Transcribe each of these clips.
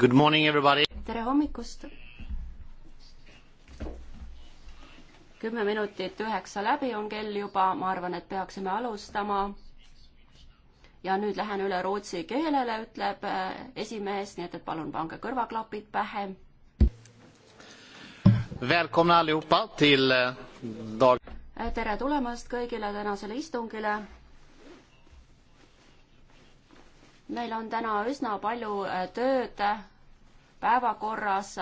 Good morning, everybody! tere hommikust! kümme minutit üheksa läbi on kell juba, ma arvan, et peaksime alustama. ja nüüd lähen üle rootsi keelele, ütleb äh, esimees, nii et, et palun pange kõrvaklapid pähe. Äh, äh, tere tulemast kõigile tänasele istungile meil on täna üsna palju tööd, päevakorras.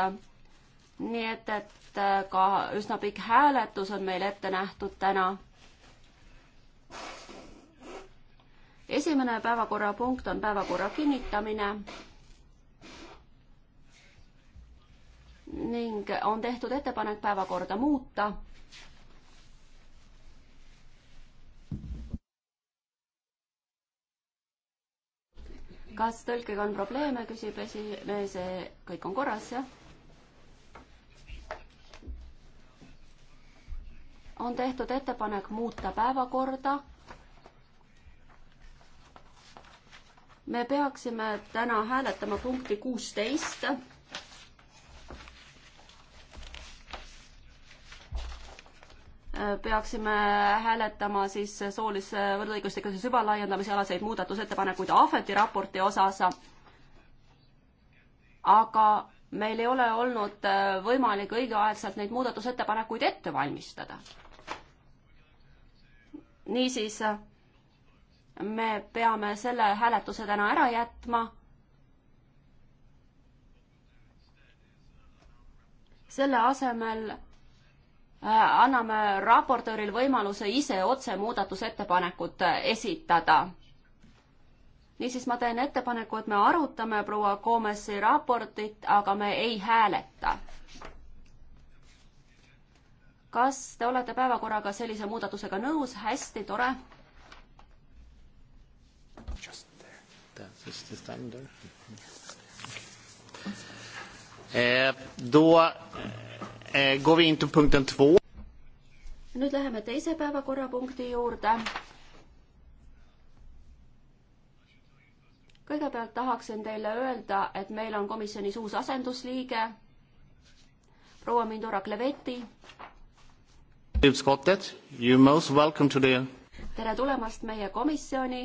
nii et, et äh, ka üsna pikk hääletus on meil ette nähtud täna. esimene päevakorrapunkt on päevakorra kinnitamine. ning on tehtud ettepanek päevakorda muuta kas tõlkega on probleeme, küsib esimees, kõik on korras, jah? on tehtud ettepanek muuta päevakorda. me peaksime täna hääletama punkti kuusteist Äh, peaksime hääletama siis soolise võrdõiguslikkuse süvalaiendamise alaseid muudatusettepanekuid Ahveti raporti osas. aga meil ei ole olnud äh, võimalik õigeaegselt neid muudatusettepanekuid ette valmistada. niisiis, me peame selle hääletuse täna ära jätma selle asemel Äh, anname raportööril võimaluse ise otse muudatusettepanekut äh, esitada. niisiis, ma teen ettepaneku, et me arutame proua Koomesi raportit, aga me ei hääleta. kas te olete päevakorraga sellise muudatusega nõus? hästi, tore. Eh, då eh, Eh, går vi in till punkten två. Nyt läheme teise päevakorrapunkti juurde. Kõigepealt tahaksin teile öelda, et meil on komisjonis uus asendusliige, proua Mindura Kleveti. Utskottet, you most welcome to the... Tere tulemast meie komisjoni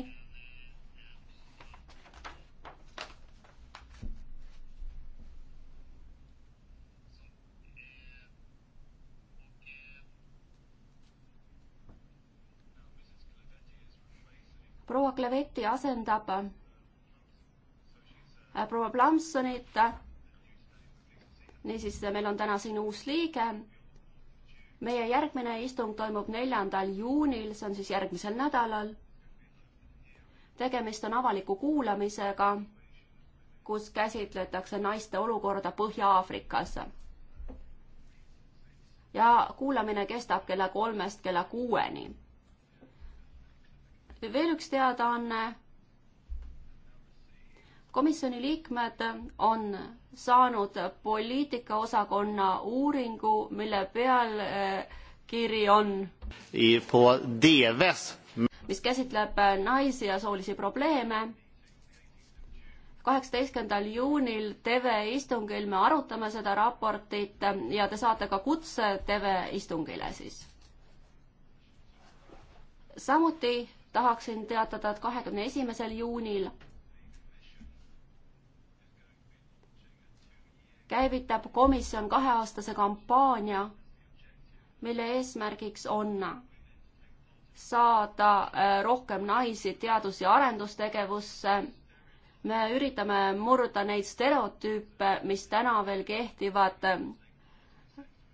proua Kleveti asendab äh, proua Plamsonit. niisiis, meil on täna siin uus liige. meie järgmine istung toimub neljandal juunil, see on siis järgmisel nädalal. tegemist on avaliku kuulamisega, kus käsitletakse naiste olukorda Põhja-Aafrikas. ja kuulamine kestab kella kolmest kella kuueni ja veel üks teadaanne. komisjoni liikmed on saanud poliitikaosakonna uuringu, mille pealkiri on mis käsitleb naisi ja soolisi probleeme. kaheksateistkümnendal juunil TV istungil me arutame seda raportit ja te saate ka kutse TV istungile siis. samuti tahaksin teatada, et kahekümne esimesel juunil käivitab komisjon kaheaastase kampaania, mille eesmärgiks on saada äh, rohkem naisi teadus- ja arendustegevusse. me üritame murda neid stereotüüpe, mis täna veel kehtivad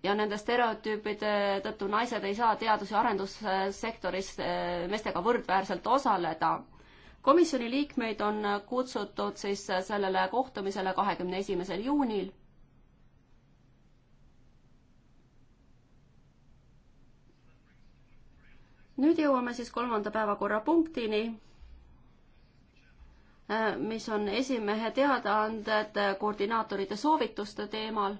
ja nende stereotüüpide tõttu naised ei saa teadus- ja arendussektoris eh, meestega võrdväärselt osaleda. komisjoni liikmeid on kutsutud siis sellele kohtumisele kahekümne esimesel juunil. nüüd jõuame siis kolmanda päevakorrapunktini eh, mis on esimehe teadaanded koordinaatorite soovituste teemal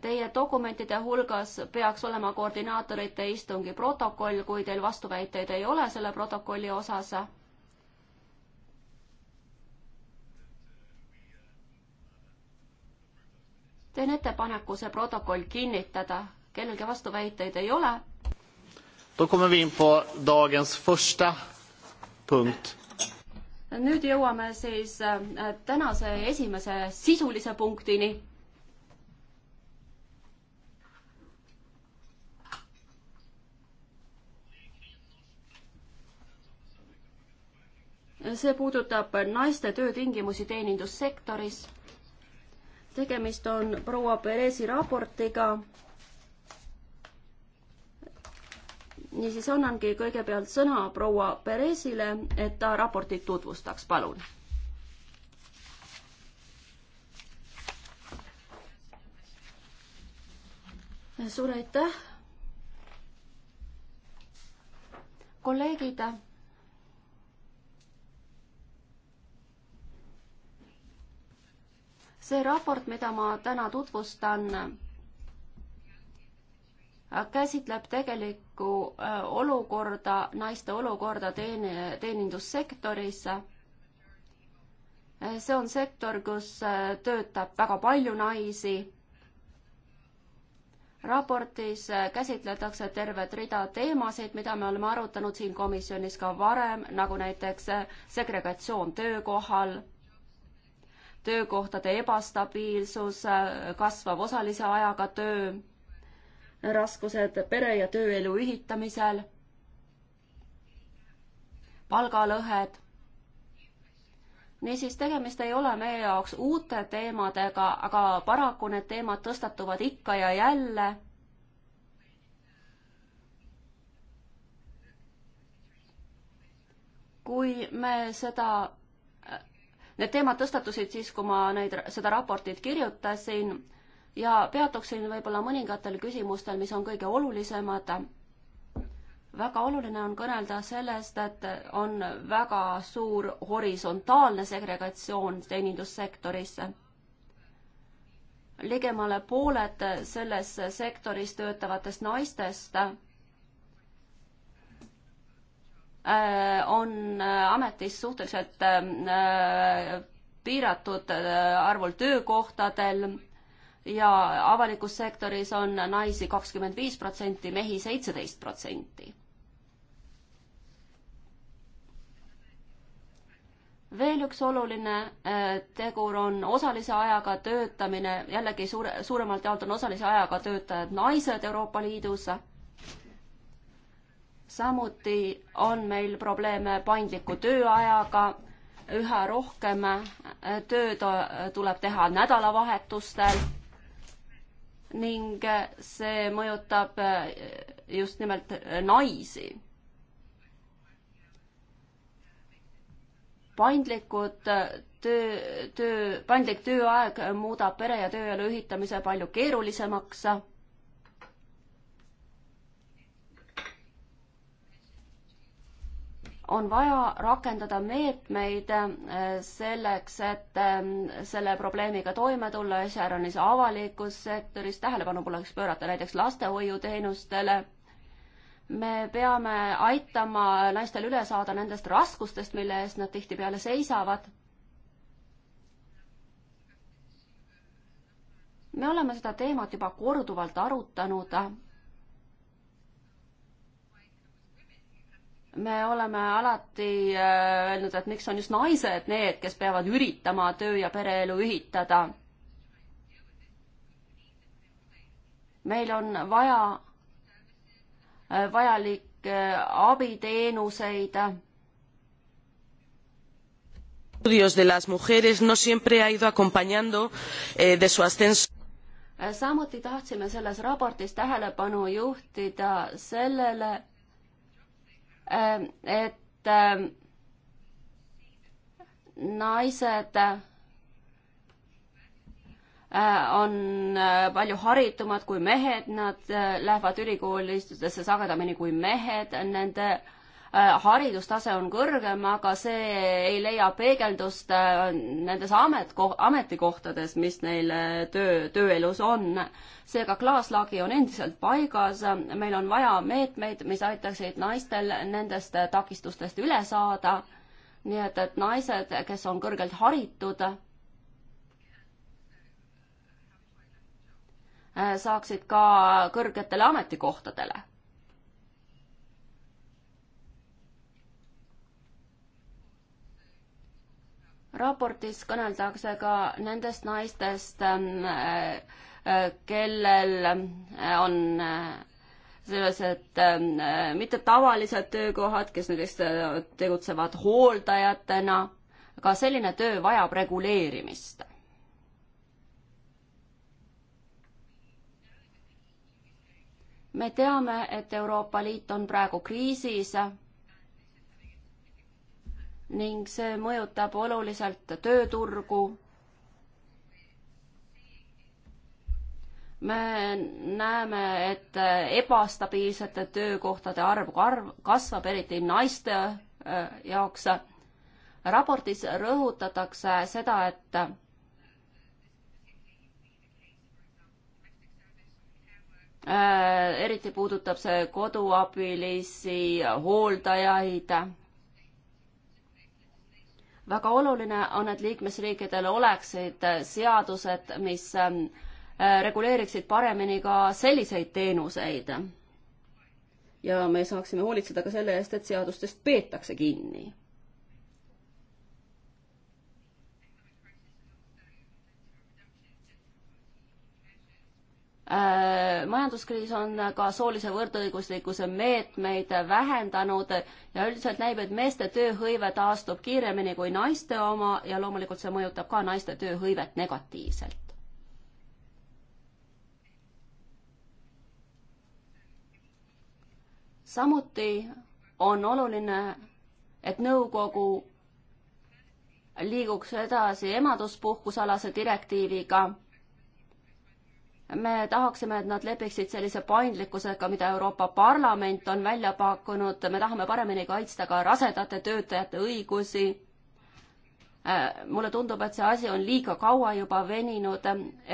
Teie dokumentide hulgas peaks olema koordinaatorite istungi protokoll, kui teil vastuväiteid ei ole selle protokolli osas. teen ettepaneku see protokoll kinnitada, kellelgi vastuväiteid ei ole. nüüd jõuame siis äh, tänase esimese sisulise punktini see puudutab naiste töötingimusi teenindussektoris. tegemist on proua Perezi raportiga. niisiis annangi kõigepealt sõna proua Perezile, et ta raportit tutvustaks, palun. suur aitäh. kolleegid see raport, mida ma täna tutvustan, käsitleb tegelikku äh, olukorda, naiste olukorda teeni-, teenindussektoris. Äh, see on sektor, kus äh, töötab väga palju naisi. raportis käsitletakse tervet rida teemasid, mida me oleme arutanud siin komisjonis ka varem, nagu näiteks segregatsioon töökohal töökohtade ebastabiilsus, kasvav osalise ajaga töö, raskused pere- ja tööelu ühitamisel, palgalõhed. niisiis, tegemist ei ole meie jaoks uute teemadega, aga paraku need teemad tõstatuvad ikka ja jälle kui me seda Need teemad tõstatusid siis, kui ma neid, seda raportit kirjutasin ja peatuksin võib-olla mõningatel küsimustel, mis on kõige olulisemad. väga oluline on kõnelda sellest, et on väga suur horisontaalne segregatsioon teenindussektoris ligemale pooled selles sektoris töötavatest naistest Äh, on äh, ametis suhteliselt äh, piiratud arvul töökohtadel ja avalikus sektoris on naisi kakskümmend viis protsenti, mehi seitseteist protsenti. veel üks oluline tegur on osalise ajaga töötamine, jällegi suure, suuremalt jaolt on osalise ajaga töötajad naised Euroopa Liidus samuti on meil probleeme paindliku tööajaga, üha rohkem äh, tööd äh, tuleb teha nädalavahetustel ning äh, see mõjutab just nimelt naisi. paindlikud töö, töö, paindlik tööaeg muudab pere ja tööelu ühitamise palju keerulisemaks on vaja rakendada meetmeid äh, selleks, et ähm, selle probleemiga toime tulla, iseäranis avalikus sektoris, tähelepanu tuleks pöörata näiteks lastehoiuteenustele. me peame aitama naistel üle saada nendest raskustest, mille eest nad tihtipeale seisavad. me oleme seda teemat juba korduvalt arutanud me oleme alati äh, öelnud, et miks on just naised need, kes peavad üritama töö ja pereelu ühitada. meil on vaja äh, vajalikke äh, abiteenuseid. estudios de las mujeres no siempre ha ido acompañando eh, de su ascenso samuti tahtsime selles raportis tähelepanu juhtida sellele, Ähm, et ähm, naised äh, on äh, palju haritumad kui mehed, nad äh, lähevad ülikoolistudesse sagedamini kui mehed, nende Äh, haridustase on kõrgem, aga see ei leia peegeldust äh, nendes ametko-, ametikohtades, mis neil äh, töö, tööelus on. seega klaaslagi on endiselt paigas, meil on vaja meetmeid, mis aitaksid naistel nendest takistustest üle saada, nii et, et naised, kes on kõrgelt haritud, saaksid ka kõrgetele ametikohtadele raportis kõneldakse ka nendest naistest, ähm, äh, kellel äh, on äh, sellised ähm, mitte tavalised töökohad, kes näiteks tegutsevad hooldajatena, ka selline töö vajab reguleerimist. me teame, et Euroopa Liit on praegu kriisis ning see mõjutab oluliselt tööturgu. me näeme, et ebastabiilsete töökohtade arv kasvab, eriti naiste äh, jaoks. raportis rõhutatakse seda, et äh, eriti puudutab see koduabilisi, hooldajaid väga oluline on, et liikmesriikidel oleksid äh, seadused, mis ähm, äh, reguleeriksid paremini ka selliseid teenuseid. ja me saaksime hoolitseda ka selle eest, et seadustest peetakse kinni Äh, majanduskriis on ka soolise võrdõiguslikkuse meetmeid vähendanud ja üldiselt näib, et meeste tööhõive taastub kiiremini kui naiste oma ja loomulikult see mõjutab ka naiste tööhõivet negatiivselt. samuti on oluline, et nõukogu liiguks edasi emaduspuhkusealase direktiiviga me tahaksime, et nad lepiksid sellise paindlikkusega, mida Euroopa Parlament on välja pakkunud, me tahame paremini kaitsta ka rasedate töötajate õigusi. Äh, mulle tundub, et see asi on liiga kaua juba veninud.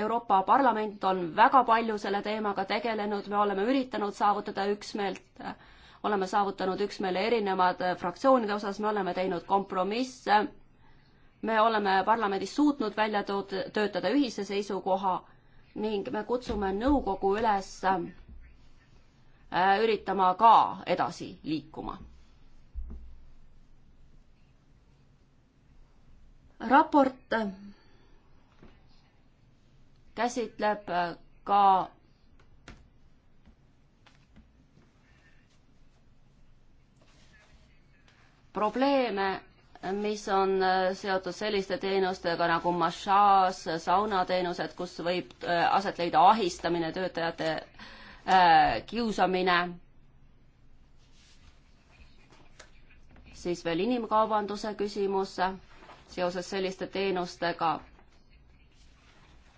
Euroopa Parlament on väga palju selle teemaga tegelenud, me oleme üritanud saavutada üksmeelt, äh, oleme saavutanud üksmeele erinevate äh, fraktsioonide osas, me oleme teinud kompromisse. me oleme parlamendis suutnud välja tood-, töötada ühise seisukoha ning me kutsume nõukogu üles äh, üritama ka edasi liikuma. raport äh, käsitleb äh, ka probleeme mis on äh, seotud selliste teenustega nagu massaaž, saunateenused, kus võib äh, aset leida ahistamine, töötajate äh, kiusamine. siis veel inimkaubanduse küsimus seoses selliste teenustega.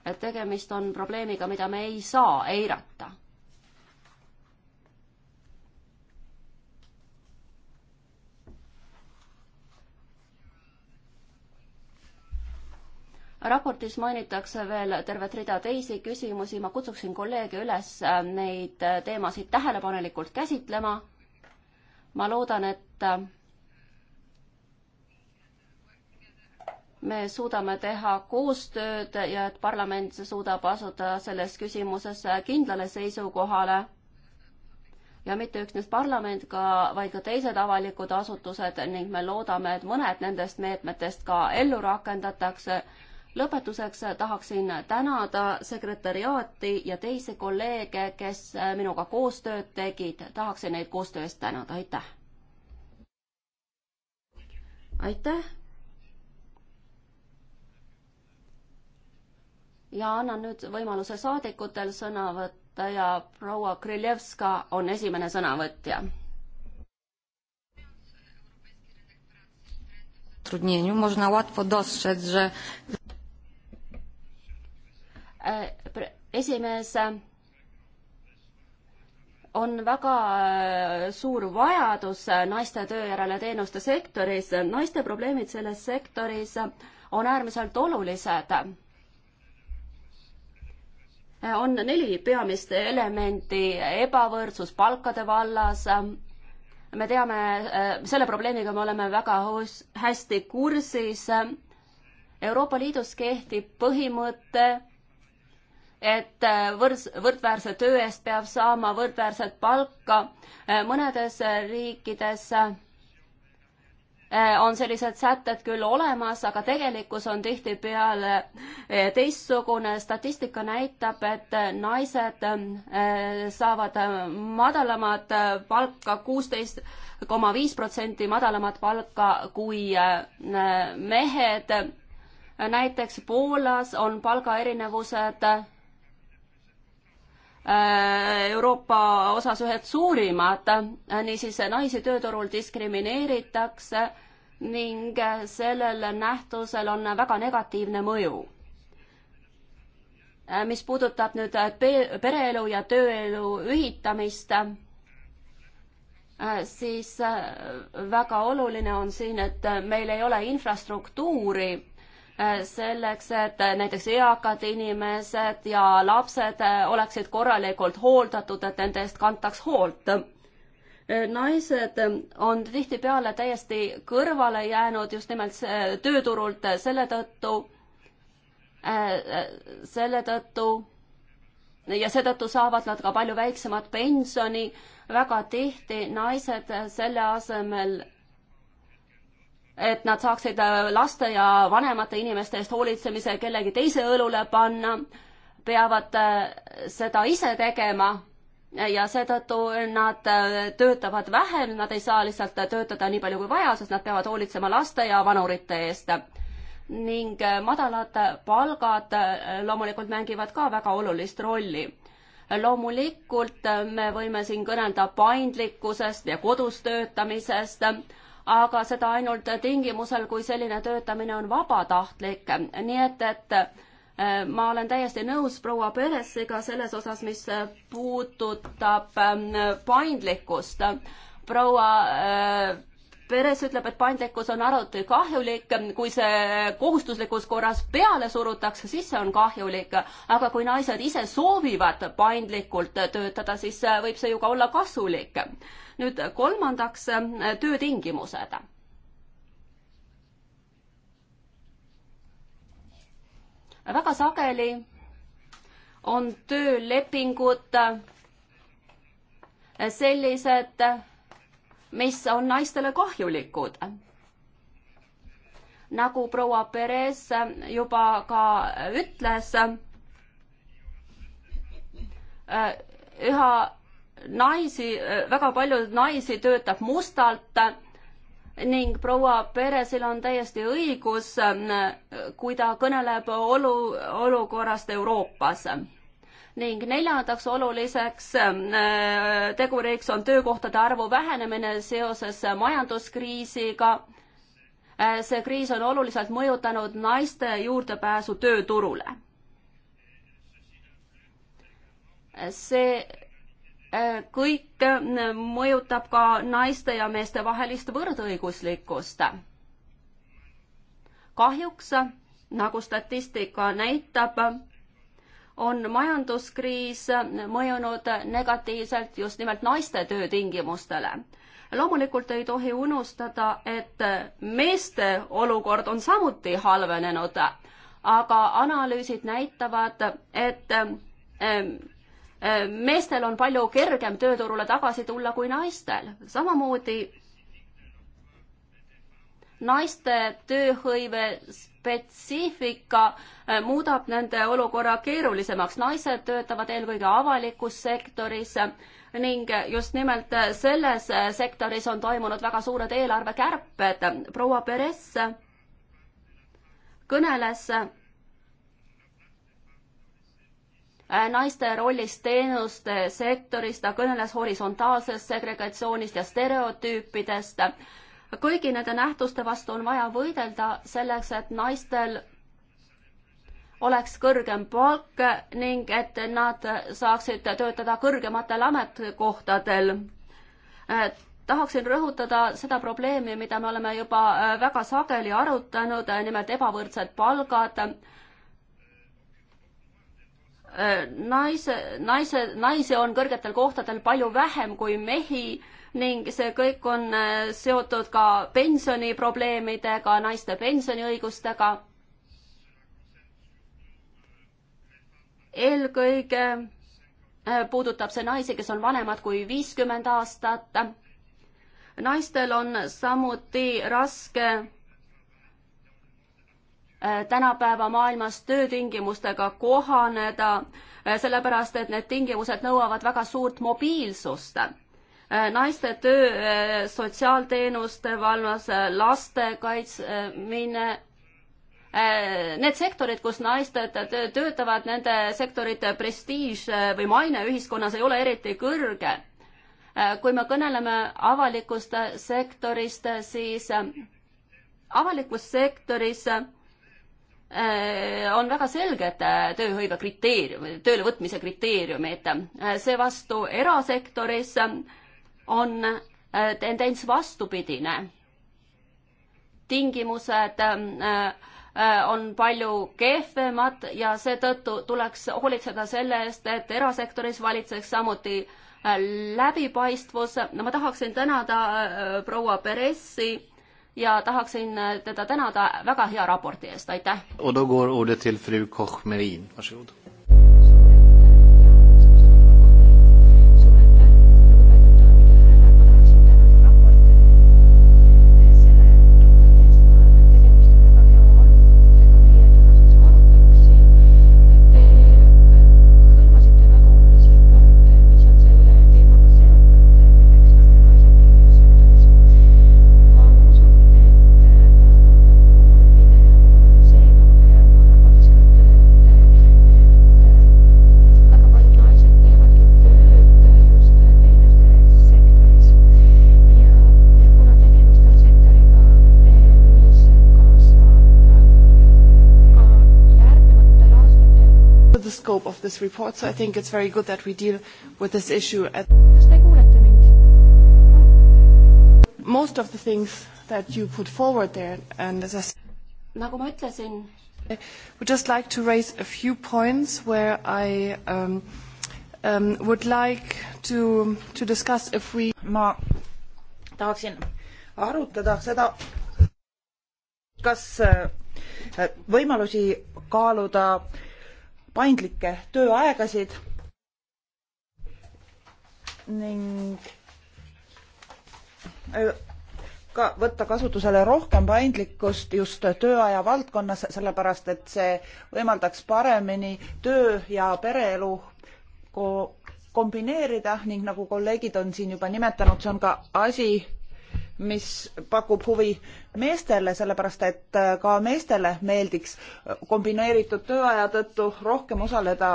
et tegemist on probleemiga, mida me ei saa eirata raportis mainitakse veel tervet rida teisi küsimusi, ma kutsuksin kolleege üles äh, neid äh, teemasid tähelepanelikult käsitlema. ma loodan, et äh, me suudame teha koostööd ja et parlament suudab asuda selles küsimuses kindlale seisukohale ja mitte üksnes parlament ka, vaid ka teised avalikud asutused ning me loodame, et mõned nendest meetmetest ka ellu rakendatakse lõpetuseks tahaksin tänada sekretäriaati ja teisi kolleege, kes minuga koostööd tegid, tahaksin neid koostöö eest tänada, aitäh! aitäh! ja annan nüüd võimaluse saadikutel sõna võtta ja proua Kriljevska on esimene sõnavõtja. trudnieniu można łatwo dostrzec, że Äh, esimees äh, on väga äh, suur vajadus naiste töö järele teenuste sektoris. naiste probleemid selles sektoris on äärmiselt olulised. on neli peamist elementi, ebavõrdsus palkade vallas, me teame, selle probleemiga me oleme väga hästi kursis. Euroopa Liidus kehtib põhimõte, et äh, võrds, võrdväärse töö eest peab saama võrdväärset palka. Äh, mõnedes äh, riikides on sellised sätted küll olemas, aga tegelikkus on tihtipeale teistsugune. statistika näitab, et naised saavad madalamat palka, kuusteist koma viis protsenti madalamat palka kui mehed. näiteks Poolas on palgaerinevused Äh, Euroopa osas ühed suurimad, niisiis naisi tööturul diskrimineeritakse ning sellel nähtusel on väga negatiivne mõju. Äh, mis puudutab nüüd äh, pereelu ja tööelu ühitamist, siis väga oluline on siin, et meil ei ole infrastruktuuri Äh, selleks, et äh, näiteks eakad inimesed ja lapsed äh, oleksid korralikult hooldatud, et nende eest kantaks hoolt. naised on tihtipeale täiesti kõrvale jäänud just nimelt tööturult selle tõttu, selle tõttu ja seetõttu saavad nad ka palju väiksemat pensioni. väga tihti naised selle asemel et nad saaksid äh, laste ja vanemate inimeste eest hoolitsemise kellegi teise õlule panna, peavad äh, seda ise tegema ja seetõttu nad äh, töötavad vähem, nad ei saa lihtsalt töötada nii palju kui vaja, sest nad peavad hoolitsema laste ja vanurite eest. ning madalad palgad loomulikult mängivad ka väga olulist rolli loomulikult me võime siin kõnelda paindlikkusest ja kodus töötamisest, aga seda ainult tingimusel, kui selline töötamine on vabatahtlik, nii et, et äh, ma olen täiesti nõus proua Peresiga selles osas, mis äh, puudutab ähm, paindlikkust. proua äh, Peres ütleb, et paindlikkus on arvuti kahjulik, kui see kohustuslikus korras peale surutakse, siis see on kahjulik. aga kui naised ise soovivad paindlikult töötada, siis võib see ju ka olla kasulik nüüd kolmandaks, äh, töötingimused väga sageli on töölepingud äh, sellised, äh, mis on naistele kahjulikud. nagu proua Perez juba ka ütles, üha naisi, väga palju naisi töötab mustalt ning proua Peresil on täiesti õigus, kui ta kõneleb olu, olukorrast Euroopas. ning neljandaks oluliseks äh, teguriks on töökohtade arvu vähenemine seoses majanduskriisiga. Äh, see kriis on oluliselt mõjutanud naiste juurdepääsu tööturule. Äh, see kõik äh, mõjutab ka naiste ja meeste vahelist võrdõiguslikkust. kahjuks, nagu statistika näitab, on majanduskriis mõjunud negatiivselt just nimelt naiste töötingimustele. loomulikult ei tohi unustada, et meeste olukord on samuti halvenenud, aga analüüsid näitavad, et äh, Äh, meestel on palju kergem tööturule tagasi tulla kui naistel. samamoodi naiste tööhõive spetsiifika äh, muudab nende olukorra keerulisemaks. naised töötavad eelkõige avalikus sektoris äh, ning just nimelt selles sektoris on toimunud väga suured eelarvekärped. proua Peres kõneles Äh, naiste rollist teenuste sektoris, ta kõneles horisontaalsest segregatsioonist ja stereotüüpidest. kõigi nende nähtuste vastu on vaja võidelda selleks, et naistel oleks kõrgem palk ning et nad saaksid töötada kõrgematel ametikohtadel. Äh, tahaksin rõhutada seda probleemi, mida me oleme juba äh, väga sageli arutanud, nimelt ebavõrdsed palgad Äh, naise, naise, naisi on kõrgetel kohtadel palju vähem kui mehi ning see kõik on äh, seotud ka pensioniprobleemidega, naiste pensioniõigustega. eelkõige äh, puudutab see naisi, kes on vanemad kui viiskümmend aastat. naistel on samuti raske Äh, tänapäeva maailmas töötingimustega kohaneda, äh, sellepärast et need tingimused nõuavad väga suurt mobiilsust. Äh, naiste töö sotsiaalteenuste vallas, laste kaitsmine, need sektorid, kus naised töötavad, nende sektorite prestiiž või maine ühiskonnas ei ole eriti kõrge. kui me kõneleme avalikust sektorist, siis avalikus sektoris äh, Äh, on väga selged äh, tööhõive kriteeriumid, töölevõtmise äh, kriteeriumid. seevastu erasektoris on tendents vastupidine. tingimused on palju kehvemad ja seetõttu tuleks hoolitseda selle eest, et erasektoris valitseks samuti läbipaistvus. no ma tahaksin tänada proua Peressi ja tahaksin teda tänada väga hea raporti eest, aitäh! this report, so I think it's very good that we deal with this issue. At Most of the things that you put forward there, and as I said, nagu ma ütlesin, would just like to raise a few points where I um, um, would like to, to discuss if we ma tahaksin arutada seda, kas äh, võimalusi kaaluda paindlikke tööaegasid ning äh, ka võtta kasutusele rohkem paindlikkust just tööaja valdkonnas, sellepärast et see võimaldaks paremini töö ja pereelu ko kombineerida ning nagu kolleegid on siin juba nimetanud, see on ka asi, mis pakub huvi meestele, sellepärast et äh, ka meestele meeldiks äh, kombineeritud tööaja tõttu rohkem osaleda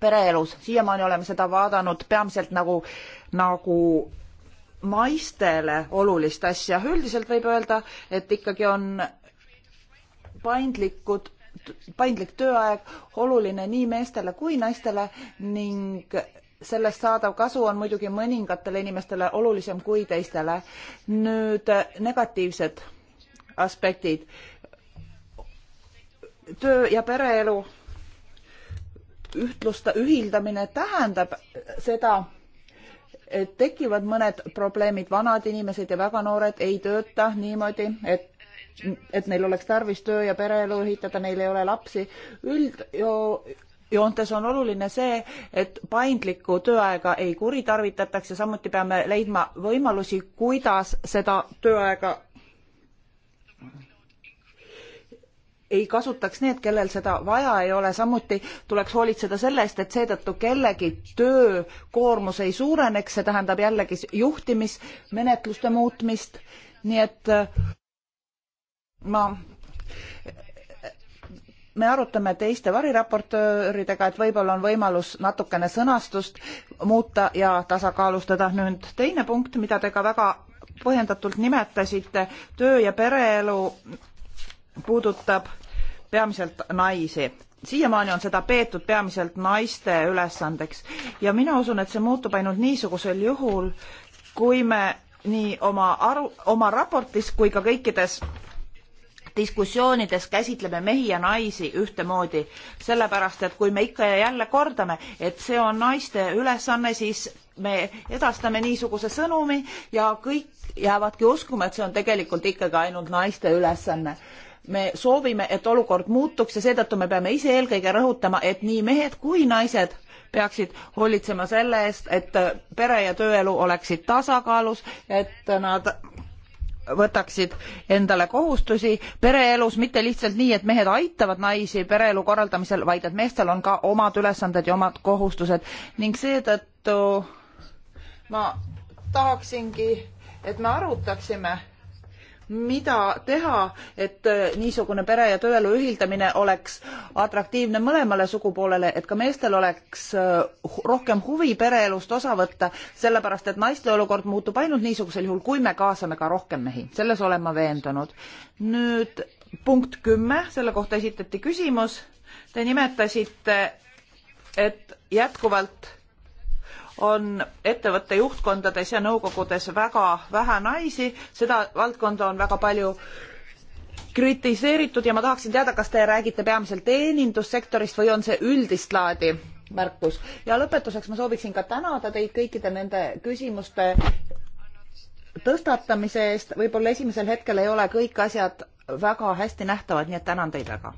pereelus. siiamaani oleme seda vaadanud peamiselt nagu, nagu naistele olulist asja. üldiselt võib öelda, et ikkagi on paindlikud paindlik tööaeg oluline nii meestele kui naistele ning sellest saadav kasu on muidugi mõningatele inimestele olulisem kui teistele. nüüd negatiivsed aspektid. töö ja pereelu ühtlusta, ühildamine tähendab seda, et tekivad mõned probleemid, vanad inimesed ja väga noored ei tööta niimoodi, et et neil oleks tarvis töö ja pereelu ühitada, neil ei ole lapsi. üld, joontes on oluline see, et paindlikku tööaega ei kuritarvitataks ja samuti peame leidma võimalusi, kuidas seda tööaega ei kasutaks need, kellel seda vaja ei ole, samuti tuleks hoolitseda selle eest, et seetõttu kellegi töökoormus ei suureneks, see tähendab jällegi juhtimismenetluste muutmist, nii et ma me arutame teiste variraportööridega, et võib-olla on võimalus natukene sõnastust muuta ja tasakaalustada. nüüd teine punkt, mida te ka väga põhjendatult nimetasite, töö ja pereelu puudutab peamiselt naisi. siiamaani on seda peetud peamiselt naiste ülesandeks ja mina usun, et see muutub ainult niisugusel juhul, kui me nii oma aru, oma raportis kui ka kõikides diskussioonides käsitleme mehi ja naisi ühtemoodi, sellepärast et kui me ikka ja jälle kordame, et see on naiste ülesanne, siis me edastame niisuguse sõnumi ja kõik jäävadki uskuma, et see on tegelikult ikkagi ainult naiste ülesanne me soovime, et olukord muutuks ja seetõttu me peame ise eelkõige rõhutama, et nii mehed kui naised peaksid hoolitsema selle eest, et pere ja tööelu oleksid tasakaalus, et nad võtaksid endale kohustusi pereelus mitte lihtsalt nii et mehed aitavad naisi pereelu korraldamisel vaid et meestel on ka omad ülesanded ja omad kohustused ning seetõttu ma tahaksingi et me arutaksime mida teha, et äh, niisugune pere ja tööelu ühildamine oleks atraktiivne mõlemale sugupoolele, et ka meestel oleks äh, rohkem huvi pereelust osa võtta, sellepärast et naiste olukord muutub ainult niisugusel juhul, kui me kaasame ka rohkem mehi, selles olen ma veendunud. nüüd punkt kümme, selle kohta esitati küsimus. Te nimetasite, et jätkuvalt on ettevõtte juhtkondades ja nõukogudes väga vähe naisi, seda valdkonda on väga palju kritiseeritud ja ma tahaksin teada, kas te räägite peamiselt teenindussektorist või on see üldist laadi märkus. ja lõpetuseks ma sooviksin ka tänada teid kõikide nende küsimuste tõstatamise eest, võib-olla esimesel hetkel ei ole kõik asjad väga hästi nähtavad, nii et tänan teid väga.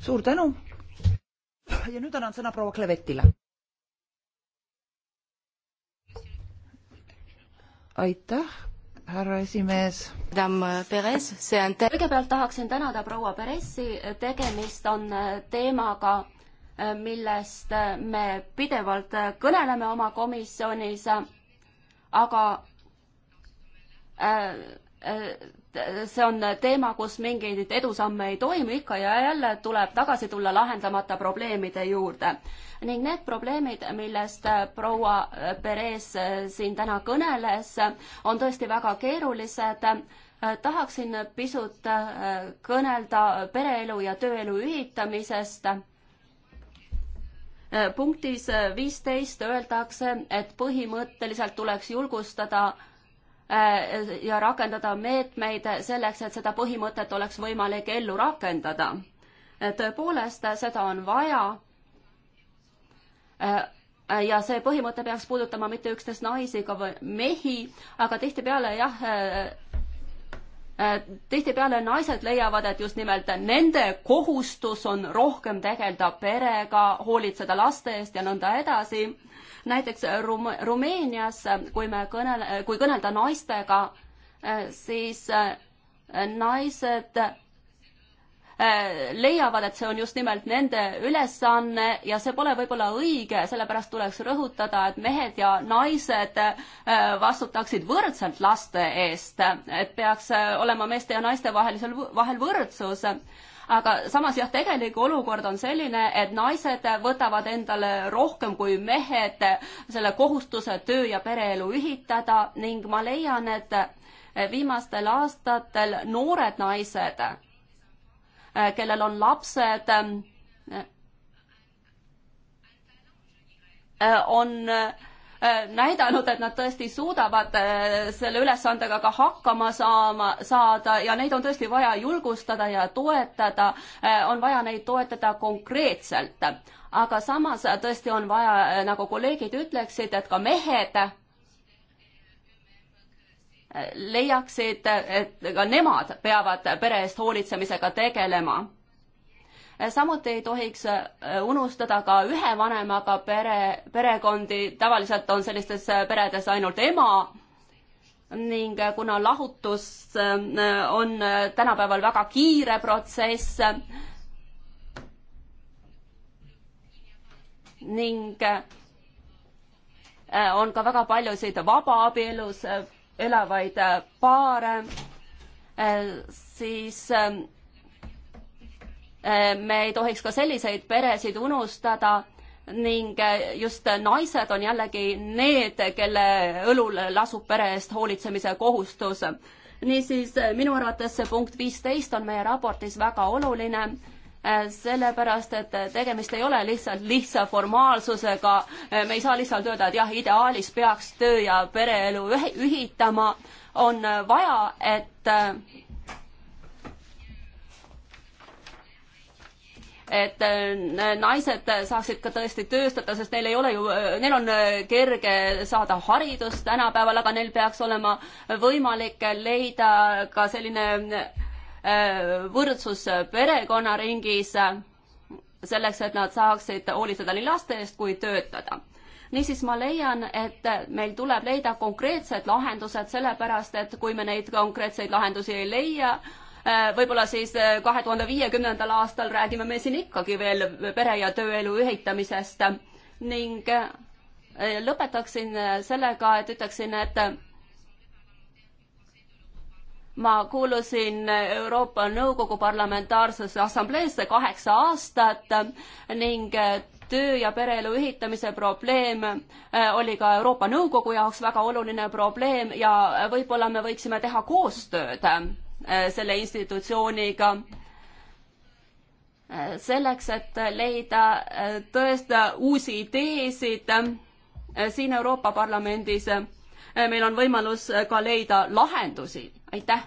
suur tänu ja nüüd annan sõna proua Klevetile. aitäh, härra esimees. kõigepealt tahaksin tänada proua Peresi, tegemist on äh, teemaga, äh, millest äh, me pidevalt kõneleme oma komisjonis, aga see on teema, kus mingeid edusamme ei toimu, ikka ja jälle tuleb tagasi tulla lahendamata probleemide juurde. ning need probleemid, millest proua Perez siin täna kõneles, on tõesti väga keerulised. tahaksin pisut kõnelda pereelu ja tööelu ühitamisest punktis viisteist öeldakse, et põhimõtteliselt tuleks julgustada Äh, ja rakendada meetmeid selleks, et seda põhimõtet oleks võimalik ellu rakendada. tõepoolest, seda on vaja. Äh, ja see põhimõte peaks puudutama mitte üksnes naisi, ka mehi, aga tihtipeale jah, äh, tihtipeale naised leiavad, et just nimelt nende kohustus on rohkem tegeleda perega, hoolitseda laste eest ja nõnda edasi näiteks Rum-, Rumeenias, kui me kõnele, kui kõnelda naistega, eh, siis eh, naised eh, leiavad, et see on just nimelt nende ülesanne ja see pole võib-olla õige, sellepärast tuleks rõhutada, et mehed ja naised vastutaksid võrdselt laste eest, et peaks olema meeste ja naiste vahelisel, vahel võrdsus aga samas jah, tegelik olukord on selline, et naised võtavad endale rohkem kui mehed selle kohustuse töö ja pereelu ühitada ning ma leian, et viimastel aastatel noored naised, kellel on lapsed, on Äh, näidanud, et nad tõesti suudavad äh, selle ülesandega ka hakkama saama, saada ja neid on tõesti vaja julgustada ja toetada, äh, on vaja neid toetada konkreetselt. aga samas tõesti on vaja, nagu kolleegid ütleksid, et ka mehed leiaksid, et ka nemad peavad pere eest hoolitsemisega tegelema samuti ei tohiks äh, unustada ka ühe vanemaga pere, perekondi, tavaliselt on sellistes äh, peredes ainult ema ning äh, kuna lahutus on tänapäeval väga kiire protsess, ning on ka väga paljusid vabaabielus elavaid paare, siis Äh, me ei tohiks ka selliseid peresid unustada ning äh, just naised on jällegi need, kelle õlul lasub pere eest hoolitsemise kohustus. niisiis, äh, minu arvates see punkt viisteist on meie raportis väga oluline, sellepärast et tegemist ei ole lihtsalt lihtsa formaalsusega, me ei saa lihtsalt öelda, et jah, ideaalis peaks töö ja pereelu ühitama, on vaja, et et äh, naised saaksid ka tõesti tööstada, sest neil ei ole ju, äh, neil on äh, kerge saada haridust tänapäeval, aga neil peaks olema võimalik leida ka selline võrdsus perekonnaringis, selleks et nad saaksid hoolitseda nii laste eest kui töötada niisiis ma leian, et meil tuleb leida konkreetsed lahendused, sellepärast et kui me neid konkreetseid lahendusi ei leia, Äh, võib-olla siis äh, kahe tuhande viiekümnendal aastal räägime me siin ikkagi veel pere- ja tööelu ühitamisest ning äh, lõpetaksin sellega, et ütleksin, et ma kuulusin Euroopa Nõukogu Parlamentaarsesse Assambleesse kaheksa aastat ning töö ja pereelu ühitamise probleem oli ka Euroopa Nõukogu jaoks väga oluline probleem ja võib-olla me võiksime teha koostööd Äh, selle institutsiooniga äh, selleks, et leida äh, tõesta uusi ideesid siin Euroopa Parlamendis. meil on võimalus ka leida lahendusi, aitäh.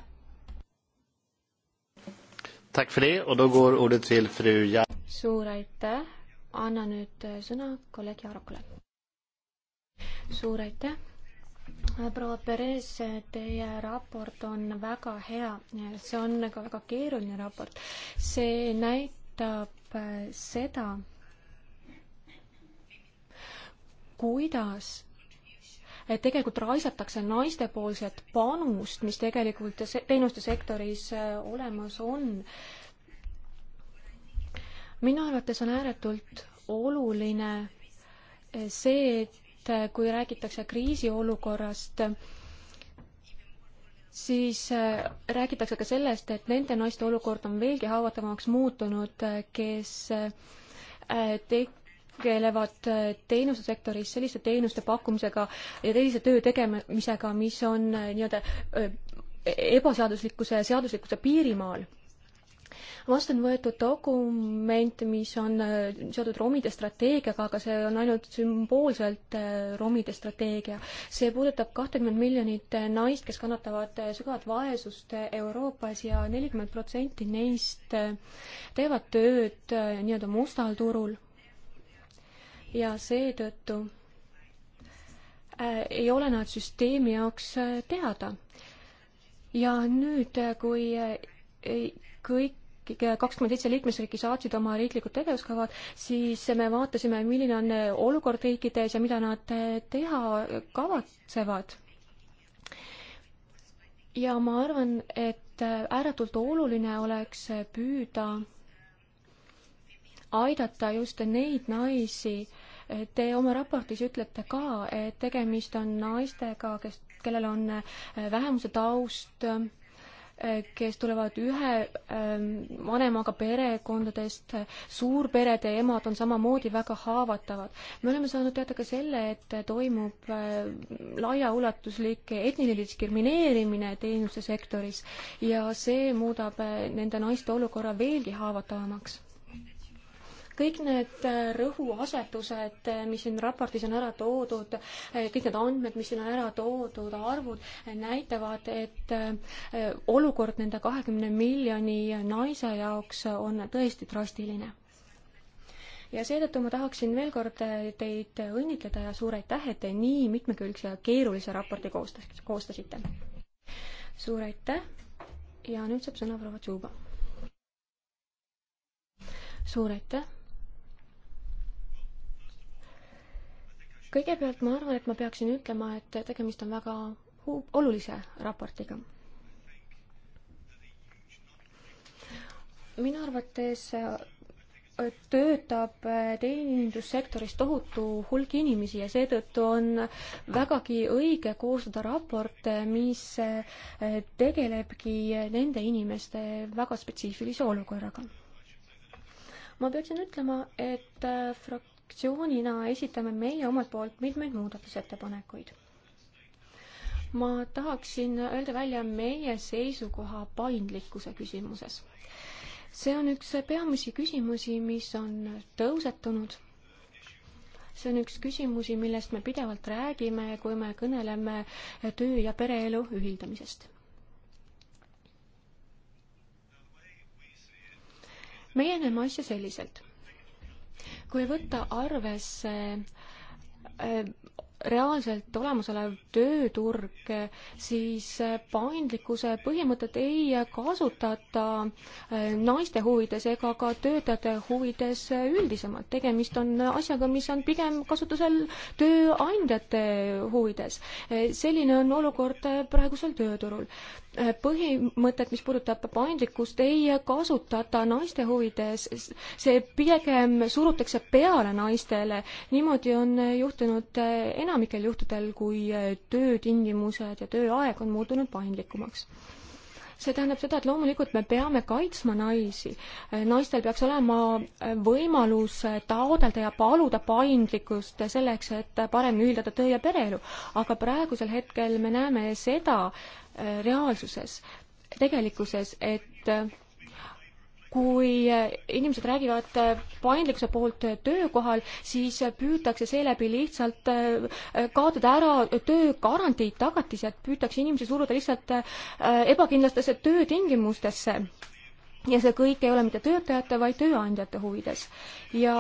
suur aitäh, annan nüüd sõna kolleeg Jarokale. suur aitäh proua Perez, teie raport on väga hea, see on ka väga keeruline raport. see näitab seda, kuidas tegelikult raisatakse naistepoolset panust, mis tegelikult teenuste sektoris olemas on. minu arvates on ääretult oluline see, et et äh, kui räägitakse kriisiolukorrast, siis äh, räägitakse ka sellest, et nende naiste olukord on veelgi haavatavamaks muutunud, äh, kes tegelevad teenusesektoris selliste teenuste pakkumisega ja sellise töö tegemisega, mis on nii-öelda ebaseaduslikkuse ja seaduslikkuse piirimaal vastu on võetud dokument, mis on äh, seotud romide strateegiaga, aga see on ainult sümboolselt äh, romide strateegia. see puudutab kahtekümmet miljonit äh, naist, kes kannatavad sügavat vaesust Euroopas ja nelikümmend protsenti neist teevad tööd nii-öelda mustal turul. ja seetõttu ei ole nad süsteemi jaoks teada. ja nüüd, kui kõik kakskümmend seitse liikmesriiki saatsid oma riiklikud tegevuskavad, siis me vaatasime, milline on olukord riikides ja mida nad teha kavatsevad. ja ma arvan, et ääretult oluline oleks püüda aidata just neid naisi, Te oma raportis ütlete ka, et tegemist on naistega, kes, kellel on vähemuse taust, kes tulevad ühe ähm, vanemaga perekondadest, suurperede emad on samamoodi väga haavatavad. me oleme saanud teada ka selle, et toimub äh, laiaulatuslik etniline diskrimineerimine teenusesektoris ja see muudab äh, nende naiste olukorra veelgi haavatavamaks kõik need äh, rõhuasetused, äh, mis siin raportis on ära toodud, äh, kõik need andmed, mis siin on ära toodud, arvud, näitavad, et olukord nende kahekümne miljoni naise jaoks on tõesti drastiline ja seetõttu ma tahaksin veel kord teid õnnitleda ja suur aitäh, et te nii mitmekülgse ja keerulise raporti koostas, koostasite. suur aitäh ja nüüd saab sõna proua Tšuba. suur aitäh kõigepealt ma arvan, et ma peaksin ütlema, et tegemist on väga olulise raportiga. minu arvates äh, töötab äh, teenindussektoris tohutu hulk inimesi ja seetõttu on vägagi õige koostada raport, mis äh, tegelebki nende inimeste väga spetsiifilise olukorraga. ma peaksin ütlema, et frak-, fraktsioonina esitame meie omalt poolt mitmeid muudatusettepanekuid. ma tahaksin öelda välja meie seisukoha paindlikkuse küsimuses. see on üks peamisi küsimusi, mis on tõusetunud see on üks küsimusi, millest me pidevalt räägime, kui me kõneleme töö ja pereelu ühildamisest. meie näeme asja selliselt kui võtta arvesse äh, reaalselt olemasolev tööturg, siis äh, paindlikkuse põhimõtet ei kasutata äh, naiste huvides ega ka töötajate huvides üldisemalt. tegemist on asjaga, mis on pigem kasutusel tööandjate huvides. selline on olukord praegusel tööturul põhimõtet, mis puudutab paindlikkust, ei kasutata naiste huvides, see pigem surutakse peale naistele. niimoodi on juhtunud enamikel juhtudel, kui töötingimused ja tööaeg on muutunud paindlikumaks see tähendab seda, et loomulikult me peame kaitsma naisi. naistel peaks olema võimalus taodelda ja paluda paindlikkust selleks, et paremini ühildada töö ja pereelu. aga praegusel hetkel me näeme seda, reaalsuses, tegelikkuses, et äh, kui äh, inimesed räägivad äh, paindlikkuse poolt töökohal, siis püütakse seeläbi lihtsalt kaotada ära töögarantiid, tagatised, püütakse inimesi suruda lihtsalt ebakindlastesse töötingimustesse. ja see kõik ei ole mitte töötajate, vaid tööandjate huvides. ja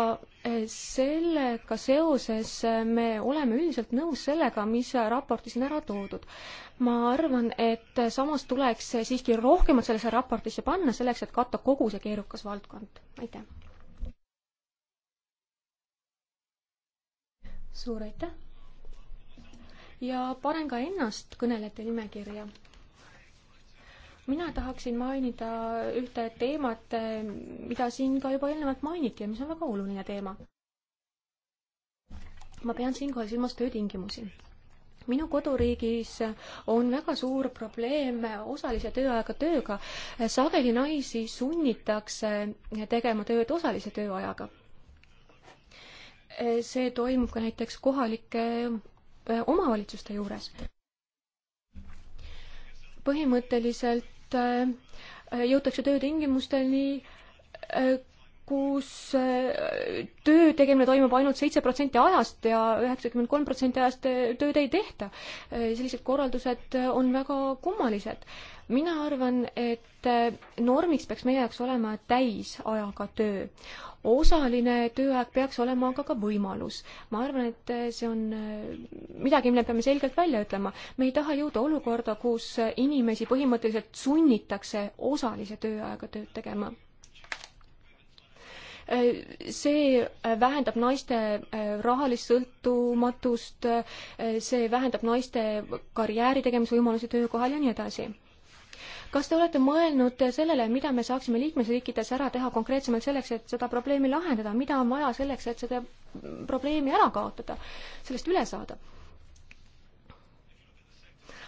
sellega seoses me oleme üldiselt nõus sellega, mis raportis on ära toodud. ma arvan, et samas tuleks siiski rohkemat sellesse raportisse panna, selleks et katta kogu see keerukas valdkond. aitäh. suur aitäh. ja panen ka ennast kõnelejate nimekirja mina tahaksin mainida ühte teemat, mida siin ka juba eelnevalt mainiti ja mis on väga oluline teema. ma pean siinkohal silmas töötingimusi minu koduriigis on väga suur probleem osalise tööajaga tööga. sageli naisi sunnitakse tegema tööd osalise tööajaga. see toimub ka näiteks kohalike omavalitsuste juures põhimõtteliselt äh, jõutakse töötingimusteni, äh, kus äh, töö tegemine toimub ainult seitse protsenti ajast ja üheksakümmend kolm protsenti ajast tööd ei tehta. sellised korraldused on väga kummalised. mina arvan, et normiks peaks meie jaoks olema täisajaga töö osaline tööaeg peaks olema aga ka võimalus. ma arvan, et see on eh, midagi, mille peame selgelt välja ütlema. me ei taha jõuda olukorda, kus inimesi põhimõtteliselt sunnitakse osalise tööajaga tööd tegema. Eh, see eh, vähendab naiste rahalist sõltumatust, see vähendab naiste karjääri tegemisvõimalusi töökohal ja nii edasi kas te olete mõelnud sellele, mida me saaksime liikmesriikides ära teha konkreetsemalt selleks, et seda probleemi lahendada, mida on vaja selleks, et seda probleemi ära kaotada, sellest üle saada?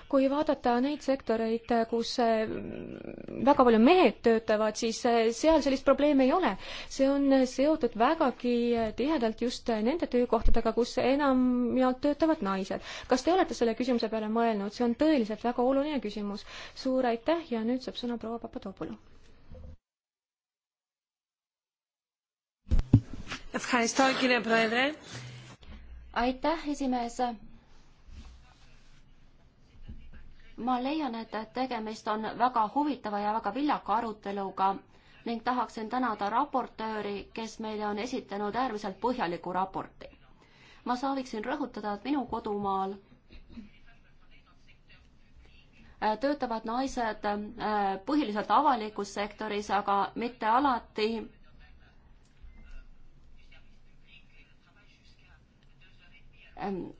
kui vaadata neid sektoreid, kus mm, väga palju mehed töötavad, siis eh, seal sellist probleemi ei ole. see on seotud vägagi tihedalt just nende töökohtadega, kus enamjaolt töötavad naised. kas te olete selle küsimuse peale mõelnud, see on tõeliselt väga oluline küsimus. suur aitäh ja nüüd saab sõna proua Papadopoulou. aitäh, esimees ma leian, et tegemist on väga huvitava ja väga viljaka aruteluga ning tahaksin tänada raportööri, kes meile on esitanud äärmiselt põhjaliku raporti. ma sooviksin rõhutada, et minu kodumaal töötavad naised äh, põhiliselt avalikus sektoris, aga mitte alati. Ähm,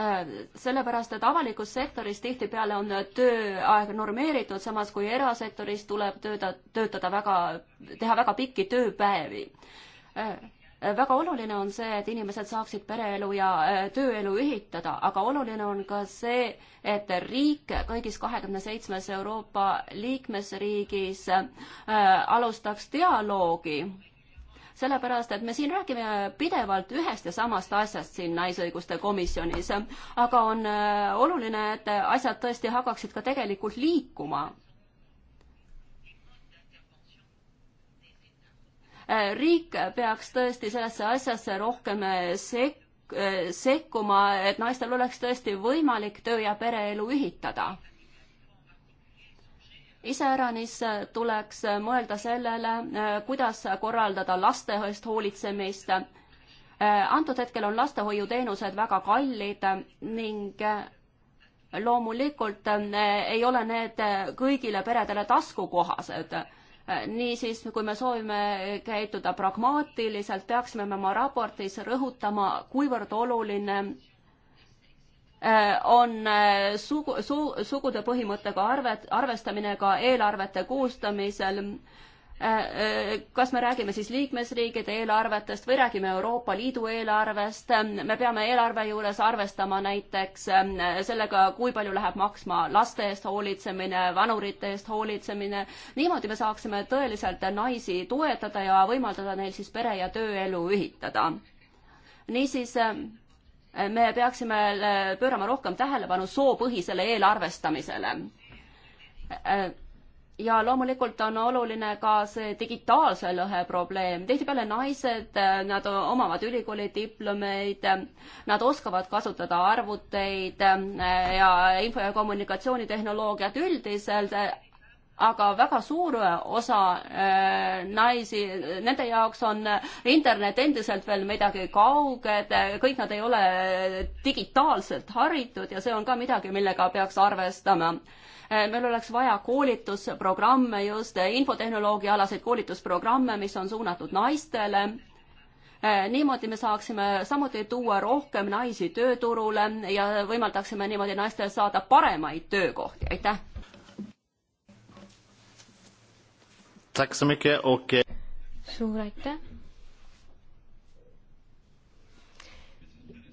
Äh, sellepärast, et avalikus sektoris tihtipeale on tööaeg normeeritud, samas kui erasektoris tuleb tööda, töötada väga, teha väga pikki tööpäevi. Äh, väga oluline on see, et inimesed saaksid pereelu ja äh, tööelu ühitada, aga oluline on ka see, et riik kõigis kahekümne seitsmes Euroopa liikmesriigis alustaks dialoogi sellepärast et me siin räägime pidevalt ühest ja samast asjast siin Naisõiguste Komisjonis, aga on äh, oluline, et asjad tõesti hakkaksid ka tegelikult liikuma äh, riik peaks tõesti sellesse asjasse rohkem äh, sek-, sekkuma, et naistel oleks tõesti võimalik töö ja pereelu ühitada iseäranis äh, tuleks äh, mõelda sellele, äh, kuidas korraldada laste eest hoolitsemist. antud hetkel on lastehoiuteenused väga kallid ning loomulikult ei ole need kõigile peredele taskukohased niisiis, kui me soovime käituda pragmaatiliselt, peaksime me oma raportis rõhutama, kuivõrd oluline Äh, on äh, sugu, su-, sugude põhimõttega arvet, arvestamine ka eelarvete koostamisel. Äh, kas me räägime siis liikmesriikide eelarvetest või räägime Euroopa Liidu eelarvest? me peame eelarve juures arvestama näiteks sellega, kui palju läheb maksma laste eest hoolitsemine, vanurite eest hoolitsemine. niimoodi me saaksime tõeliselt naisi toetada ja võimaldada neil siis pere ja tööelu ühitada. niisiis me peaksime äh, pöörama rohkem tähelepanu soopõhisele eelarvestamisele. Äh, ja loomulikult on oluline ka see digitaalse lõhe probleem. tihtipeale naised, äh, nad omavad ülikooli diplomeid, nad oskavad kasutada arvuteid ja info- ja kommunikatsioonitehnoloogiat üldiselt, aga väga suur osa äh, naisi, nende jaoks on internet endiselt veel midagi kauged, kõik nad ei ole digitaalselt haritud ja see on ka midagi, millega peaks arvestama äh, meil oleks vaja koolitusprogramme, just infotehnoloogia alaseid koolitusprogramme, mis on suunatud naistele. Äh, niimoodi me saaksime samuti tuua rohkem naisi tööturule ja võimaldaksime niimoodi naistel saada paremaid töökohti, aitäh. Tack så mycket och... Eh, suur aitäh!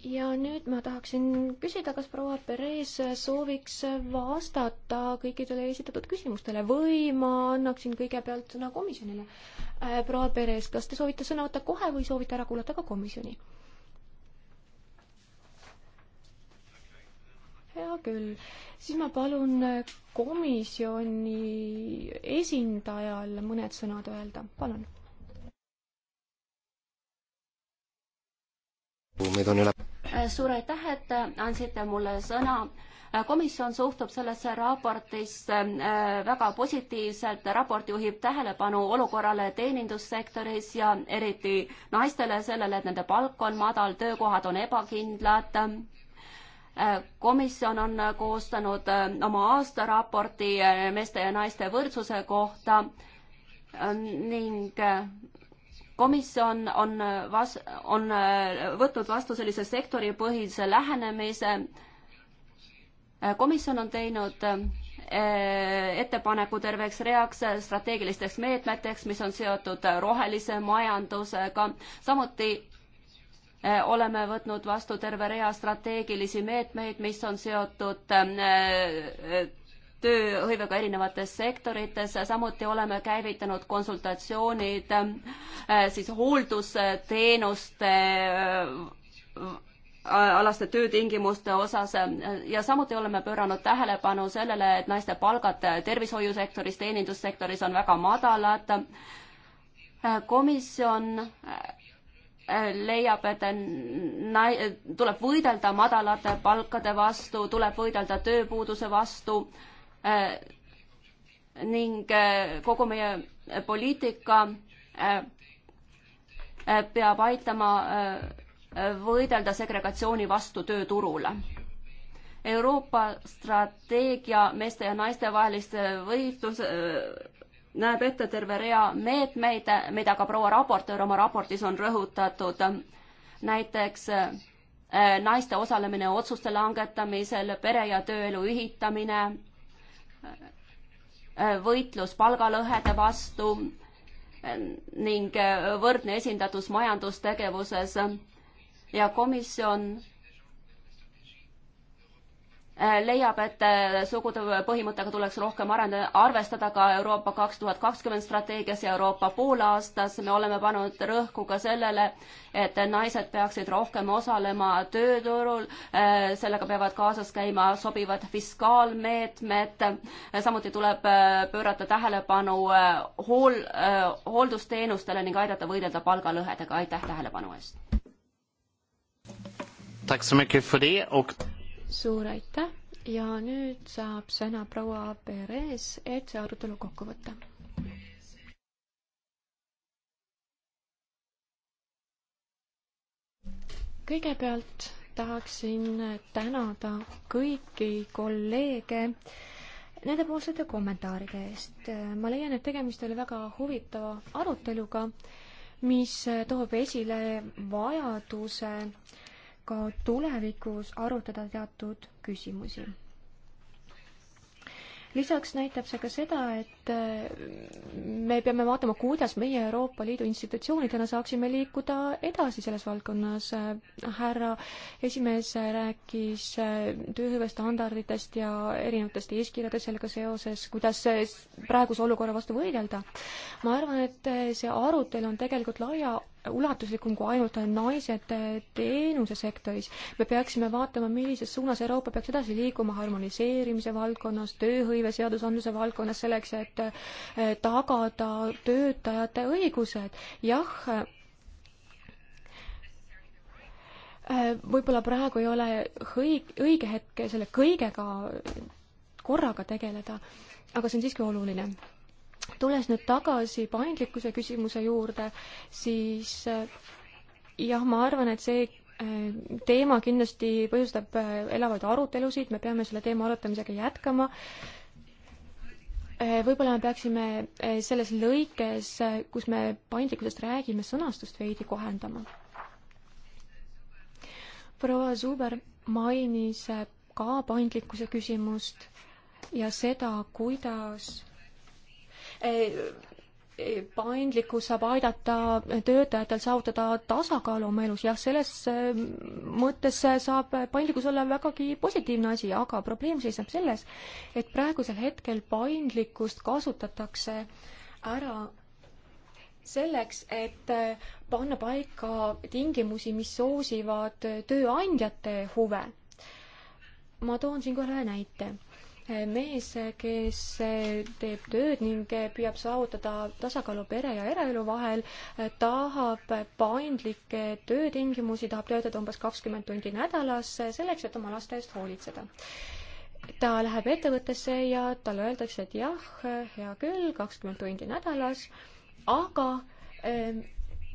ja nüüd ma tahaksin küsida, kas proua Perez sooviks vastata kõikidele esitatud küsimustele või ma annaksin kõigepealt sõna komisjonile. Äh, proua Perez, kas te soovite sõna võtta kohe või soovite ära kuulata ka komisjoni? hea küll, siis ma palun äh, komisjoni esindajal mõned sõnad öelda, palun. meid on üle. Äh, suur aitäh, et äh, andsite mulle sõna komisjon suhtub sellesse raportisse väga positiivselt, raport juhib tähelepanu olukorrale teenindussektoris ja eriti naistele, sellele, et nende palk on madal, töökohad on ebakindlad komisjon on koostanud äh, oma aastaraporti äh, meeste ja naiste võrdsuse kohta ähm, ning äh, komisjon on vas-, on võtnud vastu sellise sektoripõhise lähenemise. komisjon on teinud ettepaneku terveks reaks strateegilisteks meetmeteks, mis on seotud rohelise majandusega, samuti Eh, oleme võtnud vastu terve rea strateegilisi meetmeid, mis on seotud eh, eh, tööhõivega erinevates sektorites, samuti oleme käivitanud konsultatsioonid siis hooldusteenuste alaste töötingimuste osas ja samuti oleme pööranud tähelepanu sellele, et naiste palgad tervishoiusektoris, teenindussektoris on väga madalad. komisjon leiab, et nai-, tuleb võidelda madalate palkade vastu, tuleb võidelda tööpuuduse vastu eh, ning eh, kogu meie poliitika eh, peab aitama võidelda segregatsiooni vastu tööturul. Euroopa strateegia meeste ja naiste vaheliste võitlus, näeb ette terve rea meetmeid, mida ka proua raportöör oma raportis on rõhutatud. näiteks äh, naiste osalemine otsuste langetamisel, pere ja tööelu ühitamine, äh, võitlus palgalõhede vastu äh, ning võrdne esindatus majandustegevuses ja komisjon Äh, leiab, et äh, sugude põhimõttega tuleks rohkem arendada, arvestada ka Euroopa kaks tuhat kakskümmend strateegias ja Euroopa poolaastas. me oleme pannud rõhku ka sellele, et naised peaksid rohkem osalema tööturul, äh, sellega peavad kaasas käima sobivad fiskaalmeetmed, samuti tuleb pöörata tähelepanu hool, hooldusteenustele ning aidata võidelda palgalõhedega. aitäh tähelepanu eest! Tack så mycket för det och suur aitäh ja nüüd saab sõna proua Perez, et see arutelu kokku võtta. kõigepealt tahaksin tänada kõiki kolleege nendepoolsete kommentaaride eest. ma leian, et tegemist oli väga huvitava aruteluga, mis toob esile vajaduse äh, ka tulevikus arutada teatud küsimusi. lisaks näitab see ka seda, et äh, me peame vaatama, kuidas meie Euroopa Liidu institutsioonidena saaksime liikuda edasi selles valdkonnas. härra esimees rääkis äh, tööhüvestandarditest ja erinevatest eeskirjadest sellega seoses, kuidas praeguse olukorra vastu võidelda. ma arvan, et äh, see arutelu on tegelikult laia ulatuslikum kui ainult naised eh, teenusesektoris. me peaksime vaatama, millises suunas Euroopa peaks edasi liikuma harmoniseerimise valdkonnas, tööhõive seadusandluse valdkonnas, selleks et eh, tagada töötajate õigused. jah, eh, võib-olla praegu ei ole õig-, õige hetk selle kõigega korraga tegeleda, aga see on siiski oluline tulles nüüd tagasi paindlikkuse küsimuse juurde, siis eh, jah, ma arvan, et see eh, teema kindlasti põhjustab eh, elavaid arutelusid, me peame selle teema arutamisega jätkama. võib-olla me peaksime selles lõikes, kus me paindlikkusest räägime, sõnastust veidi kohendama. proua Zuber mainis ka paindlikkuse küsimust ja seda, kuidas paindlikkus saab aidata töötajatel saavutada tasakaalu oma elus, jah, selles ähm, mõttes saab paindlikkus olla vägagi positiivne asi, aga probleem seisneb selles, et praegusel hetkel paindlikkust kasutatakse ära selleks, et äh, panna paika tingimusi, mis soosivad tööandjate huve. ma toon siinkohal ühe näite mees, kes eh, teeb tööd ning eh, püüab saavutada tasakaalu pere ja eraelu vahel, eh, tahab paindlikke töötingimusi, tahab töötada umbes kakskümmend tundi nädalas selleks, et oma laste eest hoolitseda ta läheb ettevõttesse ja talle öeldakse, et jah, hea küll, kakskümmend tundi nädalas, aga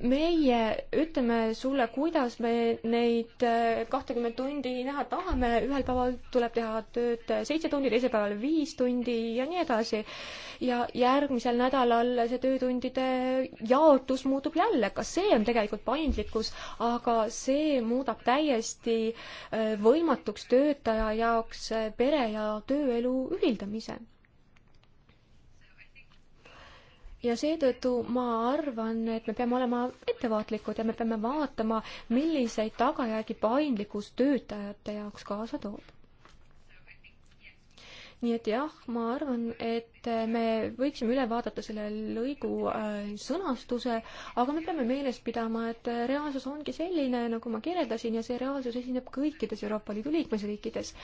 meie ütleme sulle, kuidas me neid äh, kahtekümmet tundi näha tahame, ühel päeval tuleb teha tööd äh, seitse tundi, teisel päeval viis tundi ja nii edasi. ja järgmisel nädalal see töötundide jaotus muutub jälle, ka see on tegelikult paindlikkus, aga see muudab täiesti äh, võimatuks töötaja jaoks pere ja tööelu ühildamise ja seetõttu ma arvan, et me peame olema ettevaatlikud ja me peame vaatama, milliseid tagajärgi paindlikkus töötajate jaoks kaasa toob. nii et jah, ma arvan, et me võiksime üle vaadata selle lõigu äh, sõnastuse, aga me peame meeles pidama, et reaalsus ongi selline, nagu ma kirjeldasin, ja see reaalsus esineb kõikides Euroopa Liidu liikmesriikides.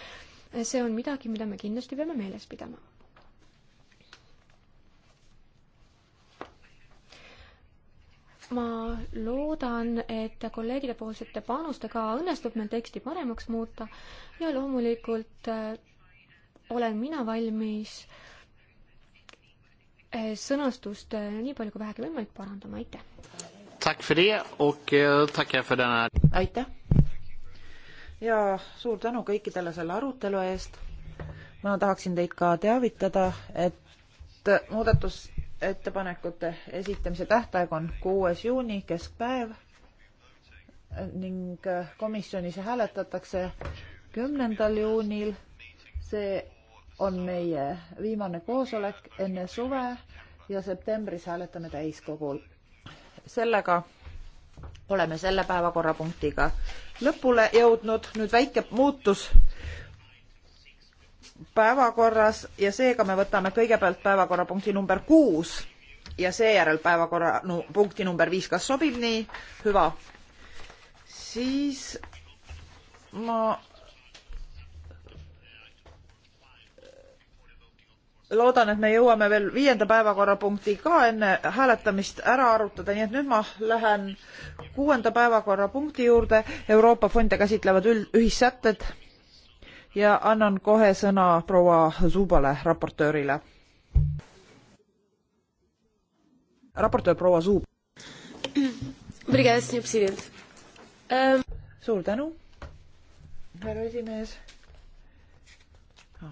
see on midagi, mida me kindlasti peame meeles pidama ma loodan, et kolleegide poolsete panustega õnnestub meil teksti paremaks muuta ja loomulikult äh, olen mina valmis äh, sõnastust äh, nii palju kui vähegi võimalik parandama, aitäh! aitäh! ja suur tänu kõikidele selle arutelu eest. ma tahaksin teid ka teavitada, et muudatus ettepanekute esitamise tähtaeg on kuues juuni keskpäev ning komisjonis hääletatakse kümnendal juunil. see on meie viimane koosolek enne suve ja septembris hääletame täiskogul. sellega oleme selle päevakorrapunktiga lõpule jõudnud. nüüd väike muutus päevakorras ja seega me võtame kõigepealt päevakorrapunkti number kuus ja seejärel päevakorra no, punkti number viis, kas sobib nii? hüva. siis ma loodan, et me jõuame veel viienda päevakorrapunkti ka enne hääletamist ära arutada, nii et nüüd ma lähen kuuenda päevakorrapunkti juurde, Euroopa fonde käsitlevad üld-, ühissätted ja annan kohe sõna proua Zubale, raportöörile. raportöör proua Zuub. suur tänu, härra esimees ah.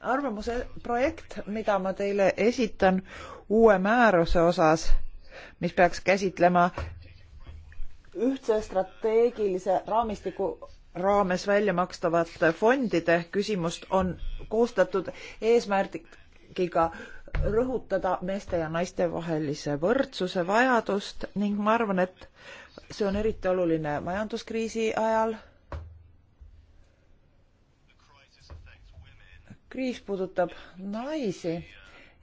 arvamuse projekt, mida ma teile esitan uue määruse osas mis peaks käsitlema ühtse strateegilise raamistiku raames välja makstavate fondide küsimust on koostatud eesmärgiga rõhutada meeste ja naiste vahelise võrdsuse vajadust ning ma arvan, et see on eriti oluline majanduskriisi ajal. kriis puudutab naisi,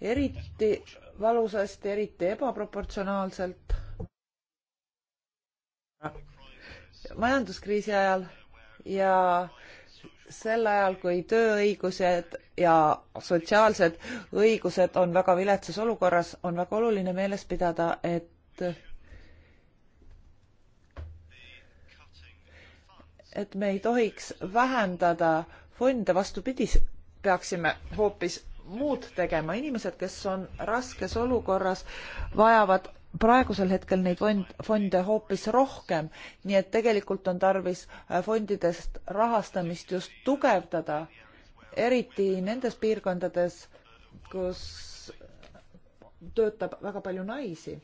eriti valusasti, eriti ebaproportsionaalselt. majanduskriisi ajal ja sel ajal, kui tööõigused ja sotsiaalsed õigused on väga viletsas olukorras, on väga oluline meeles pidada, et et me ei tohiks vähendada fonde, vastupidi, peaksime hoopis muud tegema. inimesed, kes on raskes olukorras, vajavad praegusel hetkel neid fonde hoopis rohkem, nii et tegelikult on tarvis äh, fondidest rahastamist just tugevdada, eriti nendes piirkondades, kus töötab väga palju naisi.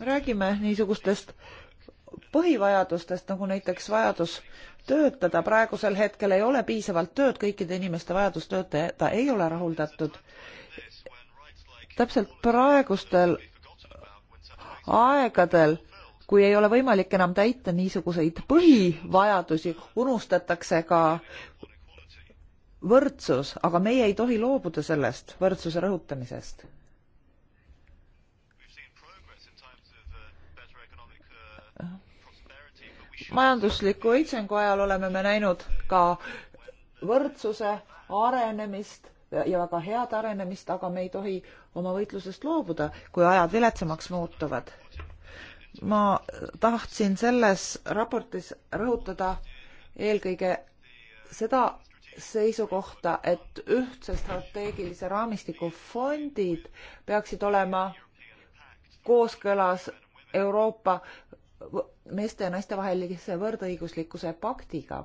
räägime niisugustest põhivajadustest nagu näiteks vajadus töötada, praegusel hetkel ei ole piisavalt tööd, kõikide inimeste vajadus töötada ei ole rahuldatud. täpselt praegustel aegadel, kui ei ole võimalik enam täita niisuguseid põhivajadusi, unustatakse ka võrdsus, aga meie ei tohi loobuda sellest võrdsuse rõhutamisest majandusliku õitsengu ajal oleme me näinud ka võrdsuse arenemist ja väga head arenemist, aga me ei tohi oma võitlusest loobuda, kui ajad viletsamaks muutuvad. ma tahtsin selles raportis rõhutada eelkõige seda seisukohta, et ühtse strateegilise raamistiku fondid peaksid olema kooskõlas Euroopa meeste ja naiste vahelise võrdõiguslikkuse paktiga.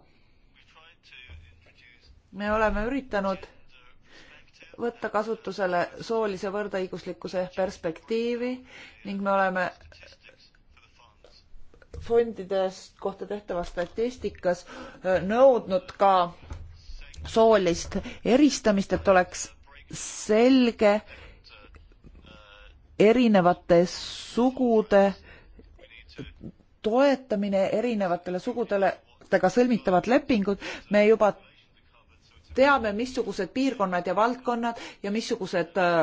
me oleme üritanud võtta kasutusele soolise võrdõiguslikkuse perspektiivi ning me oleme fondidest kohta tehtavas statistikas äh, nõudnud ka soolist eristamist, et oleks selge erinevate sugude toetamine, erinevatele sugudega sõlmitavad lepingud, me juba teame, missugused piirkonnad ja valdkonnad ja missugused äh,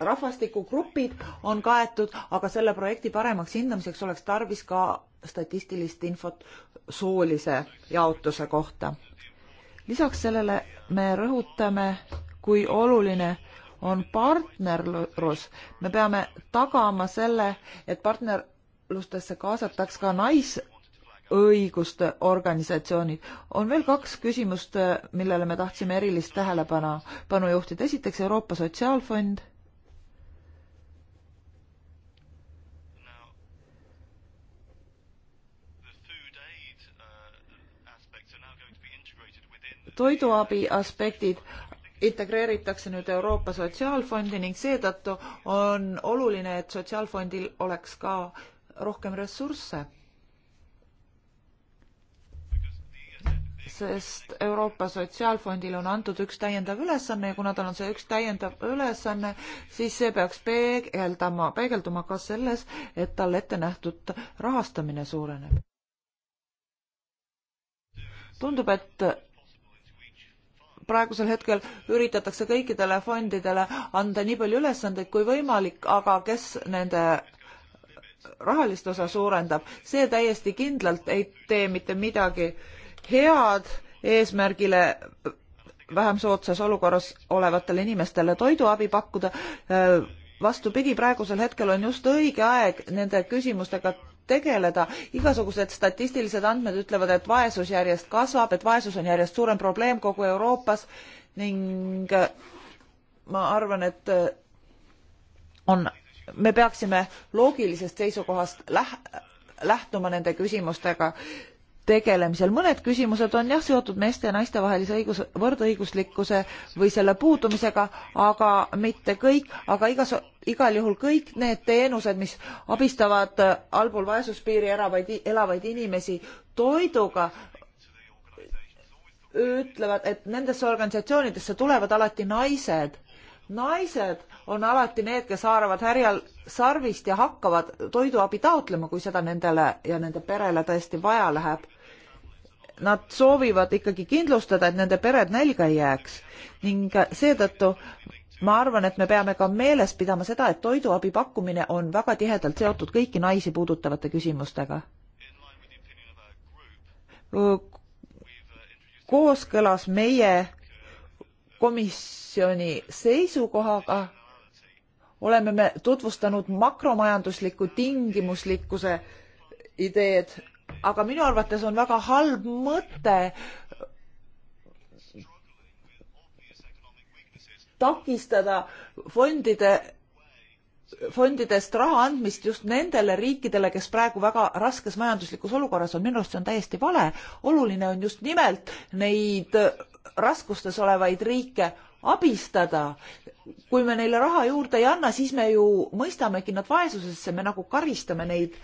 rahvastikugrupid on kaetud, aga selle projekti paremaks hindamiseks oleks tarvis ka statistilist infot soolise jaotuse kohta. lisaks sellele me rõhutame, kui oluline on partnerlus. me peame tagama selle, et partner kõnelustesse kaasataks ka naisõiguste organisatsioonid. on veel kaks küsimust, millele me tahtsime erilist tähelepanu juhtida. esiteks Euroopa Sotsiaalfond. toiduabi aspektid integreeritakse nüüd Euroopa Sotsiaalfondi ning seetõttu on oluline, et Sotsiaalfondil oleks ka rohkem ressursse. sest Euroopa Sotsiaalfondile on antud üks täiendav ülesanne ja kuna tal on see üks täiendav ülesanne, siis see peaks peegeldama, peegelduma ka selles, et talle ette nähtud rahastamine suureneb. tundub, et praegusel hetkel üritatakse kõikidele fondidele anda nii palju ülesandeid kui võimalik, aga kes nende rahalist osa suurendab, see täiesti kindlalt ei tee mitte midagi head eesmärgile vähem soodsas olukorras olevatele inimestele toiduabi pakkuda. vastupidi, praegusel hetkel on just õige aeg nende küsimustega tegeleda. igasugused statistilised andmed ütlevad, et vaesus järjest kasvab, et vaesus on järjest suurem probleem kogu Euroopas ning ma arvan, et on me peaksime loogilisest seisukohast läht, lähtuma nende küsimustega tegelemisel. mõned küsimused on jah seotud meeste ja naiste vahelise õigus, võrdõiguslikkuse või selle puudumisega, aga mitte kõik, aga igas, igal juhul kõik need teenused, mis abistavad allpool vaesuspiiri elavaid, elavaid inimesi toiduga, ütlevad, et nendesse organisatsioonidesse tulevad alati naised naised on alati need, kes haaravad härjal sarvist ja hakkavad toiduabi taotlema, kui seda nendele ja nende perele tõesti vaja läheb. Nad soovivad ikkagi kindlustada, et nende pered nälga ei jääks ning seetõttu ma arvan, et me peame ka meeles pidama seda, et toiduabi pakkumine on väga tihedalt seotud kõiki naisi puudutavate küsimustega. kooskõlas meie komisjoni seisukohaga oleme me tutvustanud makromajandusliku tingimuslikkuse ideed, aga minu arvates on väga halb mõte takistada fondide, fondidest raha andmist just nendele riikidele, kes praegu väga raskes majanduslikus olukorras on, minu arust see on täiesti vale. oluline on just nimelt neid raskustes olevaid riike abistada. kui me neile raha juurde ei anna, siis me ju mõistamegi nad vaesusesse, me nagu karistame neid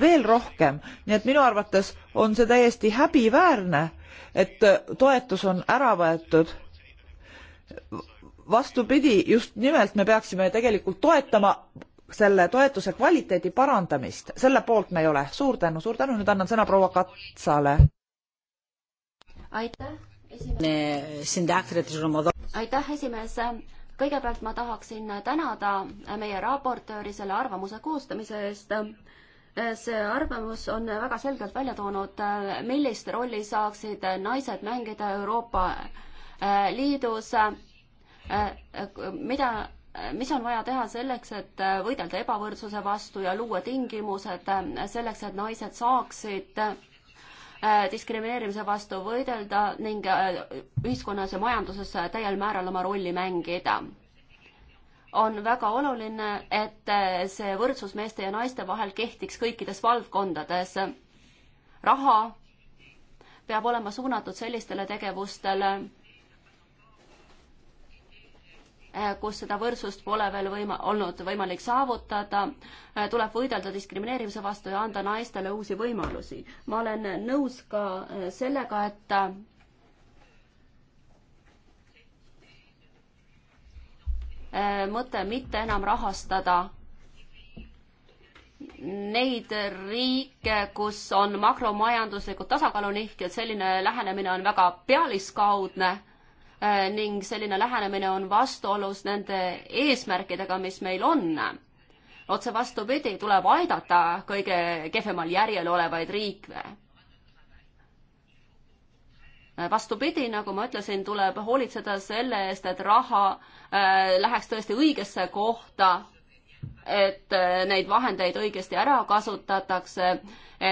veel rohkem. nii et minu arvates on see täiesti häbiväärne, et toetus on ära võetud. vastupidi, just nimelt me peaksime tegelikult toetama selle toetuse kvaliteedi parandamist, selle poolt me ei ole. suur tänu, suur tänu, nüüd annan sõna proua Katsale. aitäh aitäh, esimees. kõigepealt ma tahaksin tänada meie raportööri selle arvamuse koostamise eest see arvamus on väga selgelt välja toonud, millist rolli saaksid naised mängida Euroopa äh, Liidus, äh, mida, mis on vaja teha selleks, et võidelda ebavõrdsuse vastu ja luua tingimused selleks, et naised saaksid Äh, diskrimineerimise vastu võidelda ning äh, ühiskonnas ja majanduses äh, täiel määral oma rolli mängida on väga oluline, et see võrdsus meeste ja naiste vahel kehtiks kõikides valdkondades. raha peab olema suunatud sellistele tegevustele, Äh, kus seda võrdsust pole veel võima-, olnud võimalik saavutada, äh, tuleb võidelda diskrimineerimise vastu ja anda naistele uusi võimalusi. ma olen nõus ka äh, sellega, et mõte mitte enam rahastada neid riike, kus on makromajanduslikud tasakaalunihked, selline lähenemine on väga pealiskaudne Äh, ning selline lähenemine on vastuolus nende eesmärkidega, mis meil on. otse vastupidi, tuleb aidata kõige kehvemal järjel olevaid riike äh, vastupidi, nagu ma ütlesin, tuleb hoolitseda selle eest, et raha äh, läheks tõesti õigesse kohta, et neid vahendeid õigesti ära kasutatakse,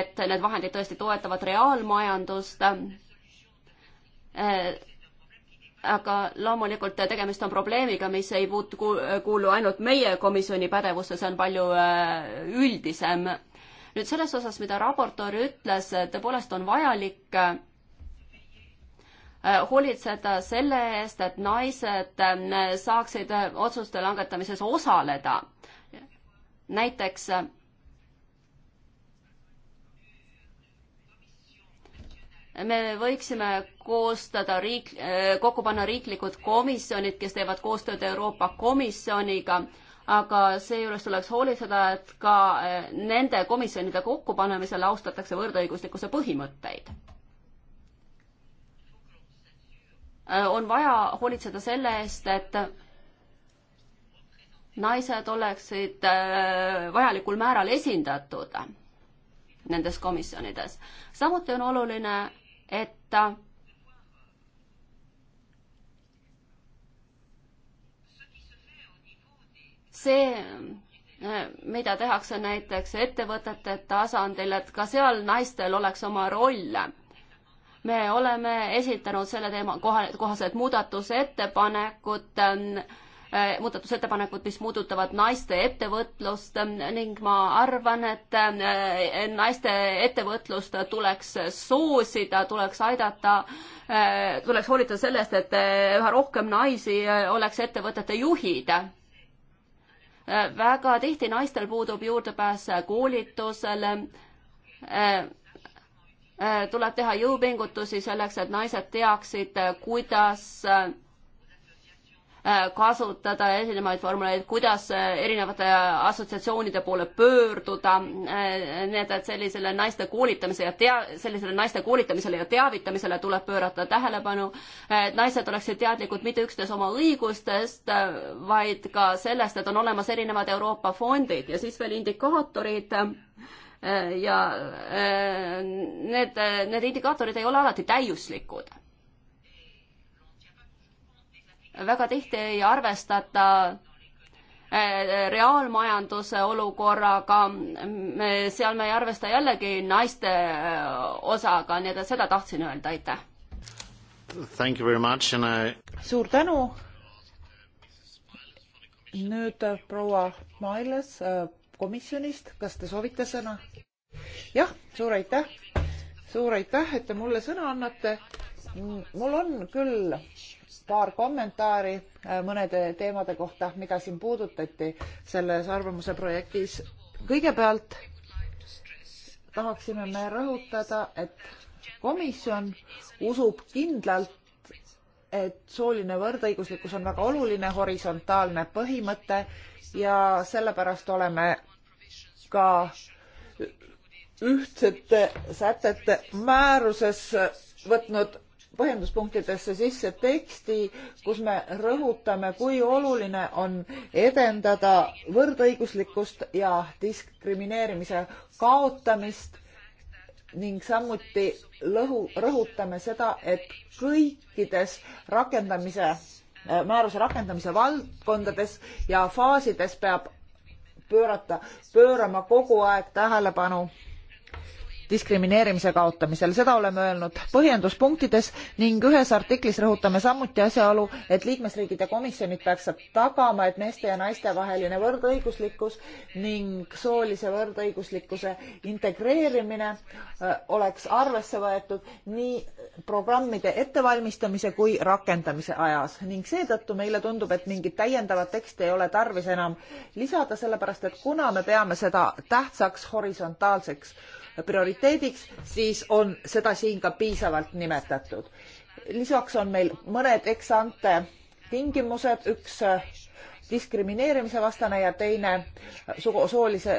et need vahendid tõesti toetavad reaalmajandust aga loomulikult tegemist on probleemiga, mis ei puutu, kuulu ainult meie komisjoni pädevusse, see on palju äh, üldisem. nüüd selles osas, mida raportöör ütles, tõepoolest on vajalik äh, hoolitseda selle eest, et naised äh, saaksid otsuste langetamises osaleda. näiteks me võiksime koostada riik, äh, kokku panna riiklikud komisjonid, kes teevad koostööd Euroopa Komisjoniga, aga seejuures tuleks hoolitseda, et ka äh, nende komisjonide kokkupanemisel austatakse võrdõiguslikkuse põhimõtteid. Äh, on vaja hoolitseda selle eest, et naised oleksid vajalikul määral esindatud nendes komisjonides. samuti on oluline et see, mida tehakse näiteks ettevõtete tasandil, et ka seal naistel oleks oma roll. me oleme esitanud selle teema koha, kohased muudatusettepanekud äh, Äh, muudatusettepanekud, mis puudutavad naiste ettevõtlust ähm, ning ma arvan, et äh, naiste ettevõtlust tuleks soosida, tuleks aidata, äh, tuleks hoolitseda sellest, et üha rohkem naisi oleks ettevõtete juhid väga tihti naistel puudub juurdepääs koolitusele. tuleb teha jõupingutusi selleks, et naised teaksid, kuidas Äh, kasutada erinevaid vormeleid, kuidas äh, erinevate assotsiatsioonide poole pöörduda, äh, nii et, et sellisele naiste koolitamise ja tea-, sellisele naiste koolitamisele ja teavitamisele tuleb pöörata tähelepanu, et naised oleksid teadlikud mitte üksnes oma õigustest, vaid ka sellest, et on olemas erinevad Euroopa fondid ja siis veel indikaatorid, ja need, need indikaatorid ei ole alati täiuslikud väga tihti ei arvestata äh, reaalmajanduse olukorraga, seal me ei arvesta jällegi naiste äh, osaga, nii et seda tahtsin öelda, aitäh. I... suur tänu. nüüd äh, proua Mailes komisjonist, kas te soovite sõna? jah, suur aitäh, suur aitäh, et te mulle sõna annate. mul on küll paar kommentaari äh, mõnede teemade kohta, mida siin puudutati selles arvamuse projektis. kõigepealt tahaksime me rõhutada, et komisjon usub kindlalt, et sooline võrdõiguslikkus on väga oluline horisontaalne põhimõte ja sellepärast oleme ka ühtsete sätete määruses võtnud põhjenduspunktidesse sisse teksti, kus me rõhutame, kui oluline on edendada võrdõiguslikkust ja diskrimineerimise kaotamist ning samuti lõhu, rõhutame seda, et kõikides rakendamise, äh, määruse rakendamise valdkondades ja faasides peab pöörata, pöörama kogu aeg tähelepanu diskrimineerimise kaotamisel, seda oleme öelnud põhjenduspunktides ning ühes artiklis rõhutame samuti asjaolu, et liikmesriigid ja komisjonid peaksid tagama, et meeste ja naiste vaheline võrdõiguslikkus ning soolise võrdõiguslikkuse integreerimine äh, oleks arvesse võetud nii programmide ettevalmistamise kui rakendamise ajas ning seetõttu meile tundub, et mingit täiendavat teksti ei ole tarvis enam lisada, sellepärast et kuna me peame seda tähtsaks horisontaalseks prioriteediks, siis on seda siin ka piisavalt nimetatud. lisaks on meil mõned eksante tingimused, üks äh, diskrimineerimise vastane ja teine äh, soolise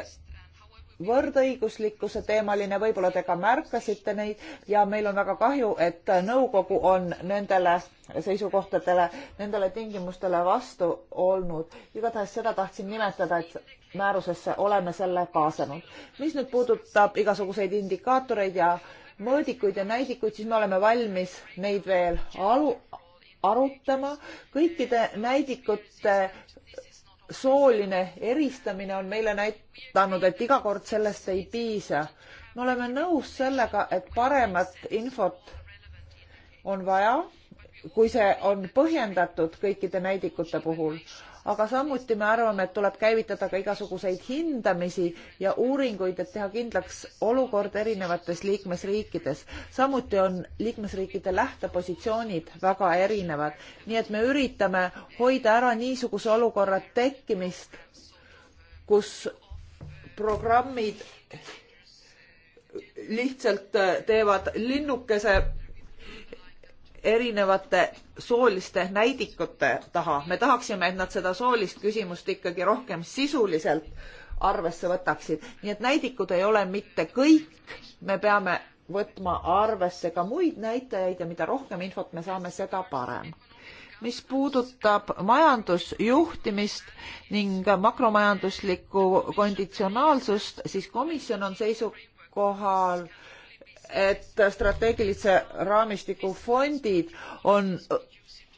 võrdõiguslikkuse teemaline, võib-olla te ka märkasite neid ja meil on väga kahju, et äh, nõukogu on nendele seisukohtadele, nendele tingimustele vastu olnud. igatahes seda tahtsin nimetada, et määrusesse oleme selle kaasanud. mis nüüd puudutab igasuguseid indikaatoreid ja mõõdikuid ja näidikuid, siis me oleme valmis neid veel alu, arutama. kõikide näidikute sooline eristamine on meile näidanud, et iga kord sellest ei piisa. me oleme nõus sellega, et paremat infot on vaja, kui see on põhjendatud kõikide näidikute puhul aga samuti me arvame, et tuleb käivitada ka igasuguseid hindamisi ja uuringuid, et teha kindlaks olukord erinevates liikmesriikides. samuti on liikmesriikide lähtepositsioonid väga erinevad, nii et me üritame hoida ära niisuguse olukorra tekkimist, kus programmid lihtsalt teevad linnukese erinevate sooliste näidikute taha. me tahaksime, et nad seda soolist küsimust ikkagi rohkem sisuliselt arvesse võtaksid. nii et näidikud ei ole mitte kõik, me peame võtma arvesse ka muid näitajaid ja mida rohkem infot me saame, seda parem. mis puudutab majandusjuhtimist ning makromajanduslikku konditsionaalsust, siis komisjon on seisukohal äh, et strateegilise raamistiku fondid on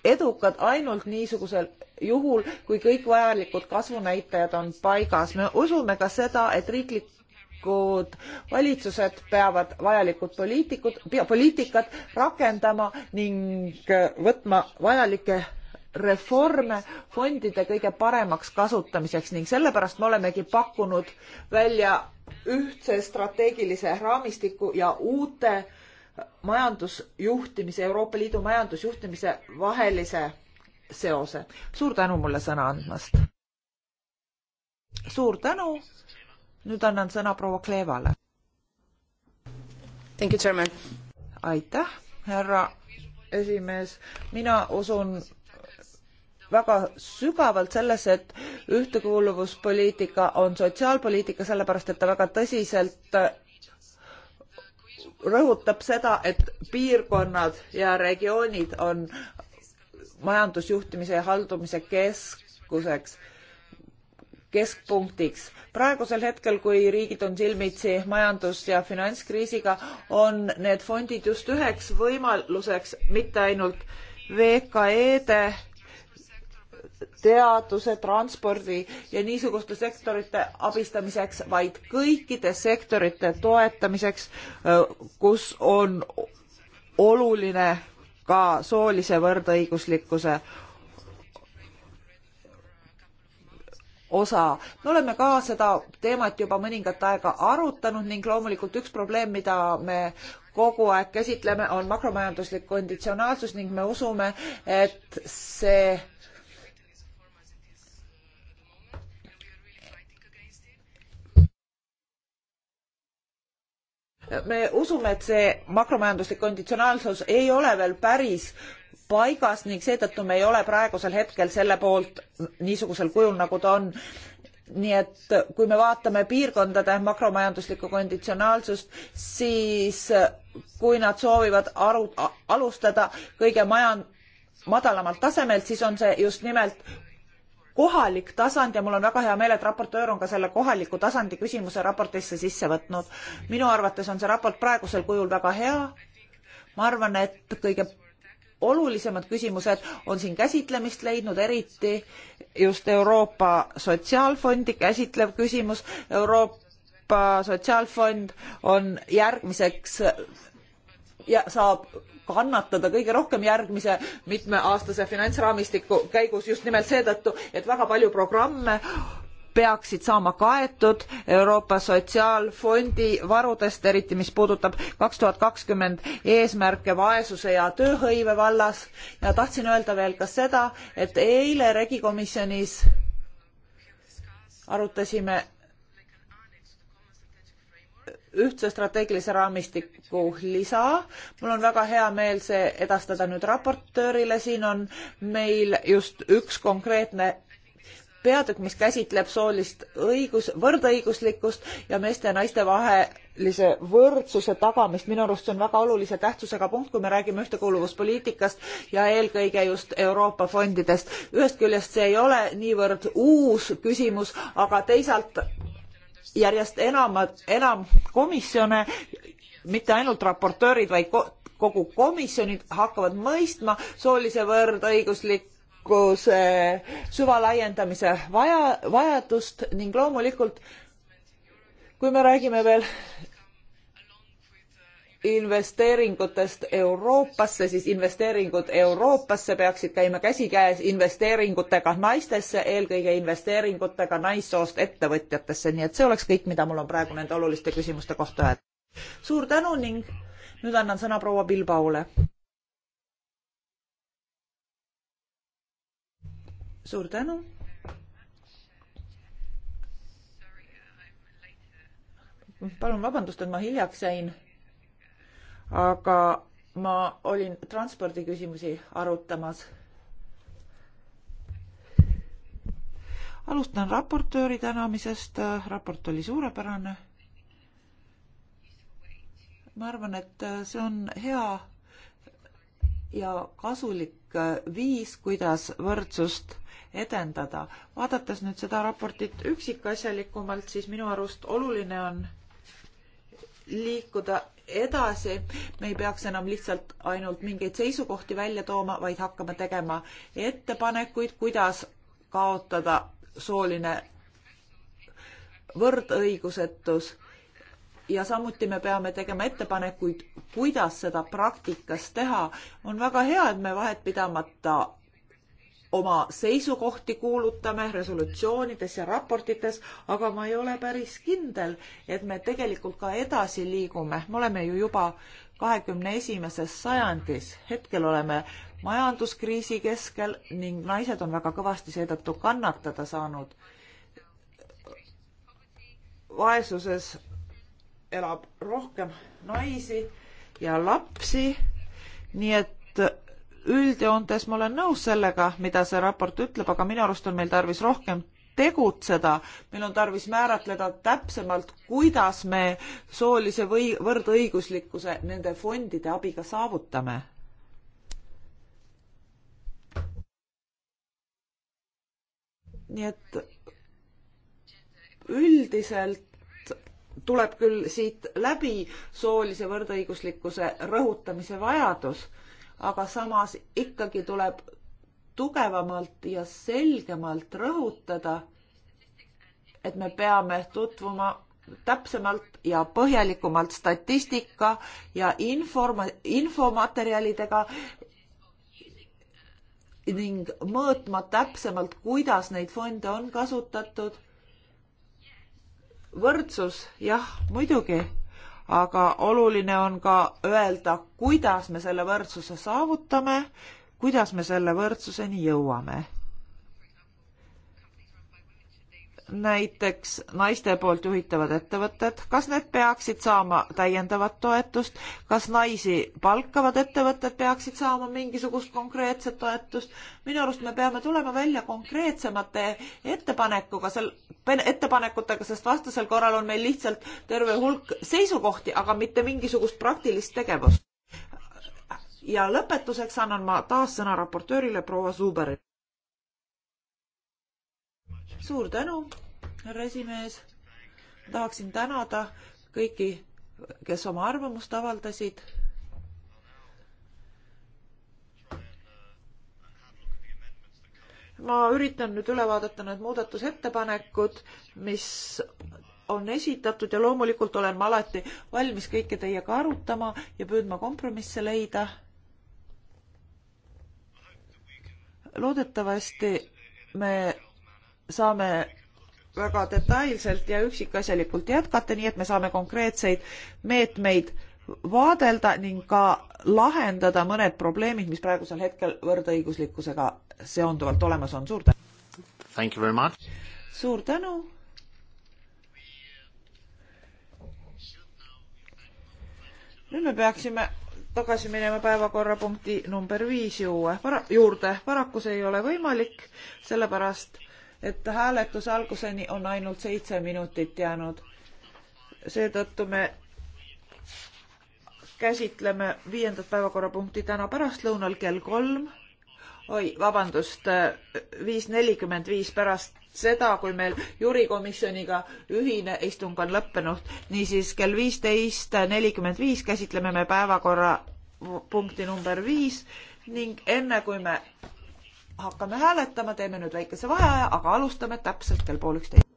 edukad ainult niisugusel juhul, kui kõik vajalikud kasvunäitajad on paigas. me usume ka seda, et riiklikud valitsused peavad vajalikud poliitikud, poliitikat rakendama ning võtma vajalikke reforme fondide kõige paremaks kasutamiseks ning sellepärast me olemegi pakkunud välja ühtse strateegilise raamistiku ja uute majandusjuhtimise, Euroopa Liidu majandusjuhtimise vahelise seose. suur tänu mulle sõna andmast. suur tänu. nüüd annan sõna proua Kleevale. aitäh, härra esimees. mina usun väga sügavalt sellesse, et ühtekuuluvuspoliitika on sotsiaalpoliitika, sellepärast et ta väga tõsiselt rõhutab seda, et piirkonnad ja regioonid on majandusjuhtimise ja haldumise keskuseks keskpunktiks. praegusel hetkel, kui riigid on silmitsi majandus- ja finantskriisiga, on need fondid just üheks võimaluseks mitte ainult VKE-de teaduse, transpordi ja niisuguste sektorite abistamiseks, vaid kõikide sektorite toetamiseks, kus on oluline ka soolise võrdõiguslikkuse osa. me oleme ka seda teemat juba mõningat aega arutanud ning loomulikult üks probleem, mida me kogu aeg käsitleme, on makromajanduslik konditsionaalsus ning me usume, et see me usume, et see makromajanduslik konditsionaalsus ei ole veel päris paigas ning seetõttu me ei ole praegusel hetkel selle poolt niisugusel kujul, nagu ta on. nii et kui me vaatame piirkondade makromajanduslikku konditsionaalsust, siis kui nad soovivad aru, alustada kõige maja, madalamalt tasemelt, siis on see just nimelt kohalik tasand ja mul on väga hea meel, et raportöör on ka selle kohaliku tasandi küsimuse raportisse sisse võtnud. minu arvates on see raport praegusel kujul väga hea. ma arvan, et kõige olulisemad küsimused on siin käsitlemist leidnud, eriti just Euroopa Sotsiaalfondi käsitlev küsimus. Euroopa Sotsiaalfond on järgmiseks ja saab kannatada kõige rohkem järgmise mitmeaastase finantsraamistiku käigus just nimelt seetõttu, et väga palju programme peaksid saama kaetud Euroopa Sotsiaalfondi varudest, eriti mis puudutab kaks tuhat kakskümmend eesmärke vaesuse ja tööhõive vallas ja tahtsin öelda veel ka seda, et eile regikomisjonis arutasime ühtse strateegilise raamistiku lisa. mul on väga hea meel see edastada nüüd raportöörile, siin on meil just üks konkreetne peatükk, mis käsitleb soolist õigus, võrdõiguslikkust ja meeste ja naiste vahelise võrdsuse tagamist. minu arust see on väga olulise tähtsusega punkt, kui me räägime ühtekuuluvuspoliitikast ja eelkõige just Euroopa fondidest. ühest küljest see ei ole niivõrd uus küsimus, aga teisalt järjest enamad, enam komisjone, mitte ainult raportöörid, vaid kogu komisjonid hakkavad mõistma soolise võrdõiguslikkuse süvalaiendamise vaja, vajadust ning loomulikult kui me räägime veel investeeringutest Euroopasse, siis investeeringud Euroopasse peaksid käima käsikäes investeeringutega naistesse, eelkõige investeeringutega naissoost ettevõtjatesse, nii et see oleks kõik, mida mul on praegu nende oluliste küsimuste kohta öelda. suur tänu ning nüüd annan sõna proua Bilbaole. suur tänu. palun vabandust, et ma hiljaks jäin aga ma olin transpordiküsimusi arutamas. alustan raportööri tänamisest, raport oli suurepärane. ma arvan, et see on hea ja kasulik viis, kuidas võrdsust edendada. vaadates nüüd seda raportit üksikasjalikumalt, siis minu arust oluline on liikuda edasi. me ei peaks enam lihtsalt ainult mingeid seisukohti välja tooma, vaid hakkama tegema ettepanekuid, kuidas kaotada sooline võrdõigusetus ja samuti me peame tegema ettepanekuid, kuidas seda praktikas teha. on väga hea, et me vahet pidamata oma seisukohti kuulutame resolutsioonides ja raportites, aga ma ei ole päris kindel, et me tegelikult ka edasi liigume. me oleme ju juba kahekümne esimeses sajandis, hetkel oleme majanduskriisi keskel ning naised on väga kõvasti seetõttu kannatada saanud. vaesuses elab rohkem naisi ja lapsi, nii et üldjoontes ma olen nõus sellega, mida see raport ütleb, aga minu arust on meil tarvis rohkem tegutseda, meil on tarvis määratleda täpsemalt, kuidas me soolise või võrdõiguslikkuse nende fondide abiga saavutame. nii et üldiselt tuleb küll siit läbi soolise võrdõiguslikkuse rõhutamise vajadus aga samas ikkagi tuleb tugevamalt ja selgemalt rõhutada, et me peame tutvuma täpsemalt ja põhjalikumalt statistika ja informa-, infomaterjalidega ning mõõtma täpsemalt, kuidas neid fonde on kasutatud. võrdsus, jah, muidugi aga oluline on ka öelda, kuidas me selle võrdsuse saavutame, kuidas me selle võrdsuseni jõuame. näiteks naiste poolt juhitavad ettevõtted, kas need peaksid saama täiendavat toetust, kas naisi palkavad ettevõtted peaksid saama mingisugust konkreetset toetust? minu arust me peame tulema välja konkreetsemate ettepanekuga sel-, ettepanekutega, sest vastasel korral on meil lihtsalt terve hulk seisukohti, aga mitte mingisugust praktilist tegevust. ja lõpetuseks annan ma taas sõna raportöörile proua Suuberile. suur tänu, härra esimees. tahaksin tänada kõiki, kes oma arvamust avaldasid ma üritan nüüd üle vaadata need muudatusettepanekud, mis on esitatud ja loomulikult olen ma alati valmis kõike teiega arutama ja püüdma kompromisse leida. loodetavasti me saame väga detailselt ja üksikasjalikult jätkata, nii et me saame konkreetseid meetmeid meet vaadelda ning ka lahendada mõned probleemid, mis praegusel hetkel võrdõiguslikkusega seonduvalt olemas on. suur tänu! suur tänu! nüüd me peaksime tagasi minema päevakorrapunkti number viis juue, para-, juurde. paraku see ei ole võimalik, sellepärast et hääletuse alguseni on ainult seitse minutit jäänud. seetõttu me käsitleme viiendat päevakorrapunkti täna pärastlõunal kell kolm. oi, vabandust, viis nelikümmend viis pärast seda, kui meil jurikomisjoniga ühine istung on lõppenud. niisiis kell viisteist nelikümmend viis käsitleme me päevakorrapunkti number viis ning enne kui me hakkame hääletama, teeme nüüd väikese vaheaja, aga alustame täpselt kell pool üksteist.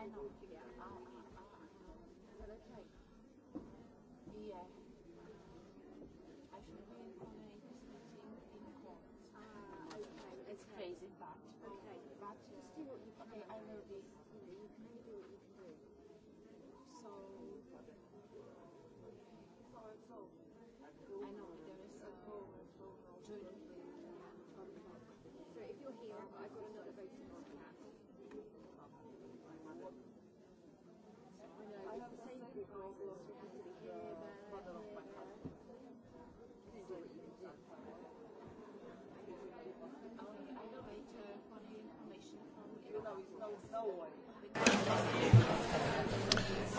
I know.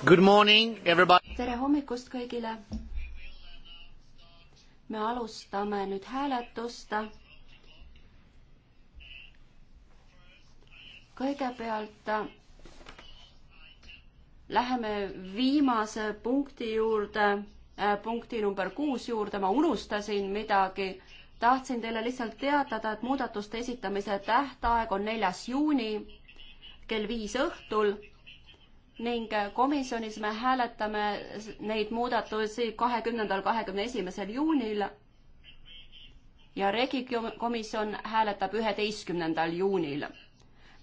Good morning, everybody. tere hommikust kõigile. me alustame nüüd hääletust. kõigepealt läheme viimase punkti juurde, äh, punkti number kuus juurde, ma unustasin midagi. tahtsin teile lihtsalt teatada, et muudatuste esitamise tähtaeg on neljas juuni kell viis õhtul ning komisjonis me hääletame neid muudatusi kahekümnendal, kahekümne esimesel juunil ja regikomisjon hääletab üheteistkümnendal juunil.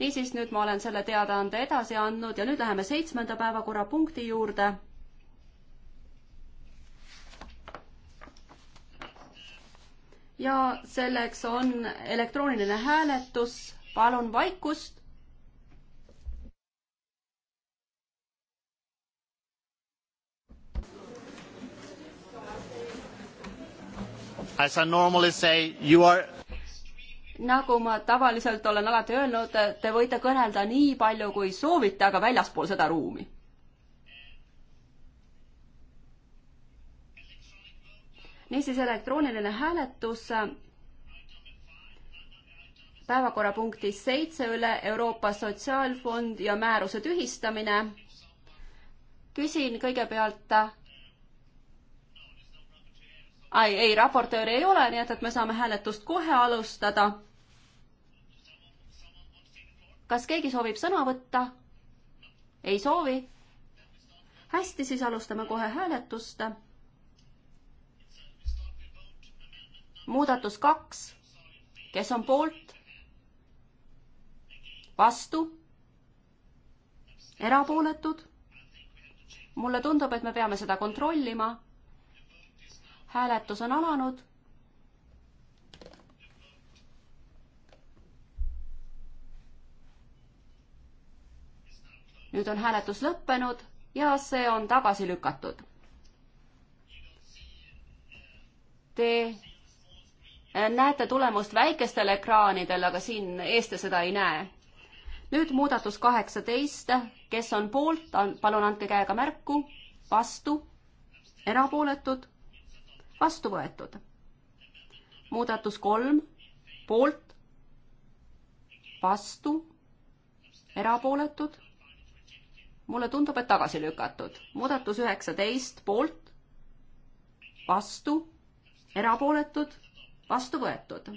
niisiis, nüüd ma olen selle teadaande edasi andnud ja nüüd läheme seitsmenda päevakorrapunkti juurde. ja selleks on elektrooniline hääletus, palun vaikust. As I normally say, you are nagu ma tavaliselt olen alati öelnud, te võite kõnelda nii palju, kui soovite, aga väljaspool seda ruumi. niisiis, elektrooniline hääletus päevakorrapunktis seitse üle Euroopa Sotsiaalfond ja määruse tühistamine. küsin kõigepealt ai, ei, raportööri ei ole, nii et, et me saame hääletust kohe alustada. kas keegi soovib sõna võtta? ei soovi? hästi, siis alustame kohe hääletust. muudatus kaks, kes on poolt? vastu? erapooletud? mulle tundub, et me peame seda kontrollima hääletus on alanud. nüüd on hääletus lõppenud ja see on tagasi lükatud. Te äh, näete tulemust väikestel ekraanidel, aga siin ees te seda ei näe. nüüd muudatus kaheksateist, kes on poolt, palun andke käega märku, vastu, erapooletud vastu võetud. muudatus kolm, poolt, vastu, erapooletud. mulle tundub, et tagasi lükatud. muudatus üheksateist, poolt, vastu, erapooletud, vastu võetud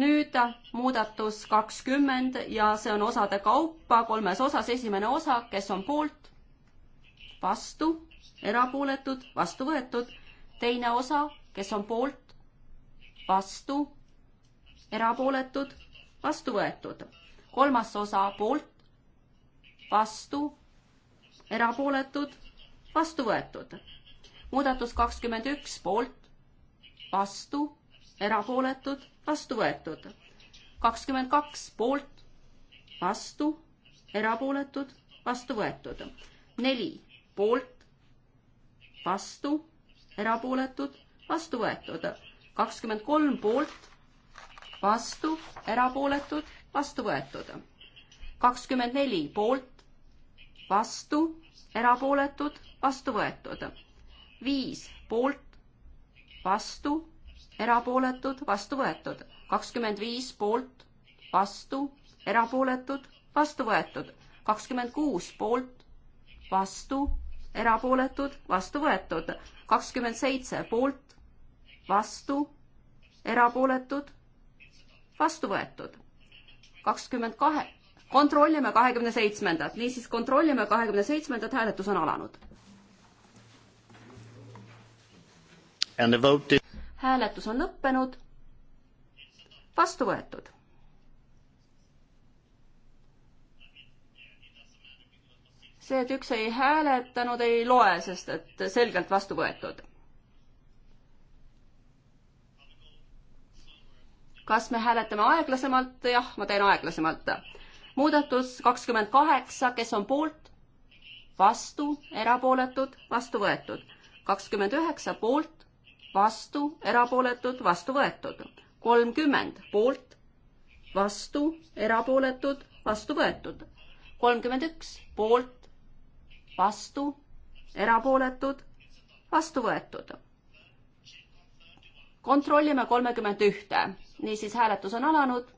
nüüd muudatus kakskümmend ja see on osade kaupa kolmes osas. esimene osa, kes on poolt, vastu, erapooletud, vastu võetud teine osa, kes on poolt, vastu, erapooletud, vastu võetud. kolmas osa poolt, vastu, erapooletud, vastu võetud. muudatus kakskümmend üks poolt, vastu, erapooletud, vastu võetud. kakskümmend kaks poolt, vastu, erapooletud, vastu võetud. neli poolt, vastu erapooletud, vastu võetud. kakskümmend kolm poolt, vastu, erapooletud, vastu võetud. kakskümmend neli poolt, vastu, erapooletud, vastu võetud. viis poolt, vastu, erapooletud, vastu võetud. kakskümmend viis poolt, vastu, erapooletud, vastu võetud. kakskümmend kuus poolt, vastu, erapooletud, vastu võetud kakskümmend seitse poolt, vastu, erapooletud, vastu võetud. kakskümmend kahe, kontrollime kahekümne seitsmendat, niisiis kontrollime kahekümne seitsmendat, hääletus on alanud. hääletus on lõppenud, vastu võetud see, et üks ei hääletanud, ei loe, sest et selgelt vastu võetud. kas me hääletame aeglasemalt? jah, ma teen aeglasemalt. muudatus kakskümmend kaheksa, kes on poolt? vastu, erapooletud, vastu võetud. kakskümmend üheksa poolt, vastu, erapooletud, vastu võetud. kolmkümmend poolt, vastu, erapooletud, vastu võetud kolmkümmend üks poolt, vastu, erapooletud, vastu võetud. kontrollime kolmekümmend ühte, niisiis hääletus on alanud.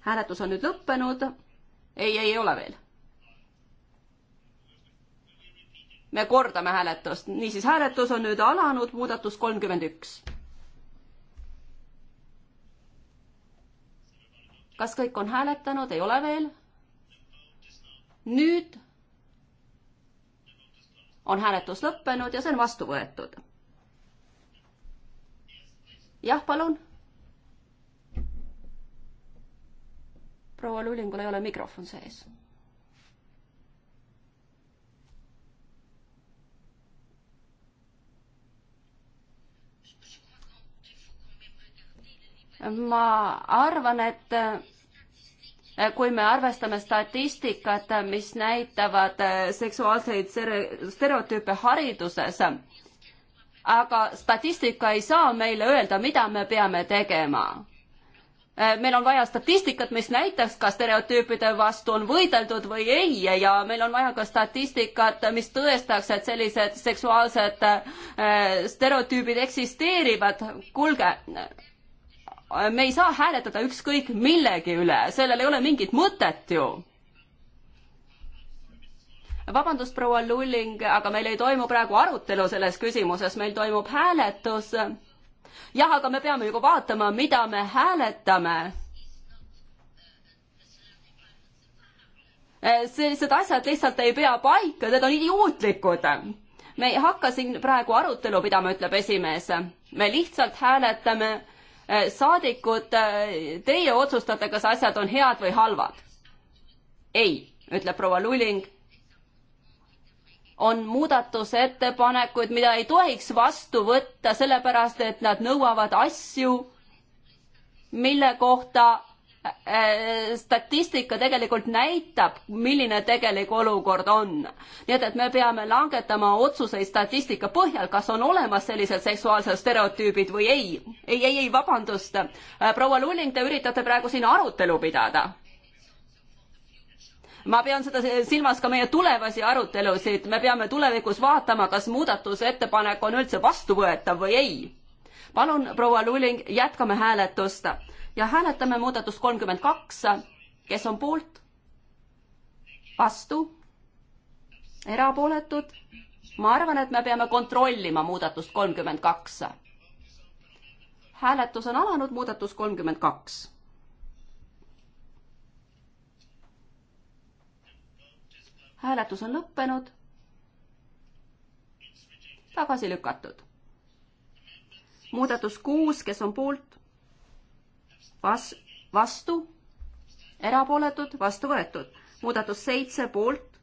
hääletus on nüüd lõppenud. ei, ei ole veel. me kordame hääletust, niisiis hääletus on nüüd alanud, muudatus kolmkümmend üks. kas kõik on hääletanud, ei ole veel? nüüd on hääletus lõppenud ja see on vastu võetud. jah, palun. proua Lulingul ei ole mikrofon sees. ma arvan, et kui me arvestame statistikat, mis näitavad äh, seksuaalseid stereotüüpe hariduses, aga statistika ei saa meile öelda, mida me peame tegema. Äh, meil on vaja statistikat, mis näitaks, kas stereotüüpide vastu on võideldud või ei ja meil on vaja ka statistikat, mis tõestaks, et sellised seksuaalsed äh, stereotüübid eksisteerivad. kuulge me ei saa hääletada ükskõik millegi üle, sellel ei ole mingit mõtet ju. vabandust, proua Lulling, aga meil ei toimu praegu arutelu selles küsimuses, meil toimub hääletus. jah, aga me peame ju vaatama, mida me hääletame. E, sellised asjad lihtsalt ei pea paika, need on idiootlikud me ei hakka siin praegu arutelu pidama, ütleb esimees. me lihtsalt hääletame Eh, saadikud, eh, teie otsustate, kas asjad on head või halvad. ei, ütleb proua Luling. on muudatusettepanekuid, mida ei tohiks vastu võtta, sellepärast et nad nõuavad asju, mille kohta statistika tegelikult näitab, milline tegelik olukord on. nii et, et me peame langetama otsuseid statistika põhjal, kas on olemas sellised seksuaalsed stereotüübid või ei. ei, ei, ei, vabandust. proua Luling, te üritate praegu siin arutelu pidada. ma pean seda silmas ka meie tulevasi arutelusid, me peame tulevikus vaatama, kas muudatusettepanek on üldse vastuvõetav või ei. palun, proua Luling, jätkame hääletust ja hääletame muudatust kolmkümmend kaks, kes on poolt, vastu, erapooletud. ma arvan, et me peame kontrollima muudatust kolmkümmend kaks. hääletus on alanud, muudatus kolmkümmend kaks. hääletus on lõppenud. tagasi lükatud. muudatus kuus, kes on poolt, Vas-, vastu, erapooletud, vastu võetud. muudatus seitse poolt,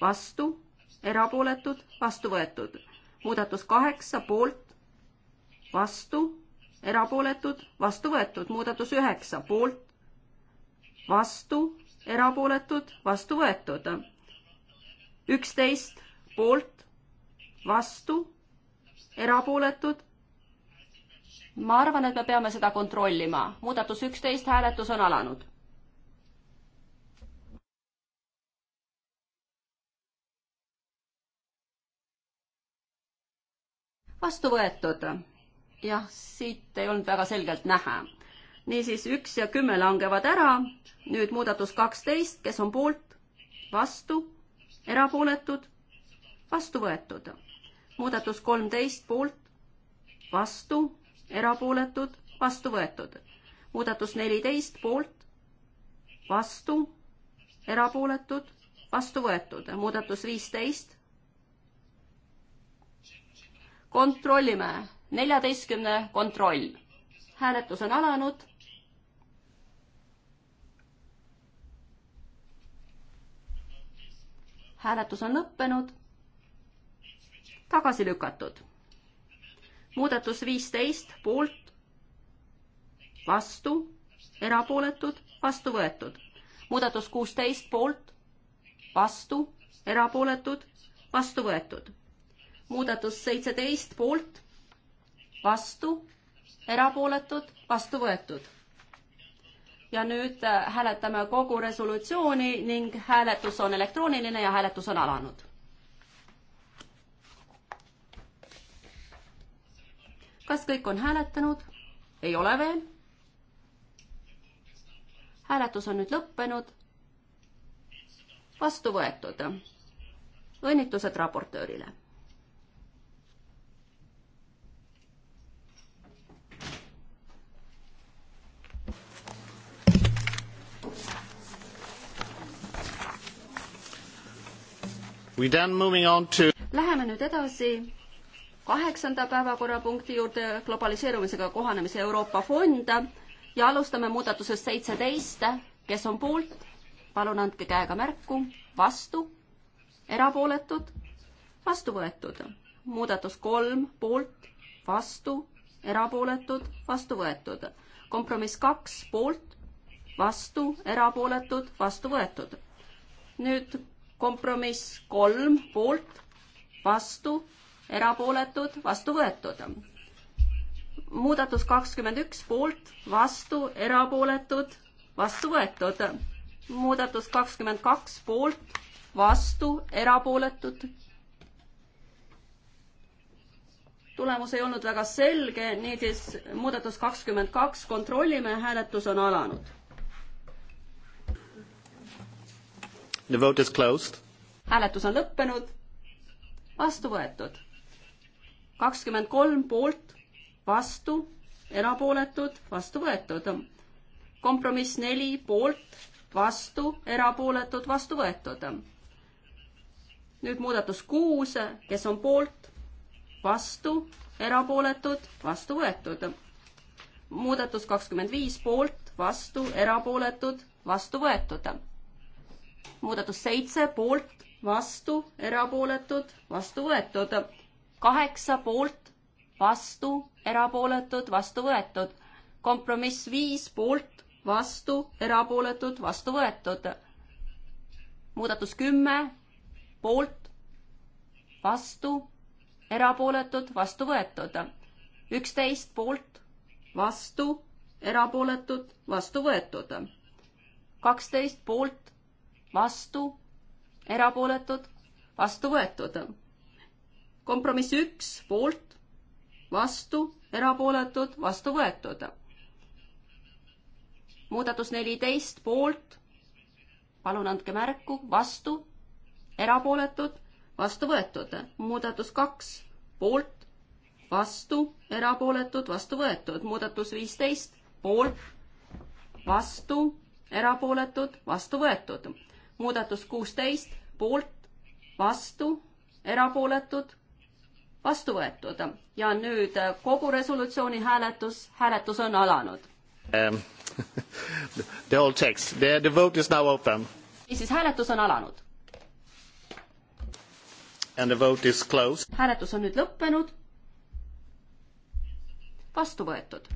vastu, erapooletud, vastu võetud. muudatus kaheksa poolt, vastu, erapooletud, vastu võetud. muudatus üheksa poolt, vastu, erapooletud, vastu võetud. üksteist poolt, vastu, erapooletud ma arvan, et me peame seda kontrollima. muudatus üksteist, hääletus on alanud. vastu võetud. jah, siit ei olnud väga selgelt näha. niisiis üks ja kümme langevad ära. nüüd muudatus kaksteist, kes on poolt, vastu, erapooletud, vastu võetud. muudatus kolmteist poolt, vastu erapooletud, vastu võetud. muudatus neliteist poolt, vastu, erapooletud, vastu võetud. muudatus viisteist. kontrollime, neljateistkümne kontroll. hääletus on alanud. hääletus on lõppenud tagasi lükatud muudatus viisteist poolt, vastu, erapooletud, vastu võetud. muudatus kuusteist poolt, vastu, erapooletud, vastu võetud. muudatus seitseteist poolt, vastu, erapooletud, vastu võetud. ja nüüd äh, hääletame kogu resolutsiooni ning hääletus on elektrooniline ja hääletus on alanud kas kõik on hääletanud? ei ole veel. hääletus on nüüd lõppenud. vastu võetud. õnnitlused raportöörile. To... Läheme nüüd edasi kaheksanda päevakorrapunkti juurde, globaliseerumisega kohanemise Euroopa fond ja alustame muudatusest seitseteist, kes on poolt, palun andke käega märku, vastu, erapooletud, vastu võetud. muudatus kolm, poolt, vastu, erapooletud, vastu võetud. kompromiss kaks, poolt, vastu, erapooletud, vastu võetud. nüüd kompromiss kolm, poolt, vastu, erapooletud, vastu võetud. muudatus kakskümmend üks poolt, vastu, erapooletud, vastu võetud. muudatus kakskümmend kaks poolt, vastu, erapooletud. tulemus ei olnud väga selge, niisiis muudatus kakskümmend kaks, kontrollime, hääletus on alanud. The vote is closed. hääletus on lõppenud, vastu võetud kakskümmend kolm poolt, vastu, erapooletud, vastu võetud. kompromiss neli poolt, vastu, erapooletud, vastu võetud. nüüd muudatus kuus, kes on poolt, vastu, erapooletud, vastu võetud. muudatus kakskümmend viis poolt, vastu, erapooletud, vastu võetud. muudatus seitse poolt, vastu, erapooletud, vastu võetud kaheksa poolt, vastu, erapooletud, vastu võetud. kompromiss viis poolt, vastu, erapooletud, vastu võetud. muudatus kümme poolt, vastu, erapooletud, vastu võetud. üksteist poolt, vastu, erapooletud, vastu võetud. kaksteist poolt, vastu, erapooletud, vastu võetud kompromiss üks, poolt, vastu, erapooletud, vastu võetud. muudatus neliteist, poolt, palun andke märku, vastu, erapooletud, vastu võetud. muudatus kaks, poolt, vastu, erapooletud, vastu võetud. muudatus viisteist, poolt, vastu, erapooletud, vastu võetud. muudatus kuusteist, poolt, vastu, erapooletud, vastu võetud ja nüüd äh, kogu resolutsiooni hääletus, hääletus on alanud um,. The whole text, the, the vote is now open. niisiis, hääletus on alanud. And the vote is closed. hääletus on nüüd lõppenud. vastu võetud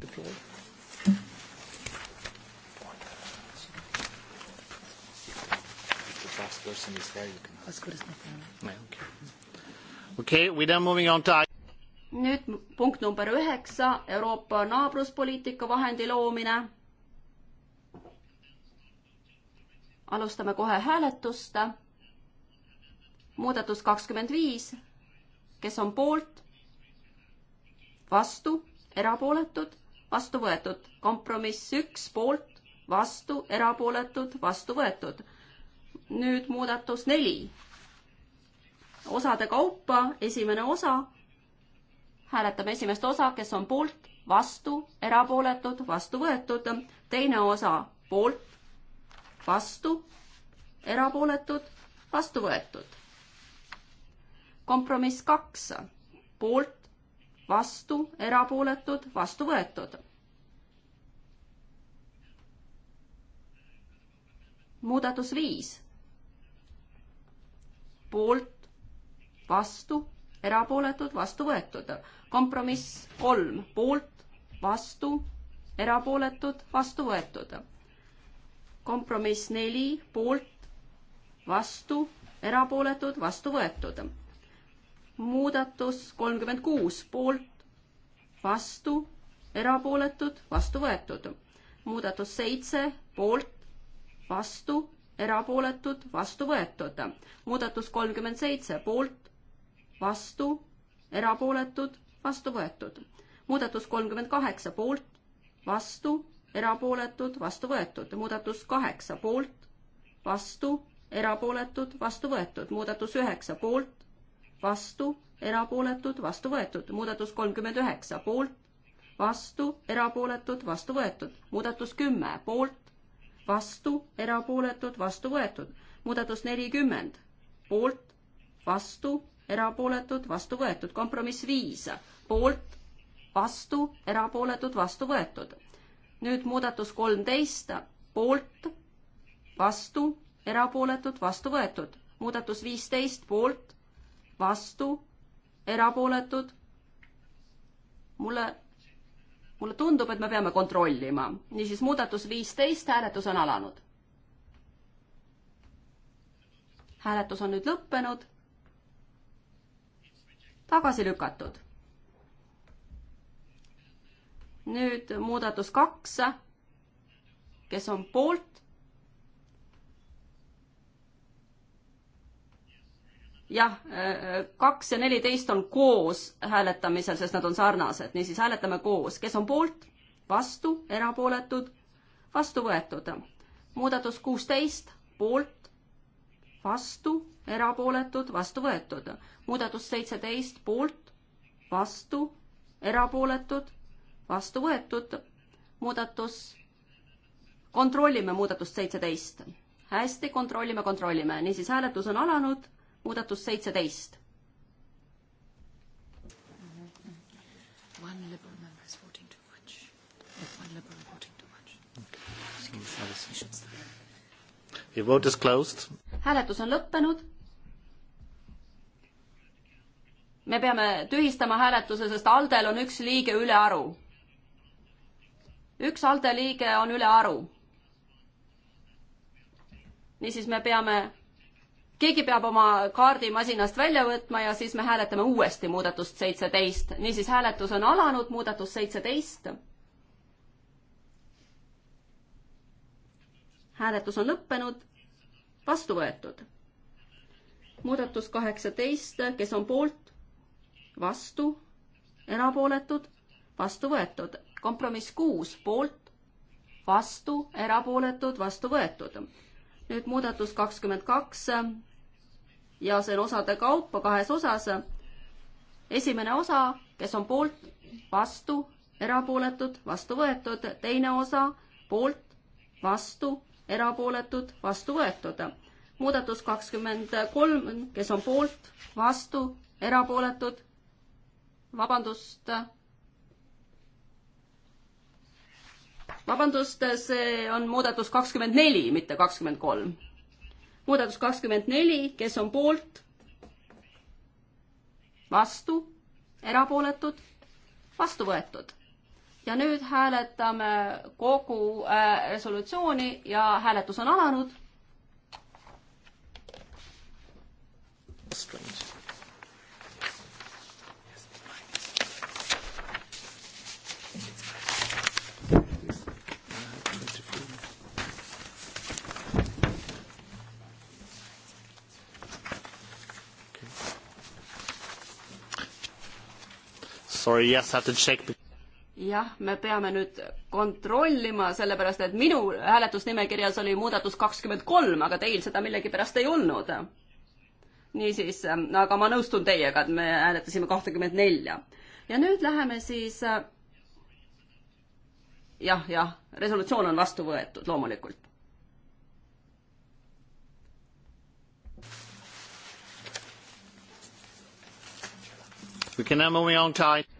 deployed? person is there, you can... Let's go to Snefana. Okay. Okay, we then moving on to... Nüüd punkt number üheksa, Euroopa naabruspoliitika vahendi loomine. Alustame kohe hääletust. Muudatus 25. Kes on poolt? Vastu? Erapooletud? Vastu võetud. Kompromiss 1 poolt? Vastu? Erapooletud? Vastu võetud nüüd muudatus neli. osade kaupa, esimene osa. hääletame esimest osa, kes on poolt, vastu, erapooletud, vastu võetud. teine osa poolt, vastu, erapooletud, vastu võetud. kompromiss kaks, poolt, vastu, erapooletud, vastu võetud muudatus viis poolt, vastu, erapooletud, vastu võetud. kompromiss kolm, poolt, vastu, erapooletud, vastu võetud. kompromiss neli, poolt, vastu, erapooletud, vastu võetud. muudatus kolmkümmend kuus, poolt, vastu, erapooletud, vastu võetud. muudatus seitse, poolt, vastu, erapooletud, vastu võetud. muudatus kolmkümmend seitse, poolt, vastu, erapooletud, vastu võetud. muudatus kolmkümmend kaheksa, poolt, vastu, erapooletud, vastu võetud. muudatus kaheksa, poolt, vastu, erapooletud, vastu võetud. muudatus üheksa, poolt, vastu, erapooletud, vastu võetud. muudatus kolmkümmend üheksa, poolt, vastu, erapooletud, vastu võetud. muudatus kümme, poolt, vastu, erapooletud, vastu võetud. muudatus nelikümmend, poolt, vastu, erapooletud, vastu võetud. kompromiss viis, poolt, vastu, erapooletud, vastu võetud. nüüd muudatus kolmteist, poolt, vastu, erapooletud, vastu võetud. muudatus viisteist, poolt, vastu, erapooletud. mulle mulle tundub, et me peame kontrollima. niisiis, muudatus viisteist, hääletus on alanud. hääletus on nüüd lõppenud. tagasi lükatud. nüüd muudatus kaks. kes on poolt? jah, äh, kaks ja neliteist on koos hääletamisel, sest nad on sarnased, niisiis hääletame koos, kes on poolt, vastu, erapooletud, vastu võetud. muudatus kuusteist, poolt, vastu, erapooletud, vastu võetud. muudatus seitseteist, poolt, vastu, erapooletud, vastu võetud. muudatus, kontrollime muudatust seitseteist. hästi, kontrollime, kontrollime, niisiis hääletus on alanud muudatus seitseteist. hääletus on lõppenud. me peame tühistama hääletuse, sest Aldel on üks liige ülearu. üks Alde liige on ülearu. niisiis, me peame keegi peab oma kaardi masinast välja võtma ja siis me hääletame uuesti muudatust seitseteist. niisiis, hääletus on alanud, muudatus seitseteist. hääletus on lõppenud, vastu võetud. muudatus kaheksateist, kes on poolt, vastu, erapooletud, vastu võetud. kompromiss kuus, poolt, vastu, erapooletud, vastu võetud nüüd muudatus kakskümmend kaks ja see on osade kaupa kahes osas. esimene osa, kes on poolt, vastu, erapooletud, vastu võetud, teine osa poolt, vastu, erapooletud, vastu võetud. muudatus kakskümmend kolm, kes on poolt, vastu, erapooletud, vabandust vabandust, see on muudatus kakskümmend neli, mitte kakskümmend kolm. muudatus kakskümmend neli, kes on poolt? vastu, erapooletud, vastu võetud. ja nüüd hääletame kogu äh, resolutsiooni ja hääletus on alanud. strange sorry, yes, had to check. jah, me peame nüüd kontrollima, sellepärast et minu hääletusnimekirjas oli muudatus kakskümmend kolm, aga teil seda millegipärast ei olnud. niisiis, ähm, aga ma nõustun teiega, et me hääletasime kahtekümmet nelja. ja nüüd läheme siis äh, jah, jah, resolutsioon on vastu võetud loomulikult. We can now move on time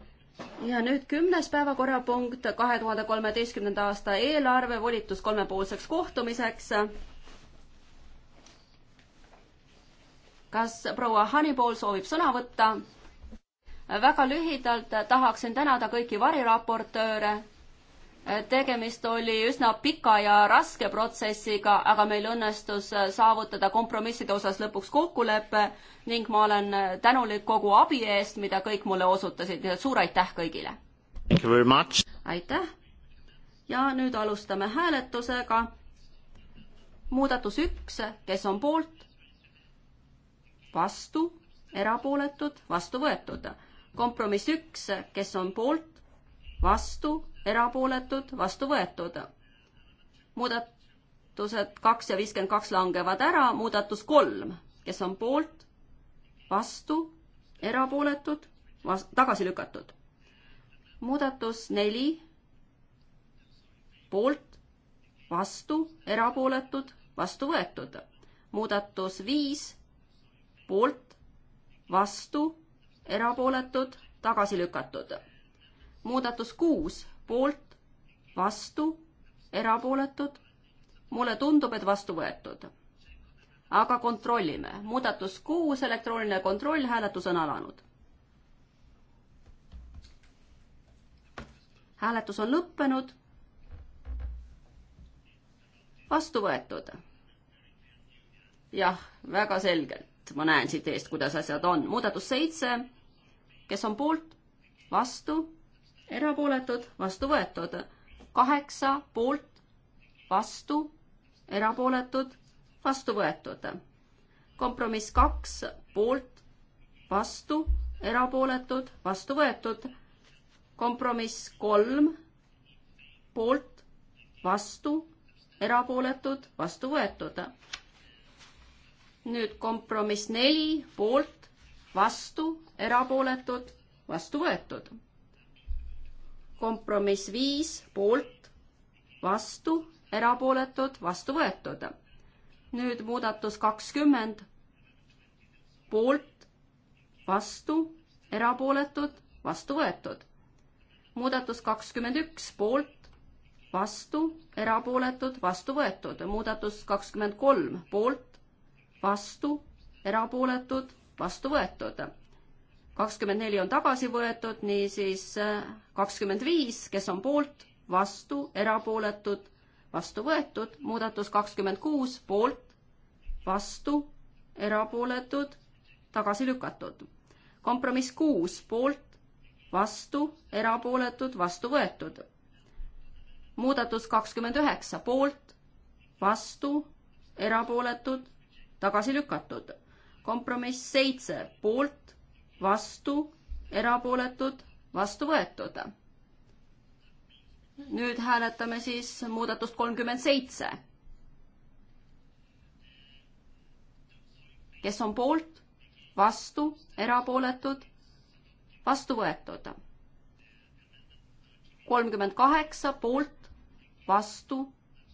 ja nüüd kümnes päevakorrapunkt, kahe tuhande kolmeteistkümnenda aasta eelarve volitus kolmepoolseks kohtumiseks. kas proua Hanipool soovib sõna võtta? väga lühidalt tahaksin tänada kõiki variraportööre tegemist oli üsna pika ja raske protsessiga, aga meil õnnestus saavutada kompromisside osas lõpuks kokkulepe ning ma olen tänulik kogu abi eest, mida kõik mulle osutasid, nii et suur aitäh kõigile! aitäh! ja nüüd alustame hääletusega. muudatus üks, kes on poolt? vastu, erapooletud, vastu võetud. kompromiss üks, kes on poolt? vastu erapooletud, vastu võetud. muudatused kaks ja viiskümmend kaks langevad ära, muudatus kolm, kes on poolt, vastu, erapooletud, vas-, tagasi lükatud. muudatus neli, poolt, vastu, erapooletud, vastu võetud. muudatus viis, poolt, vastu, erapooletud, tagasi lükatud. muudatus kuus poolt, vastu, erapooletud. mulle tundub, et vastu võetud. aga kontrollime. muudatus kuus, elektrooniline kontroll, hääletus on alanud. hääletus on lõppenud. vastu võetud. jah, väga selgelt, ma näen siit eest, kuidas asjad on. muudatus seitse, kes on poolt, vastu, erapooletud, vastu võetud. kaheksa poolt, vastu, erapooletud, vastu võetud. kompromiss kaks poolt, vastu, erapooletud, vastu võetud. kompromiss kolm poolt, vastu, erapooletud, vastu võetud. nüüd kompromiss neli poolt, vastu, erapooletud, vastu võetud kompromiss viis poolt, vastu, erapooletud, vastu võetud. nüüd muudatus kakskümmend poolt, vastu, erapooletud, vastu võetud. muudatus kakskümmend üks poolt, vastu, erapooletud, vastu võetud. muudatus kakskümmend kolm poolt, vastu, erapooletud, vastu võetud kakskümmend neli on tagasi võetud, niisiis äh, kakskümmend viis, kes on poolt, vastu, erapooletud, vastu võetud, muudatus kakskümmend kuus, poolt, vastu, erapooletud, tagasi lükatud. kompromiss kuus, poolt, vastu, erapooletud, vastu võetud. muudatus kakskümmend üheksa, poolt, vastu, erapooletud, tagasi lükatud. kompromiss seitse, poolt, vastu, erapooletud, vastu võetud. nüüd hääletame siis muudatust kolmkümmend seitse. kes on poolt, vastu, erapooletud, vastu võetud. kolmkümmend kaheksa poolt, vastu,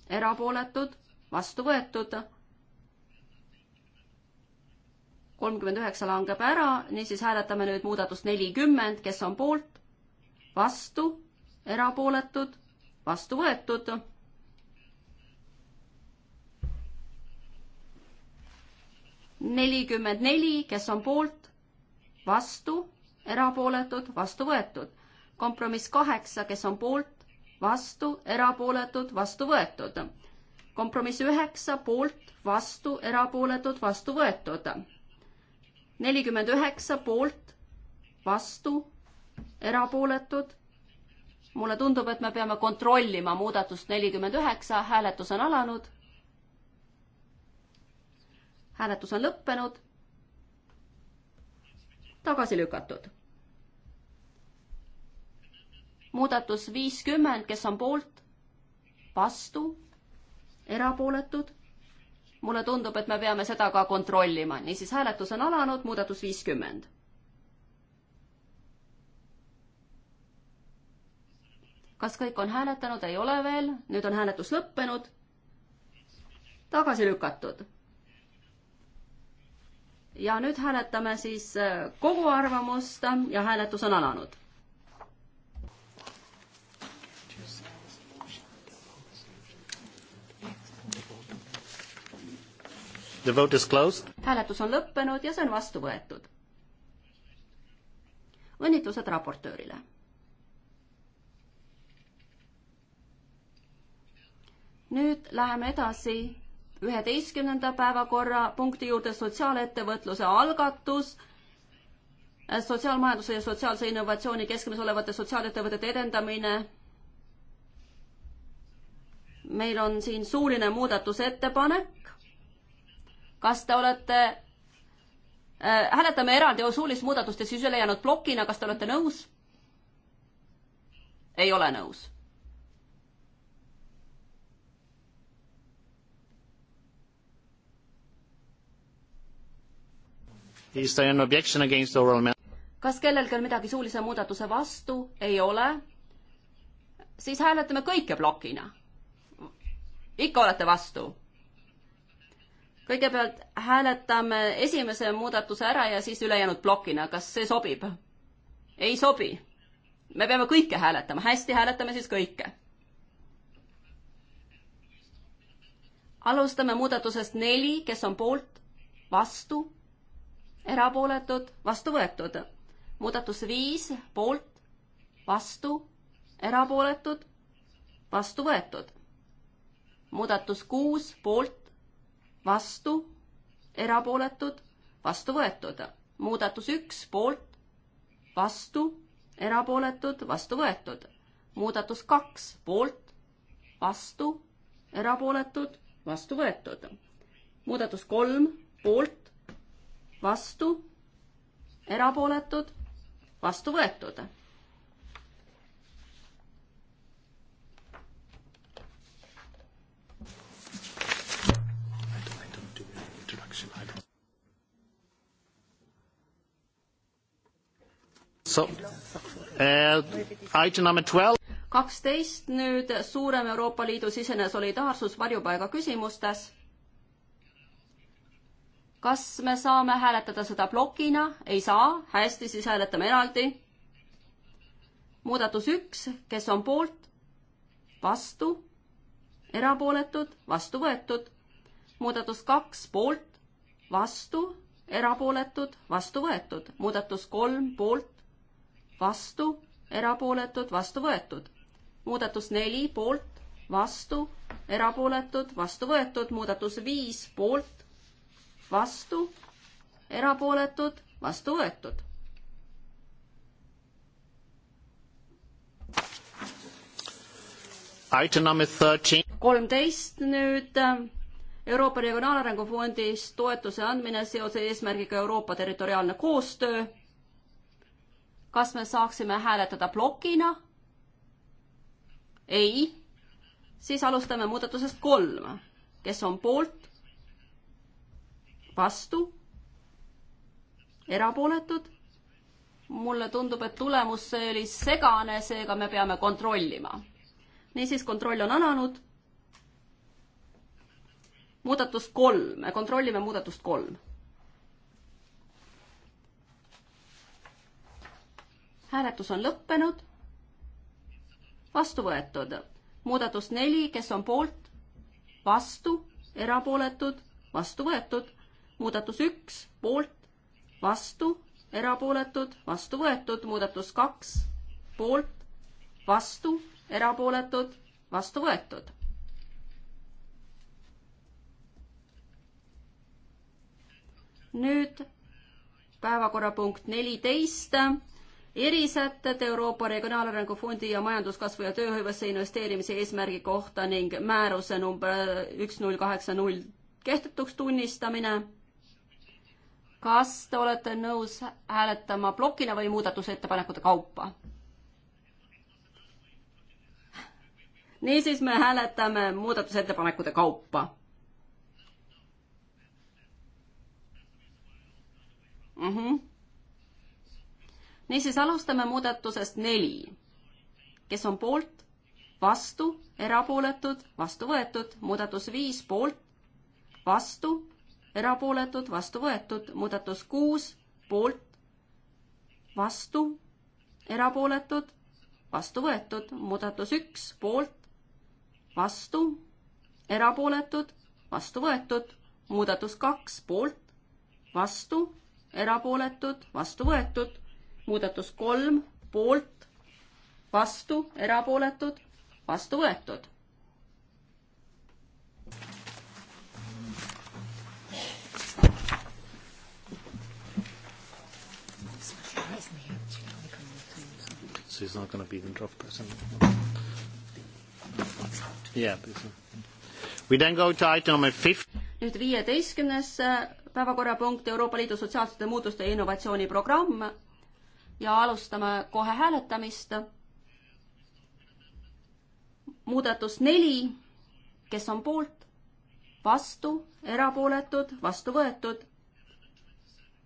erapooletud, vastu võetud kolmkümmend üheksa langeb ära, niisiis hääletame nüüd muudatust nelikümmend, kes on poolt, vastu, erapooletud, vastu võetud. nelikümmend neli, kes on poolt, vastu, erapooletud, vastu võetud. kompromiss kaheksa, kes on poolt, vastu, erapooletud, vastu võetud. kompromiss üheksa, poolt, vastu, erapooletud, vastu võetud nelikümmend üheksa poolt, vastu, erapooletud. mulle tundub, et me peame kontrollima muudatust nelikümmend üheksa, hääletus on alanud. hääletus on lõppenud. tagasi lükatud. muudatus viiskümmend, kes on poolt, vastu, erapooletud mulle tundub, et me peame seda ka kontrollima, niisiis hääletus on alanud, muudatus viiskümmend. kas kõik on hääletanud, ei ole veel, nüüd on hääletus lõppenud. tagasi lükatud. ja nüüd hääletame siis äh, kogu arvamust ja hääletus on alanud The vote is closed. hääletus on lõppenud ja see on vastu võetud. õnnitlused raportöörile. nüüd läheme edasi üheteistkümnenda päevakorrapunkti juurde sotsiaalettevõtluse algatus sotsiaalmajanduse ja sotsiaalse innovatsiooni keskmes olevate sotsiaalettevõtete edendamine. meil on siin suuline muudatusettepanek kas te olete äh,, hääletame eraldi suulist muudatust ja siis ülejäänud plokina, kas te olete nõus? ei ole nõus. Is there an objection against oral amendment? kas kellelgi on midagi suulise muudatuse vastu? ei ole. siis hääletame kõike plokina. ikka olete vastu? kõigepealt hääletame esimese muudatuse ära ja siis ülejäänud plokina, kas see sobib? ei sobi. me peame kõike hääletama, hästi, hääletame siis kõike. alustame muudatusest neli, kes on poolt, vastu, erapooletud, vastu võetud. muudatus viis, poolt, vastu, erapooletud, vastu võetud. muudatus kuus, poolt, vastu, erapooletud, vastu võetud. muudatus üks poolt, vastu, erapooletud, vastu võetud. muudatus kaks poolt, vastu, erapooletud, vastu võetud. muudatus kolm poolt, vastu, erapooletud, vastu võetud So, uh, item number 12 kaksteist nüüd suurem Euroopa Liidu sisene solidaarsus varjupaiga küsimustes. kas me saame hääletada seda plokina? ei saa, hästi, siis hääletame eraldi. muudatus üks, kes on poolt? vastu, erapooletud, vastu võetud. muudatus kaks, poolt, vastu, erapooletud, vastu võetud. muudatus kolm, poolt, vastu, erapooletud, vastu võetud. muudatus neli poolt, vastu, erapooletud, vastu võetud, muudatus viis poolt, vastu, erapooletud, vastu võetud. kolmteist nüüd äh, Euroopa Regionaalarengu Fondist toetuse andmine seoses eesmärgiga Euroopa territoriaalne koostöö kas me saaksime hääletada plokina? ei. siis alustame muudatusest kolm. kes on poolt? vastu? erapooletud? mulle tundub, et tulemus oli segane, seega me peame kontrollima. niisiis, kontroll on alanud. muudatus kolm, kontrollime muudatust kolm hääletus on lõppenud. vastu võetud. muudatus neli, kes on poolt, vastu, erapooletud, vastu võetud. muudatus üks, poolt, vastu, erapooletud, vastu võetud. muudatus kaks, poolt, vastu, erapooletud, vastu võetud nüüd päevakorrapunkt neliteist, erisätted Euroopa Regionaalarengu Fondi ja Majanduskasvu ja Tööhõivesse investeerimise eesmärgi kohta ning määruse number üks null kaheksa null kehtetuks tunnistamine. kas te olete nõus hääletama plokina või muudatusettepanekute kaupa? niisiis, me hääletame muudatusettepanekute kaupa mm. -hmm niisiis, alustame muudatusest neli. kes on poolt, vastu, erapooletud, vastu võetud, muudatus viis poolt, vastu, erapooletud, vastu võetud, muudatus kuus poolt, vastu, erapooletud, vastu võetud, muudatus üks poolt, vastu, erapooletud, vastu võetud, muudatus kaks poolt, vastu, erapooletud, vastu võetud, muudatus kolm, poolt, vastu, erapooletud, vastu võetud. She's not going to be the draft person. Yeah, we then go to item number fifty nüüd viieteistkümnes päevakorrapunkt Euroopa Liidu sotsiaalsete muutuste ja innovatsiooni programm ja alustame kohe hääletamist. muudatus neli, kes on poolt, vastu, erapooletud, vastu võetud.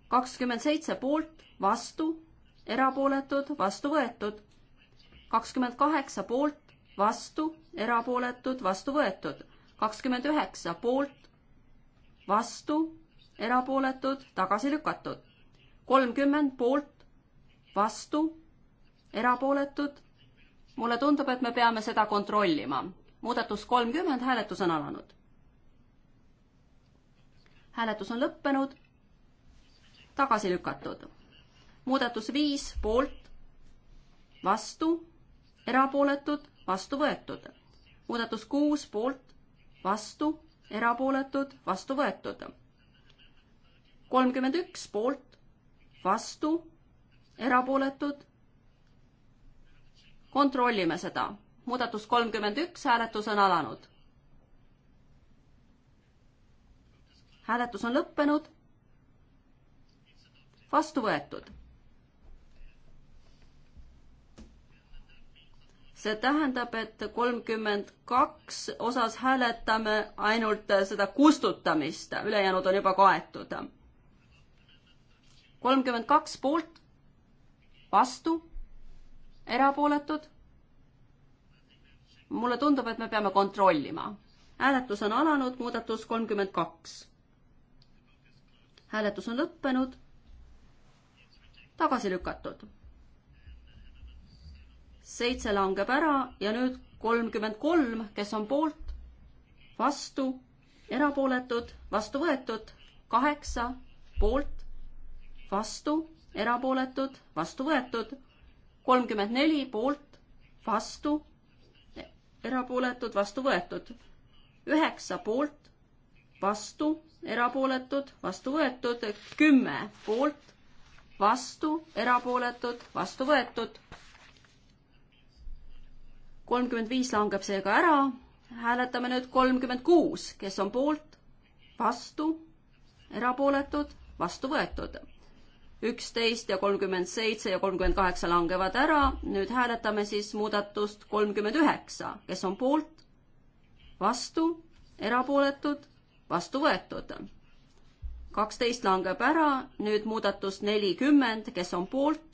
kakskümmend seitse poolt, vastu, erapooletud, vastu võetud. kakskümmend kaheksa poolt, vastu, erapooletud, vastu võetud. kakskümmend üheksa poolt, vastu, erapooletud, tagasi lükatud. kolmkümmend poolt, vastu, erapooletud. mulle tundub, et me peame seda kontrollima. muudatus kolmkümmend, hääletus on alanud. hääletus on lõppenud, tagasi lükatud. muudatus viis poolt, vastu, erapooletud, vastu võetud. muudatus kuus poolt, vastu, erapooletud, vastu võetud. kolmkümmend üks poolt, vastu erapooletud. kontrollime seda. muudatus kolmkümmend üks, hääletus on alanud. hääletus on lõppenud. vastu võetud. see tähendab, et kolmkümmend kaks osas hääletame ainult seda kustutamist, ülejäänud on juba kaetud. kolmkümmend kaks poolt vastu, erapooletud. mulle tundub, et me peame kontrollima. hääletus on alanud, muudatus kolmkümmend kaks. hääletus on lõppenud, tagasi lükatud. seitse langeb ära ja nüüd kolmkümmend kolm, kes on poolt, vastu, erapooletud, vastu võetud, kaheksa, poolt, vastu erapooletud, vastu võetud, kolmkümmend neli poolt, vastu, erapooletud, vastu võetud, üheksa poolt, vastu, erapooletud, vastu võetud, kümme poolt, vastu, erapooletud, vastu võetud. kolmkümmend viis langeb seega ära, hääletame nüüd kolmkümmend kuus, kes on poolt, vastu, erapooletud, vastu võetud üksteist ja kolmkümmend seitse ja kolmkümmend kaheksa langevad ära, nüüd hääletame siis muudatust kolmkümmend üheksa, kes on poolt, vastu, erapooletud, vastu võetud. kaksteist langeb ära, nüüd muudatus nelikümmend, kes on poolt,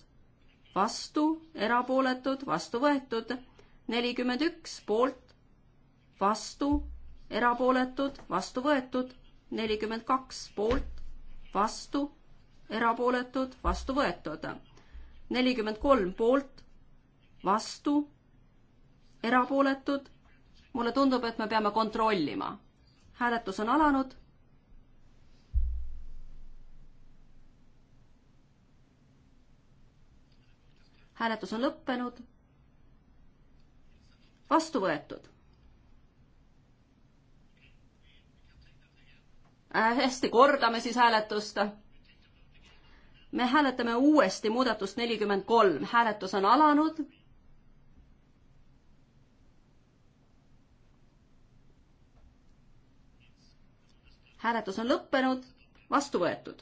vastu, erapooletud, vastu võetud, nelikümmend üks poolt, vastu, erapooletud, vastu võetud, nelikümmend kaks poolt, vastu erapooletud, vastu võetud. nelikümmend kolm poolt, vastu, erapooletud. mulle tundub, et me peame kontrollima. hääletus on alanud. hääletus on lõppenud. vastu võetud. Äh, hästi, kordame siis hääletust me hääletame uuesti muudatust nelikümmend kolm, hääletus on alanud. hääletus on lõppenud, vastu võetud.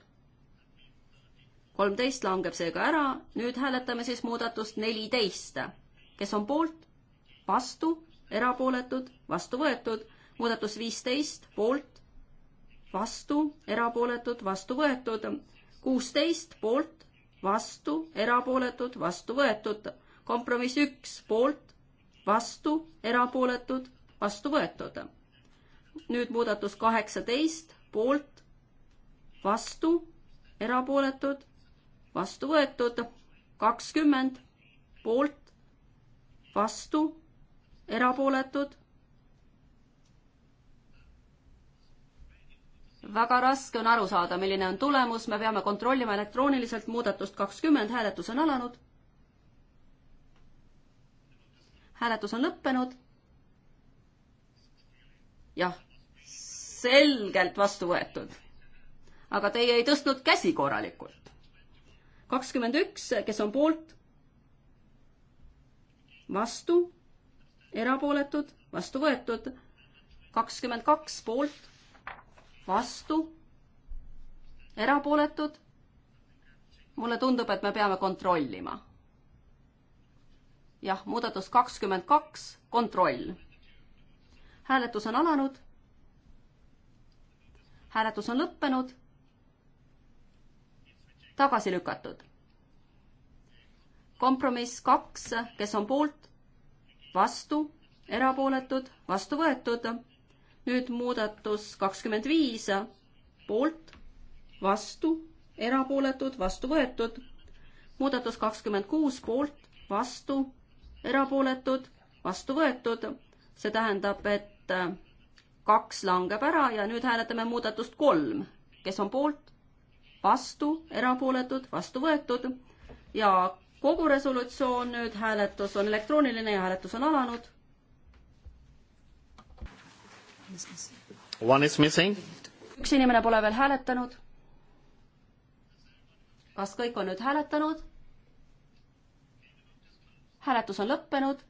kolmteist langeb seega ära, nüüd hääletame siis muudatust neliteist. kes on poolt, vastu, erapooletud, vastu võetud, muudatus viisteist, poolt, vastu, erapooletud, vastu võetud kuusteist poolt, vastu, erapooletud, vastu võetud. kompromiss üks poolt, vastu, erapooletud, vastu võetud. nüüd muudatus kaheksateist poolt, vastu, erapooletud, vastu võetud. kakskümmend poolt, vastu, erapooletud, väga raske on aru saada, milline on tulemus, me peame kontrollima elektrooniliselt muudatust kakskümmend, hääletus on alanud. hääletus on lõppenud. jah, selgelt vastu võetud. aga teie ei tõstnud käsi korralikult. kakskümmend üks, kes on poolt? vastu, erapooletud, vastu võetud, kakskümmend kaks poolt vastu, erapooletud. mulle tundub, et me peame kontrollima. jah, muudatus kakskümmend kaks, kontroll. hääletus on alanud. hääletus on lõppenud. tagasi lükatud. kompromiss kaks, kes on poolt, vastu, erapooletud, vastu võetud nüüd muudatus kakskümmend viis, poolt, vastu, erapooletud, vastu võetud. muudatus kakskümmend kuus, poolt, vastu, erapooletud, vastu võetud. see tähendab, et äh, kaks langeb ära ja nüüd hääletame muudatust kolm, kes on poolt, vastu, erapooletud, vastu võetud ja kogu resolutsioon nüüd hääletus on elektrooniline ja hääletus on alanud One is missing. üks inimene pole veel hääletanud. kas kõik on nüüd hääletanud? hääletus on lõppenud.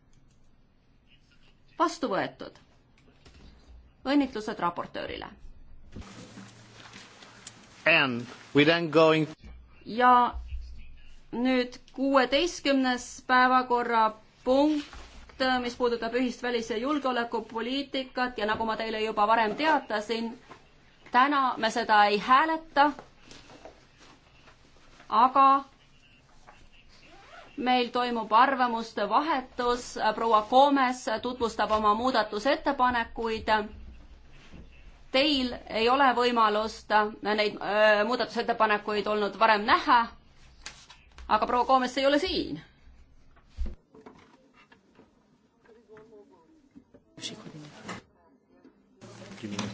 vastu võetud. õnnitlused raportöörile. And we then going ja nüüd kuueteistkümnes päevakorrapunkt raport, äh, mis puudutab ühist välis- ja julgeolekupoliitikat ja nagu ma teile juba varem teatasin, täna me seda ei hääleta, aga meil toimub arvamuste vahetus, proua Koomes tutvustab oma muudatusettepanekuid. Teil ei ole võimalust neid äh, muudatusettepanekuid olnud varem näha, aga proua Koomes ei ole siin minutes.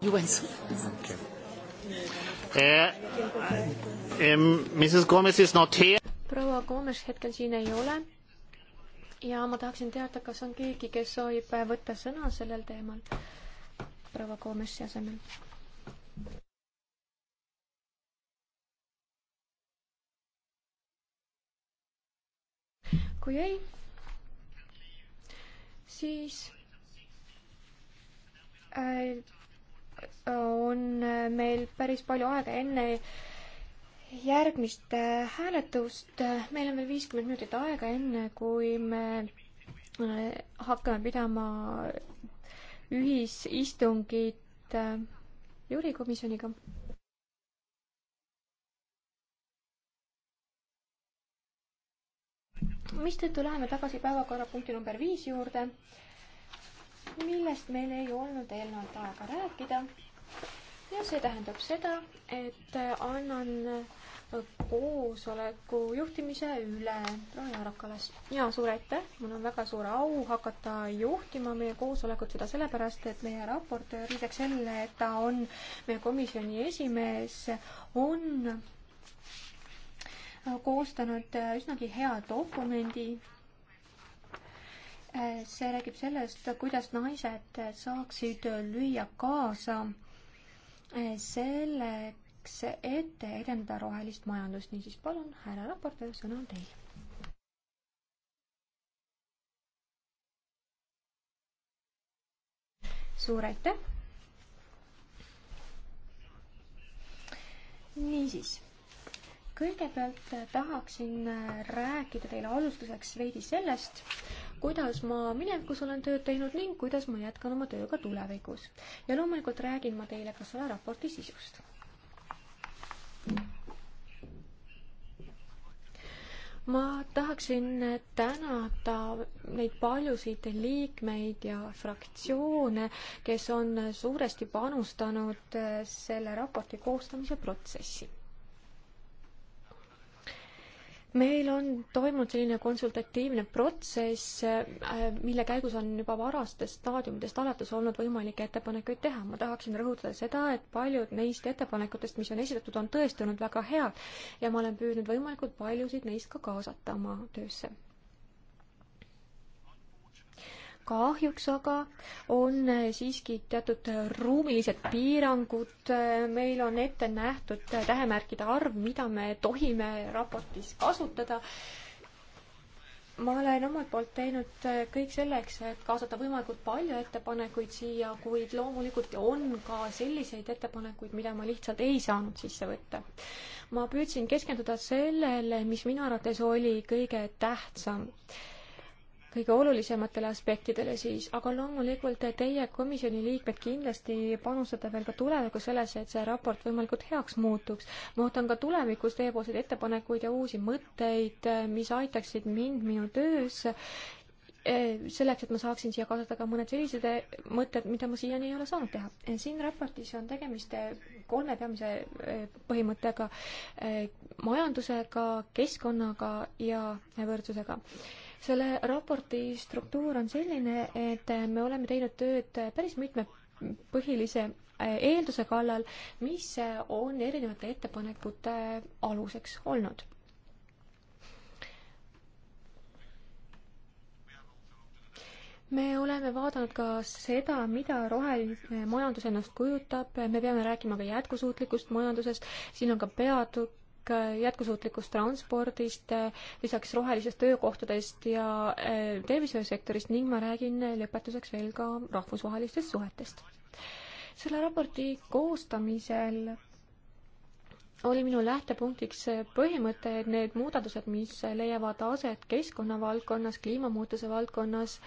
You answer. Okay. Uh, um, Mrs. Gomez is not here. proua Gomes hetkel siin ei ole ja ma tahaksin teada, kas on keegi, kes soovib võtta sõna sellel teemal proua Koomessi asemel. kui ei, siis äh, on meil päris palju aega enne järgmist äh, hääletust. meil on veel viiskümmend minutit aega, enne kui me äh, hakkame pidama ühisistungit äh, juurikomisjoniga. mistõttu läheme tagasi päevakorrapunkti number viis juurde, millest meil ei olnud eelnevalt aega rääkida. ja see tähendab seda, et annan koosoleku juhtimise üle. proua Jaarakas. jaa, suur aitäh, mul on väga suur au hakata juhtima meie koosolekut, seda sellepärast, et meie raportöör, lisaks sellele, et ta on meie komisjoni esimees, on koostanud üsnagi hea dokumendi, see räägib sellest, kuidas naised saaksid lüüa kaasa selle näeks ette edendada rohelist majandust, niisiis palun, härra raportöör, sõna on teil. suur aitäh. niisiis, kõigepealt tahaksin rääkida teile alustuseks veidi sellest, kuidas ma minevikus olen tööd teinud ning kuidas ma jätkan oma tööga tulevikus. ja loomulikult räägin ma teile ka selle raporti sisust ma tahaksin tänada neid paljusid liikmeid ja fraktsioone, kes on suuresti panustanud selle raporti koostamise protsessi meil on toimunud selline konsultatiivne protsess, äh, mille käigus on juba varastest staadiumidest alates olnud võimalik ettepanekuid teha. ma tahaksin rõhutada seda, et paljud neist ettepanekutest, mis on esitatud, on tõesti olnud väga head ja ma olen püüdnud võimalikult paljusid neist ka kaasata oma töösse kahjuks aga on siiski teatud ruumilised piirangud, meil on ette nähtud tähemärkide arv, mida me tohime raportis kasutada. ma olen omalt poolt teinud kõik selleks, et kaasata võimalikult palju ettepanekuid siia, kuid loomulikult on ka selliseid ettepanekuid, mida ma lihtsalt ei saanud sisse võtta. ma püüdsin keskenduda sellele, mis minu arvates oli kõige tähtsam kõige olulisematele aspektidele siis, aga loomulikult teie komisjoni liikmed kindlasti panustate veel ka tulevikus sellesse, et see raport võimalikult heaks muutuks. ma ootan ka tulevikus teiepoolseid ettepanekuid ja uusi mõtteid, mis aitaksid mind minu töös eh, selleks, et ma saaksin siia kaasata ka mõned sellised eh, mõtted, mida ma siiani ei ole saanud teha. Eh, siin raportis on tegemist kolme peamise põhimõttega, majandusega, keskkonnaga ja võrdsusega selle raporti struktuur on selline, et me oleme teinud tööd päris mitme põhilise äh, eelduse kallal, mis on erinevate ettepanekute äh, aluseks olnud. me oleme vaadanud ka seda, mida roheline majandus ennast kujutab, me peame rääkima ka jätkusuutlikust majandusest, siin on ka peatükk rääk äh, jätkusuutlikust transpordist, äh, lisaks rohelisest töökohtadest ja äh, tervishoiusektorist ning ma räägin lõpetuseks veel ka rahvusvahelistest suhetest. selle raporti koostamisel oli minu lähtepunktiks põhimõte, et need muudatused, mis leiavad aset keskkonna valdkonnas, kliimamuutuse valdkonnas,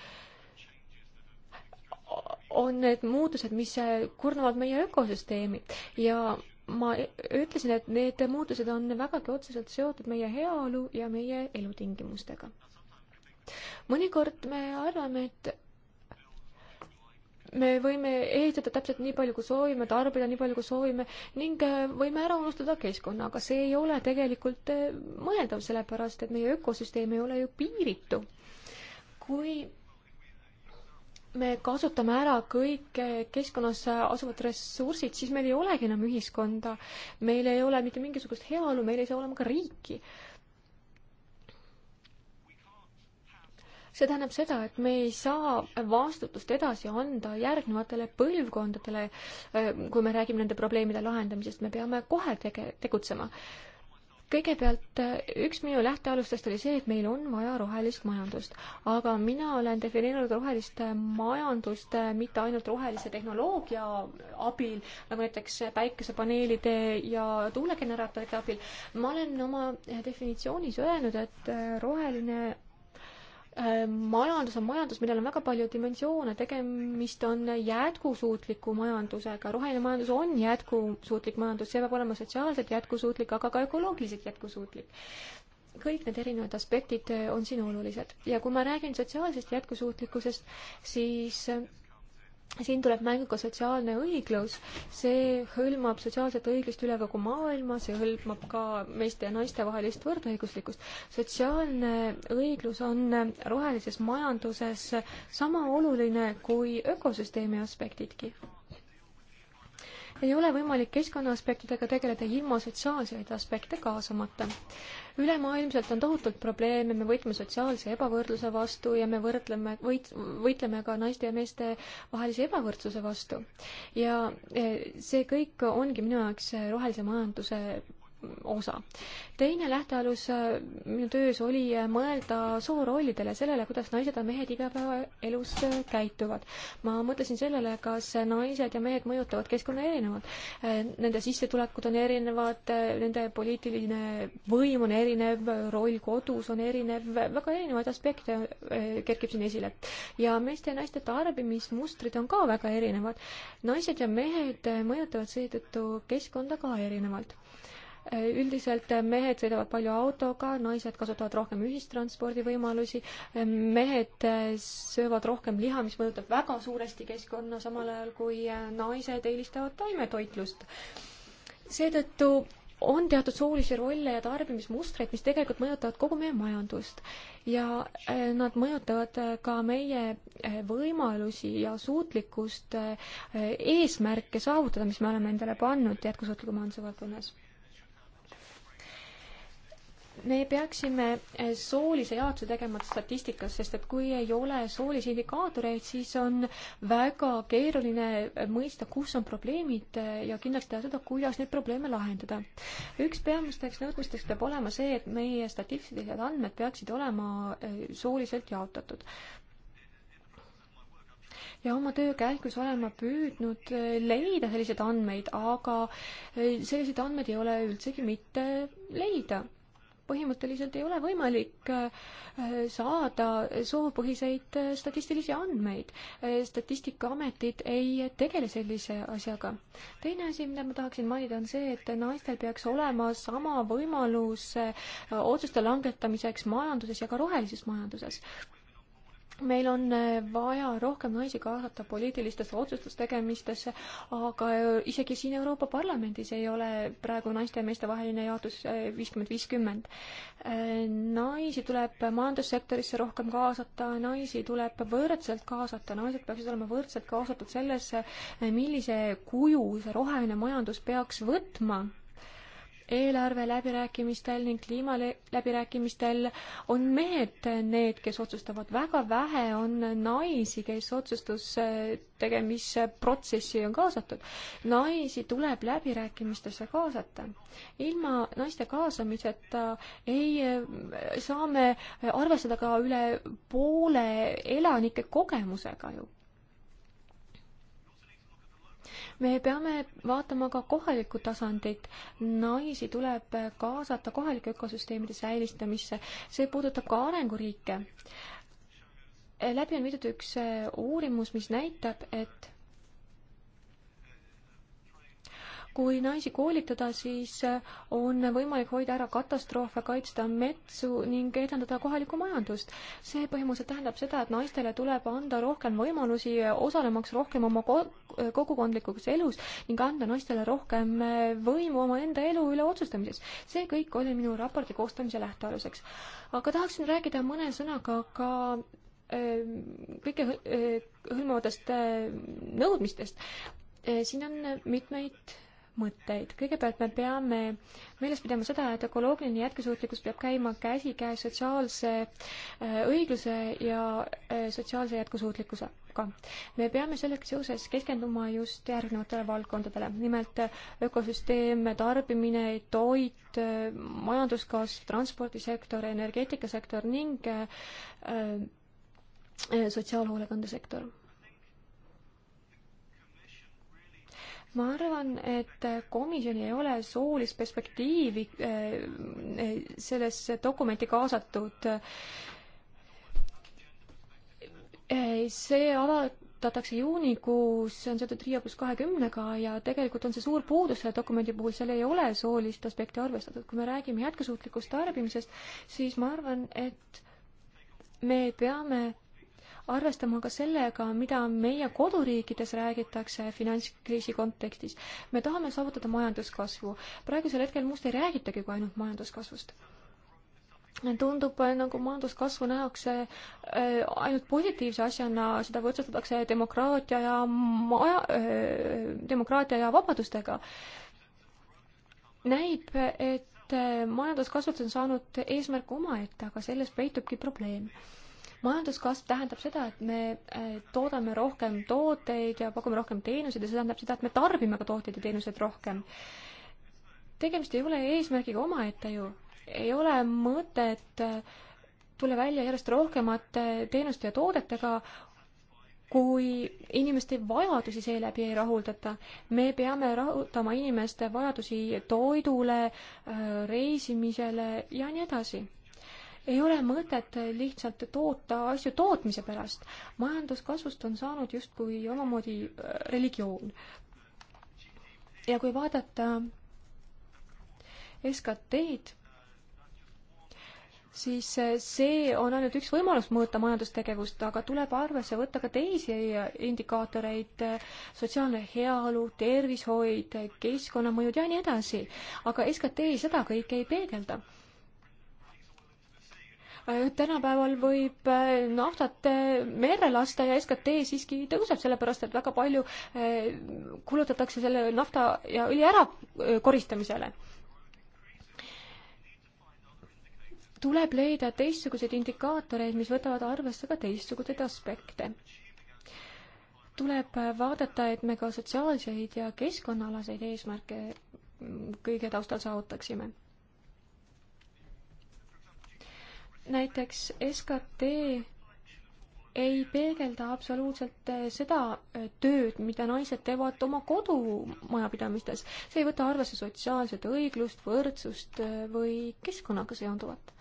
on need muutused, mis kurnavad meie ökosüsteemi ja ma ütlesin, et need muutused on vägagi otseselt seotud meie heaolu ja meie elutingimustega. mõnikord me arvame, et me võime ehitada täpselt nii palju, kui soovime, tarbida nii palju, kui soovime ning äh, võime ära unustada keskkonna, aga see ei ole tegelikult äh, mõeldav, sellepärast et meie ökosüsteem ei ole ju piiritu. kui me kasutame ära kõik keskkonnas asuvad ressursid, siis meil ei olegi enam ühiskonda, meil ei ole mitte mingisugust heaolu, meil ei saa olema ka riiki. see tähendab seda, et me ei saa vastutust edasi anda järgnevatele põlvkondadele, kui me räägime nende probleemide lahendamisest, me peame kohe tege-, tegutsema kõigepealt äh, üks minu lähtealustest oli see, et meil on vaja rohelist majandust, aga mina olen defineerinud rohelist äh, majandust äh, mitte ainult rohelise tehnoloogia abil, nagu näiteks päikesepaneelide ja tuulegeneraatorite abil. ma olen oma definitsioonis öelnud, et roheline Äh, majandus on majandus, millel on väga palju dimensioone, tegemist on jätkusuutliku majandusega, roheline majandus on jätkusuutlik majandus, see peab olema sotsiaalselt jätkusuutlik, aga ka ökoloogiliselt jätkusuutlik. kõik need erinevad aspektid äh, on siin olulised ja kui ma räägin sotsiaalsest jätkusuutlikkusest, siis äh, siin tuleb mängu ka sotsiaalne õiglus, see hõlmab sotsiaalset õiglust üle kogu maailma, see hõlmab ka meeste ja naiste vahelist võrdõiguslikkust. sotsiaalne õiglus on rohelises majanduses sama oluline kui ökosüsteemi aspektidki ei ole võimalik keskkonnaaspektidega tegeleda ilma sotsiaalseid aspekte kaasamata. ülemaailmselt on tohutult probleeme, me võitleme sotsiaalse ebavõrdluse vastu ja me võrdleme, võit-, võitleme ka naiste ja meeste vahelise ebavõrdsuse vastu. ja eh, see kõik ongi minu jaoks rohelise majanduse osa. teine lähtealus äh, minu töös oli äh, mõelda soorollidele, sellele, kuidas naised ja mehed igapäevaelus äh, käituvad. ma mõtlesin sellele, kas naised ja mehed mõjutavad keskkonna erinevalt. Nende sissetulekud on erinevad, nende poliitiline võim on erinev, roll kodus on erinev, väga erinevaid aspekte kerkib siin esile. ja meeste ja naiste tarbimismustrid on ka väga erinevad. naised ja mehed mõjutavad seetõttu keskkonda ka erinevalt. Äh, üldiselt äh, mehed sõidavad palju autoga, naised kasutavad rohkem ühistranspordivõimalusi, äh, mehed söövad rohkem liha, mis mõjutab väga suuresti keskkonna, samal ajal kui naised eelistavad taimetoitlust. seetõttu on teatud soolisi rolle ja tarbimismustreid, mis tegelikult mõjutavad kogu meie majandust ja nad mõjutavad ka meie võimalusi ja suutlikkust eesmärke saavutada, mis me oleme endale pannud jätkusuutliku majanduse valdkonnas me peaksime eh, soolise jaotuse tegema statistikas, sest et kui ei ole soolisi indikaatoreid, siis on väga keeruline eh, mõista, kus on probleemid eh, ja kindlaks teha seda, kuidas neid probleeme lahendada. üks peamisteks nõudmisteks peab olema see, et meie statistilised andmed peaksid olema sooliselt jaotatud ja oma töö käigus olen ma püüdnud leida selliseid andmeid, aga selliseid andmeid ei ole üldsegi mitte leida põhimõtteliselt ei ole võimalik äh, saada soopõhiseid äh, statistilisi andmeid. Äh, statistikaametid ei tegele sellise asjaga. teine asi, mida ma tahaksin mainida, on see, et naistel peaks olema sama võimalus otsuste langetamiseks majanduses ja ka rohelises majanduses meil on äh, vaja rohkem naisi kaasata poliitilistesse otsustustegemistesse, aga äh, isegi siin Euroopa Parlamendis ei ole praegu naiste ja meeste vaheline jaotus äh, viiskümmend, viiskümmend. naisi tuleb majandussektorisse rohkem kaasata, naisi tuleb võrdselt kaasata, naised peaksid olema võrdselt kaasatud sellesse, millise kuju see roheline majandus peaks võtma eelarve läbirääkimistel ning kliimaläbirääkimistel on mehed need, kes otsustavad, väga vähe on naisi, kes otsustuse äh, tegemise protsessi on kaasatud. naisi tuleb läbirääkimistesse kaasata. ilma naiste kaasamiseta ei, äh, saame arvestada ka üle poole elanike kogemusega ju me peame vaatama ka kohalikku tasandit. naisi tuleb kaasata kohalike ökosüsteemide säilistamisse, see puudutab ka arenguriike. läbi on viidud üks eh, uurimus, mis näitab, et kui naisi koolitada, siis eh, on võimalik hoida ära katastroofe, kaitsta metsu ning edendada kohalikku majandust. see põhimõtteliselt tähendab seda, et naistele tuleb anda rohkem võimalusi eh, osalemaks rohkem oma eh, kogukondlikus elus ning anda naistele rohkem võimu omaenda elu üle otsustamises. see kõik oli minu raporti koostamise lähtealuseks. aga tahaksin rääkida mõne sõnaga ka kõike hõlmavatest nõudmistest. siin on mitmeid mõtteid. kõigepealt me peame meeles pidama seda, et ökoloogiline jätkusuutlikkus peab käima käsikäes sotsiaalse äh, õigluse ja äh, sotsiaalse jätkusuutlikkusega. me peame sellega seoses keskenduma just järgnevatele valdkondadele, nimelt äh, ökosüsteem, tarbimine, toit, majanduskasv, transpordisektor, energeetikasektor ning sotsiaalhoolekandesektor ma arvan, et komisjonil ei ole soolist perspektiivi eh, sellesse dokumenti kaasatud. Eh, see avaldatakse juunikuus, see on seotud Riia pluss kahekümnega ja tegelikult on see suur puudus selle dokumendi puhul, seal ei ole soolist aspekti arvestatud. kui me räägime jätkusuutlikust tarbimisest, siis ma arvan, et me peame arvestama ka sellega, mida meie koduriikides räägitakse finantskriisi kontekstis. me tahame saavutada majanduskasvu. praegusel hetkel muust ei räägitagi kui ainult majanduskasvust tundub nagu majanduskasvu nähakse äh, ainult positiivse asjana, seda võrdsustatakse demokraatia ja maja, äh, demokraatia ja vabadustega. näib, et äh, majanduskasvatus on saanud eesmärk omaette, aga selles peitubki probleem majanduskasv tähendab seda, et me äh, toodame rohkem tooteid ja pakume rohkem teenuseid ja see tähendab seda, et me tarbime ka tooteid ja teenuseid rohkem. tegemist ei ole eesmärgiga omaette ju, ei ole mõtet äh, tulla välja järjest rohkemate teenuste ja toodetega, kui inimeste vajadusi seeläbi ei rahuldata. me peame rahuldama inimeste vajadusi toidule, äh, reisimisele ja nii edasi ei ole mõtet lihtsalt toota asju tootmise pärast. majanduskasvust on saanud justkui omamoodi äh, religioon. ja kui vaadata SKT-d, siis äh, see on ainult üks võimalus mõõta majandustegevust, aga tuleb arvesse võtta ka teisi äh, indikaatoreid, sotsiaalne heaolu, tervishoid, keskkonnamõjud ja nii edasi. aga SKT seda kõike ei peegelda Äh, tänapäeval võib äh, naftat merre lasta ja SKT siiski tõuseb, sellepärast et väga palju äh, kulutatakse selle nafta ja õli ärakoristamisele tuleb leida teistsuguseid indikaatoreid, mis võtavad arvesse ka teistsuguseid aspekte. tuleb vaadata, et me ka sotsiaalseid ja keskkonnaalaseid eesmärke kõige taustal saavutaksime näiteks SKT ei peegelda absoluutselt äh, seda äh, tööd, mida naised teevad oma kodumajapidamistes. see ei võta arvesse sotsiaalset õiglust, võrdsust äh, või keskkonnaga seonduvat.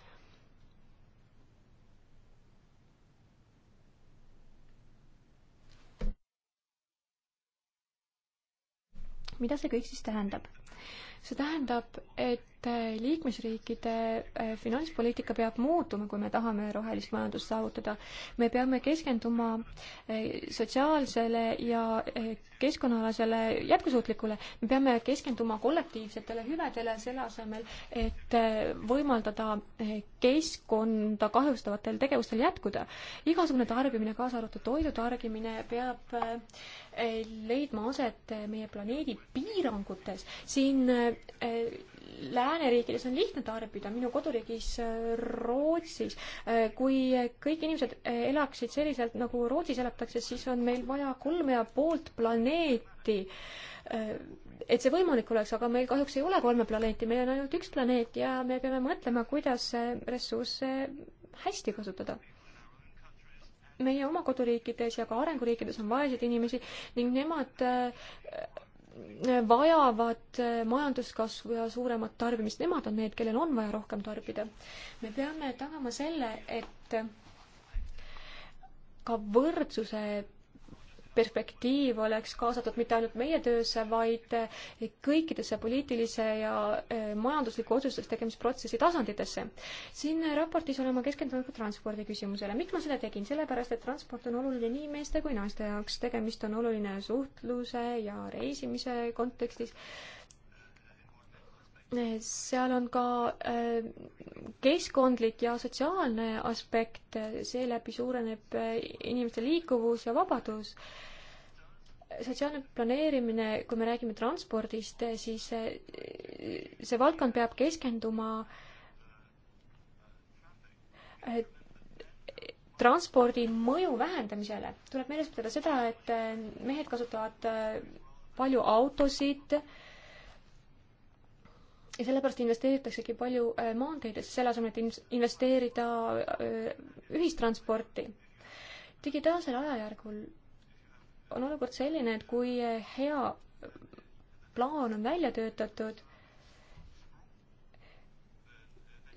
mida see kõik siis tähendab? see tähendab, et et äh, liikmesriikide äh, finantspoliitika peab muutuma, kui me tahame rohelist majandust saavutada. me peame keskenduma äh, sotsiaalsele ja keskkonnaalasele jätkusuutlikule, me peame keskenduma kollektiivsetele hüvedele selle asemel, et võimaldada keskkonda kahjustavatel tegevustel jätkuda. igasugune tarbimine, kaasa arvatud toidu tarbimine, peab leidma aset meie planeedi piirangutes. siin lääneriikides on lihtne tarbida, minu koduriigis äh, Rootsis. Äh, kui kõik inimesed äh, elaksid selliselt, nagu Rootsis elatakse, siis on meil vaja kolme ja poolt planeeti. et see võimalik oleks, aga meil kahjuks ei ole kolme planeeti, meil on ainult üks planeet ja me peame mõtlema, kuidas ressursse hästi kasutada meie oma koduriikides ja ka arenguriikides on vaeseid inimesi ning nemad äh, vajavad eh, majanduskasvu ja suuremat tarbimist, nemad on need, kellel on vaja rohkem tarbida. me peame tagama selle, et ka võrdsuse perspektiiv oleks kaasatud mitte ainult meie töösse, vaid kõikidesse poliitilise ja eh, majandusliku otsustuste tegemisprotsessi tasanditesse. siin raportis olen ma keskendunud ka transpordi küsimusele. miks ma seda tegin? sellepärast, et transport on oluline nii meeste kui naiste jaoks. tegemist on oluline suhtluse ja reisimise kontekstis seal on ka äh, keskkondlik ja sotsiaalne aspekt, seeläbi suureneb äh, inimeste liikuvus ja vabadus. sotsiaalne planeerimine, kui me räägime transpordist, äh, siis see, see valdkond peab keskenduma transpordi mõju vähendamisele. tuleb meeles pidada seda, et mehed kasutavad palju autosid äh, ja sellepärast investeeritaksegi palju äh, maanteedesse, selle asemel, et investeerida äh, ühistransporti. digitaalsel ajajärgul on olukord selline, et kui äh, hea plaan on välja töötatud,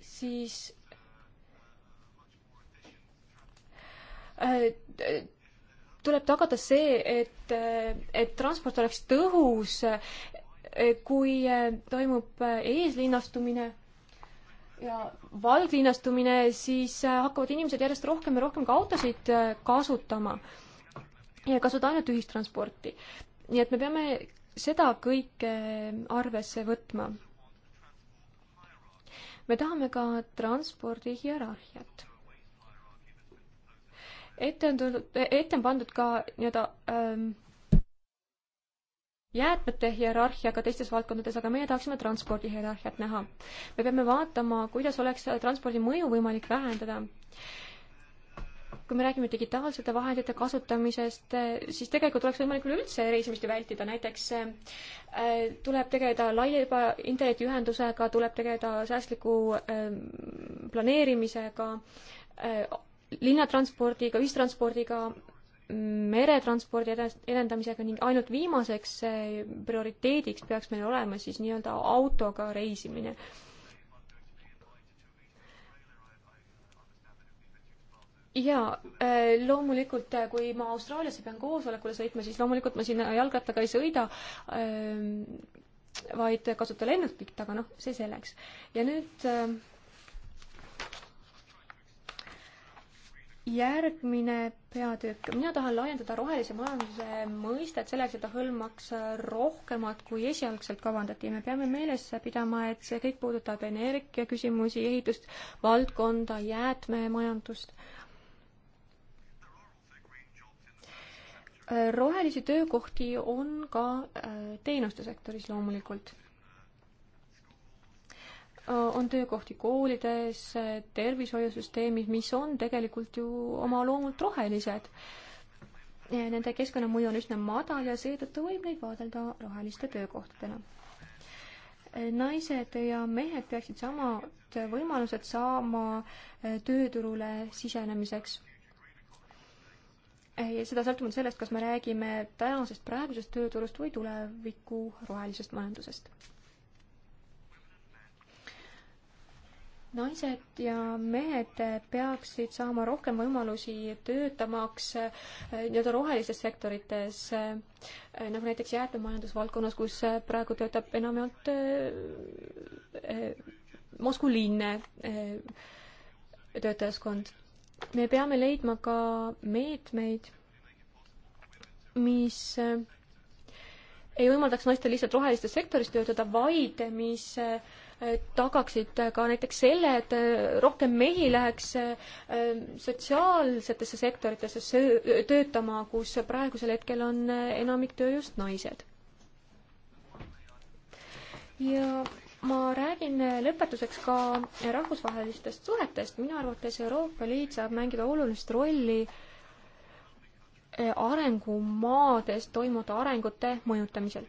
siis tuleb tagada see, et, et transport oleks tõhus, kui eh, toimub eh, eeslinnastumine ja valglinnastumine, siis eh, hakkavad inimesed järjest rohkem ja rohkem ka autosid kasutama ja kasutada ainult ühistransporti. nii et me peame seda kõike arvesse võtma. me tahame ka transpordi hierarhiat. ette on tulnud, ette on pandud ka nii-öelda ähm, jäätmete hierarhiaga teistes valdkondades, aga meie tahaksime transpordi hierarhiat näha. me peame vaatama, kuidas oleks transpordi mõju võimalik vähendada. kui me räägime digitaalsete vahendite kasutamisest, siis tegelikult oleks võimalik üleüldse reisimist ju vältida, näiteks äh, tuleb tegeleda laialiba internetiühendusega, tuleb tegeleda säästliku ähm, planeerimisega, äh, linnatranspordiga, ühistranspordiga meretranspordi edendamisega ning ainult viimaseks eh, prioriteediks peaks meil olema siis nii-öelda autoga reisimine. jaa, eh, loomulikult, eh, kui ma Austraaliasse pean koosolekule sõitma, siis loomulikult ma sinna jalgrattaga ei sõida, ehm, vaid kasutan lennukit, aga noh, see selleks. ja nüüd ehm, järgmine peatükk, mina tahan laiendada rohelise majanduse mõistet selleks, et ta hõlmaks rohkemat, kui esialgselt kavandati. me peame meeles pidama, et see kõik puudutab energiaküsimusi, ehitust, valdkonda, jäätmemajandust. rohelisi töökohti on ka äh, teenuste sektoris loomulikult Äh, on töökohti koolides, tervishoiusüsteemis, mis on tegelikult ju oma loomult rohelised. Nende keskkonnamõju on üsna madal ja seetõttu võib neid vaadelda roheliste töökohtadena. Äh, naised ja mehed peaksid samad võimalused saama äh, tööturule sisenemiseks ja seda sõltumata sellest, kas me räägime tänasest praegusest tööturust või tuleviku rohelisest majandusest naised ja mehed peaksid saama rohkem võimalusi töötamaks eh, nii-öelda rohelises sektorites, eh, nagu näiteks jäätmemajandusvaldkonnas, kus eh, praegu töötab enamjaolt maskuliinne töötajaskond. me peame leidma ka meetmeid, mis ei võimaldaks naistel lihtsalt rohelistes sektoris töötada, vaid mis äh, tagaksid ka näiteks selle, et äh, rohkem mehi läheks äh, sotsiaalsetesse sektoritesse töötama, kus praegusel hetkel on äh, enamik töö just naised. ja ma räägin lõpetuseks ka rahvusvahelistest suhetest. minu arvates Euroopa Liit saab mängida olulist rolli äh, Eh, arengumaades toimuvate arengute mõjutamisel.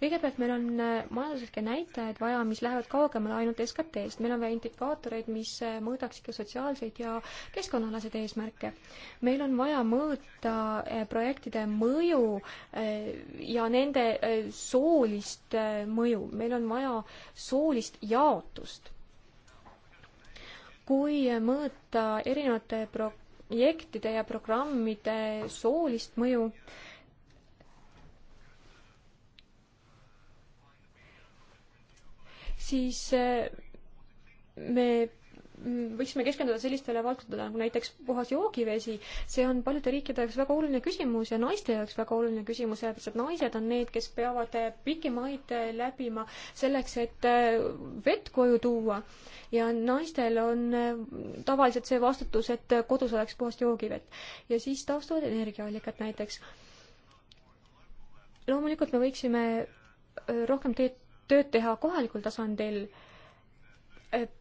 kõigepealt meil on eh, majanduslikke näitajaid vaja, mis lähevad kaugemale ainult SKT-st, meil on vaja indikaatoreid, mis eh, mõõdaks ikka sotsiaalseid ja keskkonnaalaseid eesmärke. meil on vaja mõõta projektide mõju ja nende soolist mõju, meil on vaja soolist jaotust. kui mõõta erinevate pro-, projektide ja programmide soolist mõju. siis eh, me võiksime keskenduda sellistele valdkondadele nagu näiteks puhas joogivesi. see on paljude riikide jaoks väga oluline küsimus ja naiste jaoks väga oluline küsimus, sellepärast et naised on need, kes peavad pikki maid läbima selleks, et vett koju tuua. ja naistel on tavaliselt see vastutus, et kodus oleks puhast joogivett. ja siis taastuvad energiaallikad näiteks. loomulikult me võiksime rohkem teed tööd teha kohalikul tasandil äh,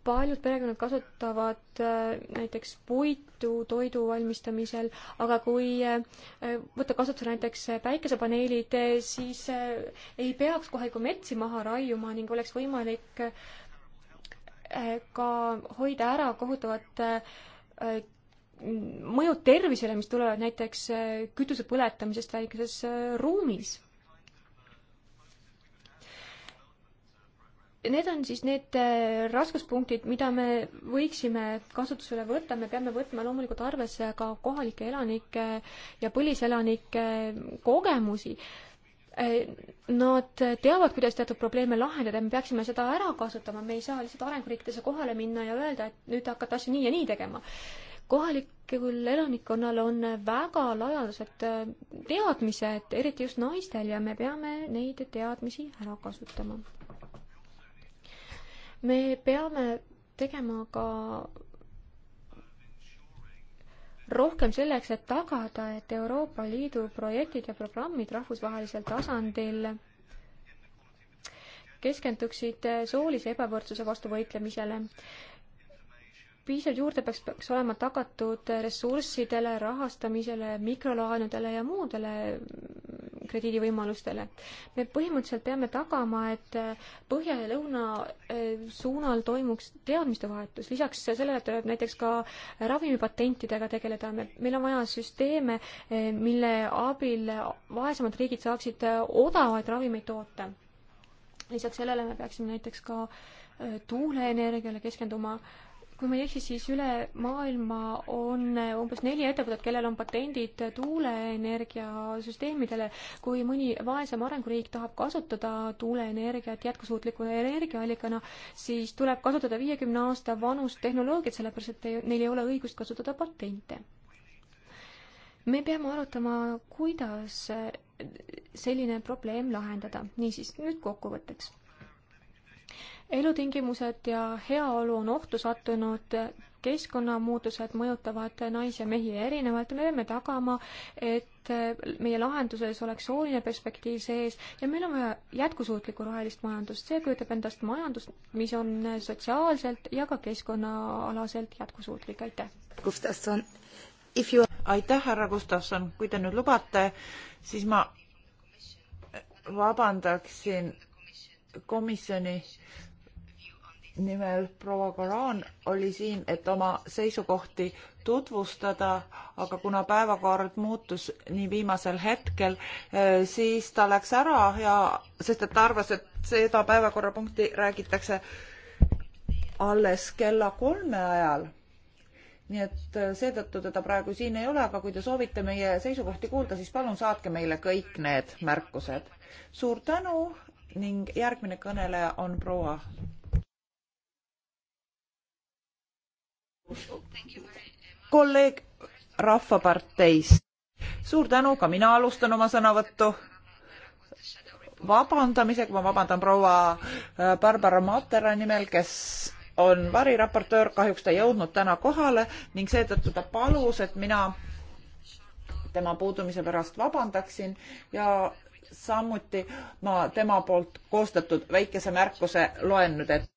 paljud perekonnad kasutavad äh, näiteks puitu toidu valmistamisel, aga kui äh, võtta kasutusele näiteks päikesepaneelid, siis äh, ei peaks kohalikku metsi maha raiuma ning oleks võimalik ka hoida ära kohutavad mõjud tervisele, mis tulevad näiteks kütuse põletamisest väikeses ruumis Need on siis need äh, raskuspunktid, mida me võiksime kasutusele võtta, me peame võtma loomulikult arvesse ka kohalike elanike ja põliselanike äh, kogemusi. Äh, nad teavad, kuidas teatud probleeme lahendada, me peaksime seda ära kasutama, me ei saa lihtsalt arenguriikidesse kohale minna ja öelda, et nüüd hakata asju nii ja nii tegema kohalikul elanikkonnal on väga laialdased teadmised, eriti just naistel, ja me peame neid teadmisi ära kasutama me peame tegema ka rohkem selleks, et tagada, et Euroopa Liidu projektid ja programmid rahvusvahelisel tasandil keskenduksid soolise ebavõrdsuse vastu võitlemisele piisav juurdepääs peaks olema tagatud ressurssidele, rahastamisele, mikrolaenudele ja muudele krediidivõimalustele. me põhimõtteliselt peame tagama, et põhja ja lõuna eh, suunal toimuks teadmistevahetus, lisaks sellele tuleb näiteks ka ravimipatentidega tegeleda, me, meil on vaja süsteeme, eh, mille abil vaesemad riigid saaksid eh, odavaid ravimeid toota. lisaks sellele me peaksime näiteks ka tuuleenergiale keskenduma äh, kui ma ei eksi, siis üle maailma on umbes neli ettevõtet, kellel on patendid tuuleenergiasüsteemidele. kui mõni vaesem arenguriik tahab kasutada tuuleenergiat jätkusuutliku energiaallikana, siis tuleb kasutada viiekümne aasta vanust tehnoloogiat, sellepärast et neil ei ole õigust kasutada patente. me peame arutama, kuidas selline probleem lahendada. niisiis, nüüd kokkuvõtteks elutingimused ja heaolu on ohtu sattunud, keskkonnamuutused mõjutavad naisi ja mehi erinevalt ja me peame tagama, et meie lahenduses oleks sooline perspektiiv sees ja meil on vaja jätkusuutlikku rohelist majandust. see kujutab endast majandust, mis on sotsiaalselt ja ka keskkonnaalaselt jätkusuutlik. aitäh! Gustavson, if you aitäh, härra Gustavson, kui te nüüd lubate, siis ma vabandaksin komisjoni nimel proua Koran oli siin, et oma seisukohti tutvustada, aga kuna päevakord muutus nii viimasel hetkel, eh, siis ta läks ära ja, sest et ta arvas, et seda päevakorrapunkti räägitakse alles kella kolme ajal. nii et eh, seetõttu teda praegu siin ei ole, aga kui te soovite meie seisukohti kuulda, siis palun saatke meile kõik need märkused. suur tänu ning järgmine kõneleja on proua kolleeg Rahvaparteist. suur tänu, ka mina alustan oma sõnavõttu vabandamisega, ma vabandan proua äh, Barbara Matera nimel, kes on variraportöör, kahjuks ta ei jõudnud täna kohale ning seetõttu ta palus, et mina tema puudumise pärast vabandaksin ja samuti ma tema poolt koostatud väikese märkuse loen nüüd ette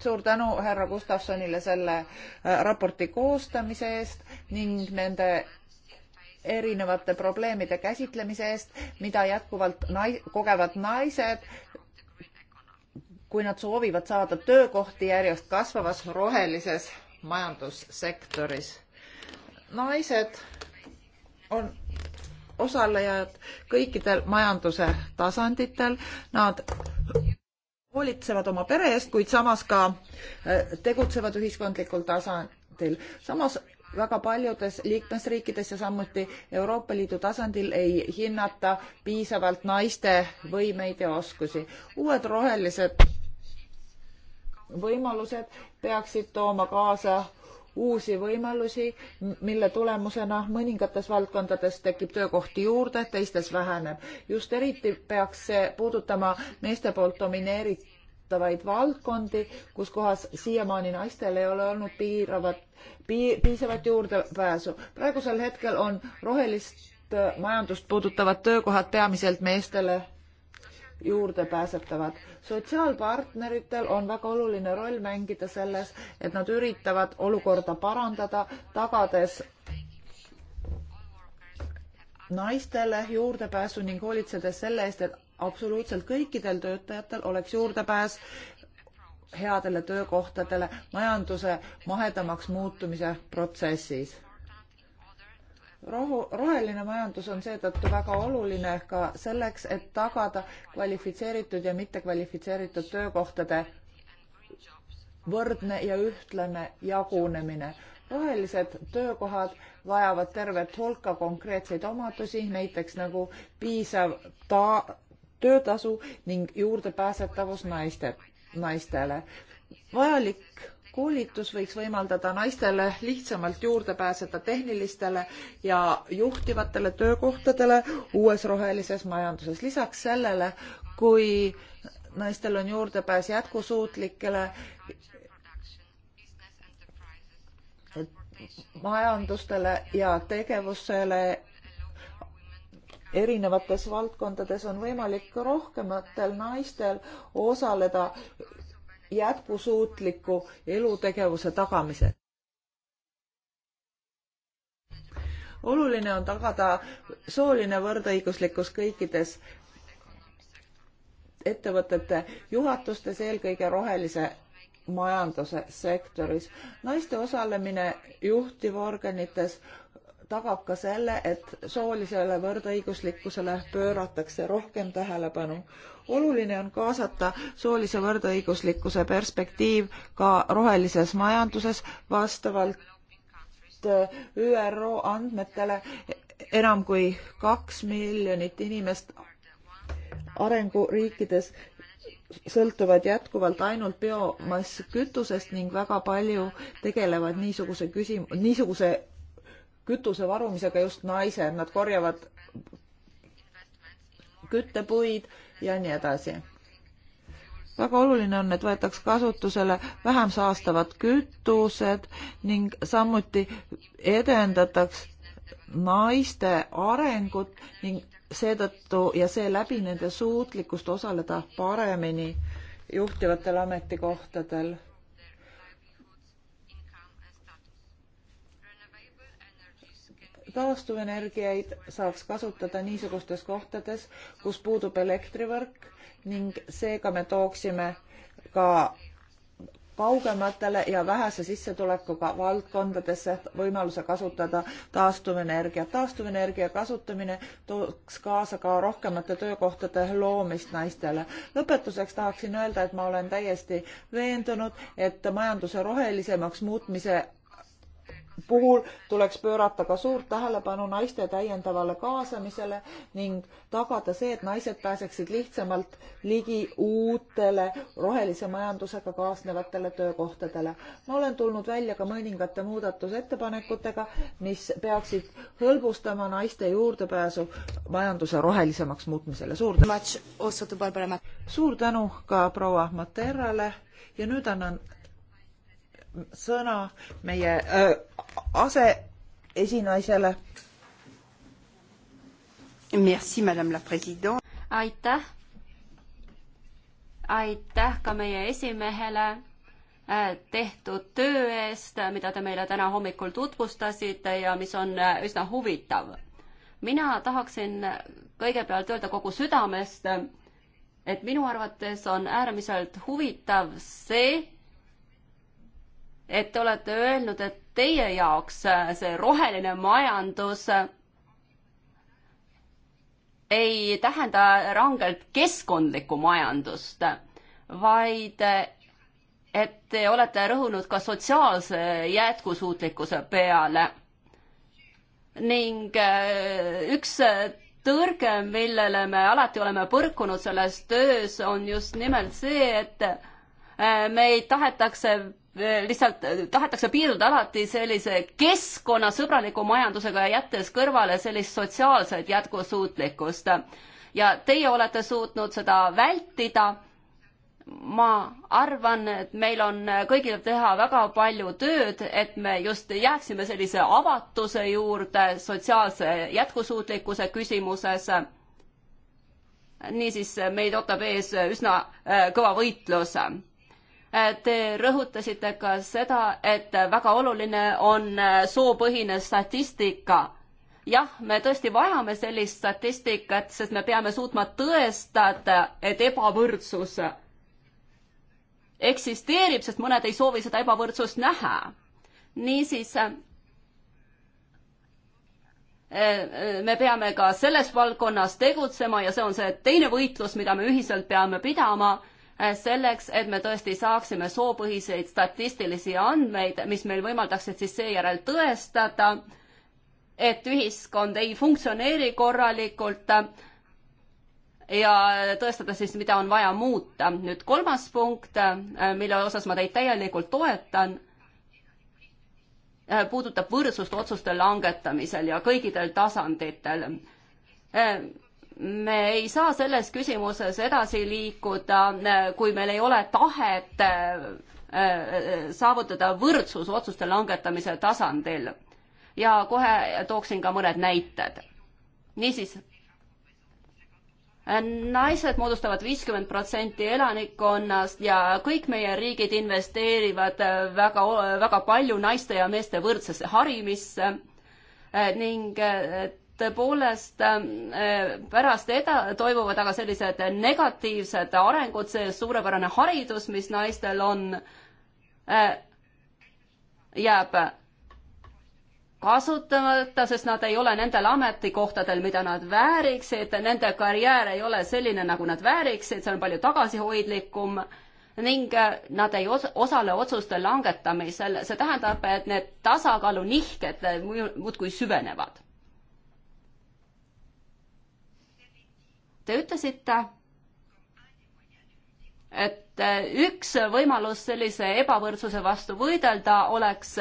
suur tänu härra Gustafsonile selle äh, raporti koostamise eest ning nende erinevate probleemide käsitlemise eest, mida jätkuvalt nai-, kogevad naised, kui nad soovivad saada töökohti järjest kasvavas rohelises majandussektoris. naised on osalejad kõikidel majanduse tasanditel, nad hoolitsevad oma pere eest, kuid samas ka äh, tegutsevad ühiskondlikul tasandil. samas väga paljudes liikmesriikides ja samuti Euroopa Liidu tasandil ei hinnata piisavalt naiste võimeid ja oskusi. uued rohelised võimalused peaksid tooma kaasa uusi võimalusi, mille tulemusena mõningates valdkondades tekib töökohti juurde, teistes väheneb. just eriti peaks see puudutama meeste poolt domineeritavaid valdkondi, kus kohas siiamaani naistel ei ole olnud piiravat, piisavat juurdepääsu. praegusel hetkel on rohelist äh, majandust puudutavad töökohad peamiselt meestele juurdepääsetavad. sotsiaalpartneritel on väga oluline roll mängida selles, et nad üritavad olukorda parandada, tagades naistele juurdepääsu ning hoolitsedes selle eest, et absoluutselt kõikidel töötajatel oleks juurdepääs headele töökohtadele majanduse mahedamaks muutumise protsessis rohu, roheline majandus on seetõttu väga oluline ka selleks, et tagada kvalifitseeritud ja mittekvalifitseeritud töökohtade võrdne ja ühtlane jagunemine. rohelised töökohad vajavad tervet hulka konkreetseid omadusi, näiteks nagu piisav ta-, töötasu ning juurdepääsetavus naiste, naistele. vajalik koolitus võiks võimaldada naistele lihtsamalt juurde pääseda tehnilistele ja juhtivatele töökohtadele uues rohelises majanduses. lisaks sellele, kui naistel on juurdepääs jätkusuutlikele majandustele ja tegevusele erinevates valdkondades on võimalik rohkematel naistel osaleda jätkusuutliku elutegevuse tagamise. oluline on tagada sooline võrdõiguslikkus kõikides ettevõtete juhatustes, eelkõige rohelise majanduse sektoris. naiste osalemine juhtivorganites tagab ka selle, et soolisele võrdõiguslikkusele pööratakse rohkem tähelepanu oluline on kaasata soolise võrdõiguslikkuse perspektiiv ka rohelises majanduses vastavalt äh, ÜRO andmetele enam kui kaks miljonit inimest arenguriikides sõltuvad jätkuvalt ainult biomasskütusest ning väga palju tegelevad niisuguse küsim-, niisuguse kütuse varumisega just naised, nad korjavad küttepuid ja nii edasi. väga oluline on, et võetaks kasutusele vähem saastavad kütused ning samuti edendataks naiste arengut ning seetõttu ja seeläbi nende suutlikkust osaleda paremini juhtivatel ametikohtadel taastuvenergiaid saaks kasutada niisugustes kohtades, kus puudub elektrivõrk ning seega me tooksime ka kaugematele ja vähese sissetulekuga valdkondadesse võimaluse kasutada taastuvenergiat. taastuvenergia kasutamine tooks kaasa ka rohkemate töökohtade loomist naistele. lõpetuseks tahaksin öelda, et ma olen täiesti veendunud, et majanduse rohelisemaks muutmise puhul tuleks pöörata ka suurt tähelepanu naiste täiendavale kaasamisele ning tagada see, et naised pääseksid lihtsamalt ligi uutele rohelise majandusega kaasnevatele töökohtadele. ma olen tulnud välja ka mõningate muudatusettepanekutega, mis peaksid hõlbustama naiste juurdepääsu majanduse rohelisemaks muutmisele. suur tänu! suur tänu ka proua Materrale ja nüüd annan sõna meie äh, aseesinaisele. Merci, madame la president. aitäh. aitäh ka meie esimehele tehtud töö eest, mida te meile täna hommikul tutvustasite ja mis on üsna huvitav. mina tahaksin kõigepealt öelda kogu südamest, et minu arvates on äärmiselt huvitav see, et te olete öelnud, et teie jaoks äh, see roheline majandus äh, ei tähenda rangelt keskkondlikku majandust, vaid äh, et te olete rõhunud ka sotsiaalse jätkusuutlikkuse peale. ning üks tõrge, millele me alati oleme põrkunud selles töös, on just nimelt see, et meid tahetakse lihtsalt äh, tahetakse piirduda alati sellise keskkonnasõbraliku majandusega ja jättes kõrvale sellist sotsiaalset jätkusuutlikkust. ja teie olete suutnud seda vältida. ma arvan, et meil on kõigil teha väga palju tööd, et me just jääksime sellise avatuse juurde sotsiaalse jätkusuutlikkuse küsimuses. niisiis meid ootab ees üsna äh, kõva võitlus Äh, te rõhutasite ka seda, et väga oluline on äh, soopõhine statistika. jah, me tõesti vajame sellist statistikat, sest me peame suutma tõestada, et ebavõrdsus eksisteerib, sest mõned ei soovi seda ebavõrdsust näha. niisiis äh, me peame ka selles valdkonnas tegutsema ja see on see teine võitlus, mida me ühiselt peame pidama Äh, selleks, et me tõesti saaksime soopõhiseid statistilisi andmeid, mis meil võimaldaksid siis seejärel tõestada, et ühiskond ei funktsioneeri korralikult äh, ja tõestada siis, mida on vaja muuta. nüüd kolmas punkt, äh, mille osas ma teid täielikult toetan, puudutab võrdsust otsuste langetamisel ja kõikidel tasanditel me ei saa selles küsimuses edasi liikuda, kui meil ei ole tahet äh, äh, saavutada võrdsus otsuste langetamise tasandil. ja kohe tooksin ka mõned näited. niisiis, naised moodustavad viiskümmend protsenti elanikkonnast ja kõik meie riigid investeerivad äh, väga, väga palju naiste ja meeste võrdsesse harimisse ning tõepoolest äh, pärast eda-, toimuvad aga sellised negatiivsed arengud, see suurepärane haridus, mis naistel on, äh, jääb kasutamata, sest nad ei ole nendel ametikohtadel, mida nad vääriksid, nende karjäär ei ole selline, nagu nad vääriksid, see on palju tagasihoidlikum ning äh, nad ei os osale otsuste langetamisel, see tähendab, et need tasakaalunihked muudkui süvenevad Te ütlesite, et üks võimalus sellise ebavõrdsuse vastu võidelda oleks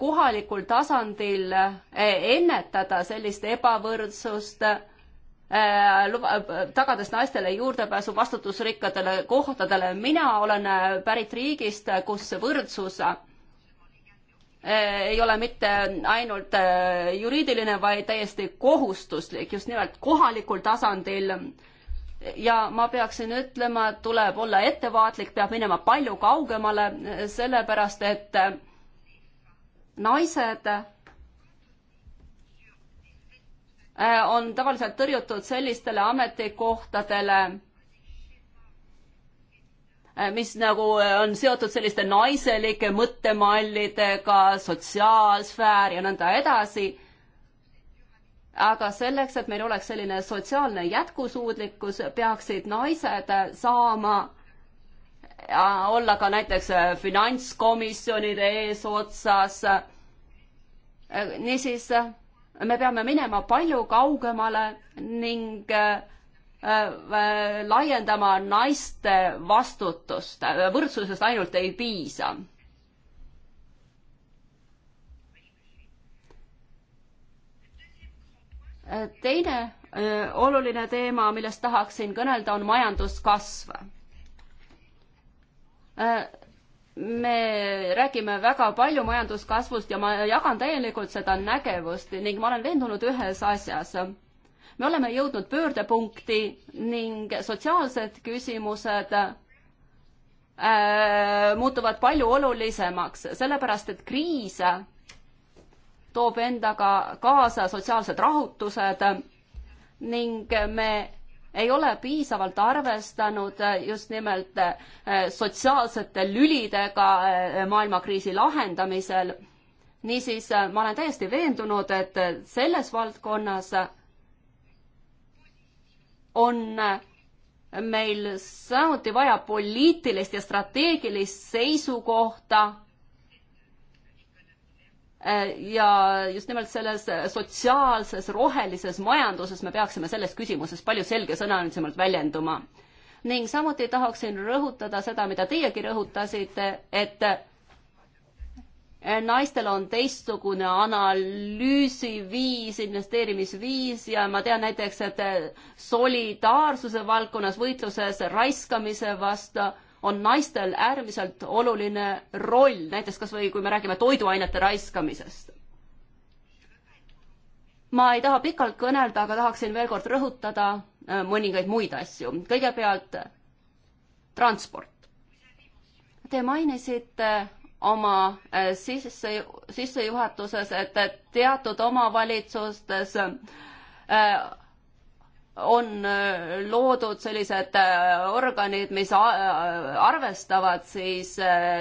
kohalikul tasandil ennetada sellist ebavõrdsust, tagades naistele juurdepääsu vastutusrikkadele kohtadele. mina olen pärit riigist, kus võrdsus Äh, ei ole mitte ainult äh, juriidiline, vaid täiesti kohustuslik just nimelt kohalikul tasandil. ja ma peaksin ütlema, et tuleb olla ettevaatlik, peab minema palju kaugemale, äh, sellepärast et naised on tavaliselt tõrjutud sellistele ametikohtadele Äh, mis nagu äh, on seotud selliste naiselike mõttemallidega, sotsiaalsfäär ja nõnda edasi. aga selleks, et meil oleks selline sotsiaalne jätkusuutlikkus, peaksid naised äh, saama olla ka näiteks finantskomisjonide eesotsas. niisiis me peame minema palju kaugemale ning äh, Äh, äh, laiendama naiste vastutust, äh, võrdsusest ainult ei piisa. teine oluline teema, millest tahaksin kõnelda, on majanduskasv me räägime väga palju majanduskasvust ja ma jagan täielikult seda nägevust ning ma olen veendunud ühes asjas me oleme jõudnud pöördepunkti ning sotsiaalsed küsimused äh, muutuvad palju olulisemaks, sellepärast et kriis toob endaga kaasa sotsiaalsed rahutused ning me ei ole piisavalt arvestanud just nimelt äh, sotsiaalsete lülidega äh, maailmakriisi lahendamisel. niisiis, ma olen täiesti veendunud, et selles valdkonnas on meil samuti vaja poliitilist ja strateegilist seisukohta ja just nimelt selles sotsiaalses rohelises majanduses me peaksime selles küsimuses palju selgesõnalisemalt väljenduma. ning samuti tahaksin rõhutada seda, mida teiegi rõhutasite, et naistel on teistsugune analüüsiviis, investeerimisviis ja ma tean näiteks, et solidaarsuse valdkonnas võitluses raiskamise vastu on naistel äärmiselt oluline roll, näiteks kas või kui me räägime toiduainete raiskamisest. ma ei taha pikalt kõnelda, aga tahaksin veel kord rõhutada äh, mõningaid muid asju. kõigepealt transport. Te mainisite oma äh, sisse, sissejuhatuses, et teatud omavalitsustes äh, on äh, loodud sellised organid, mis arvestavad siis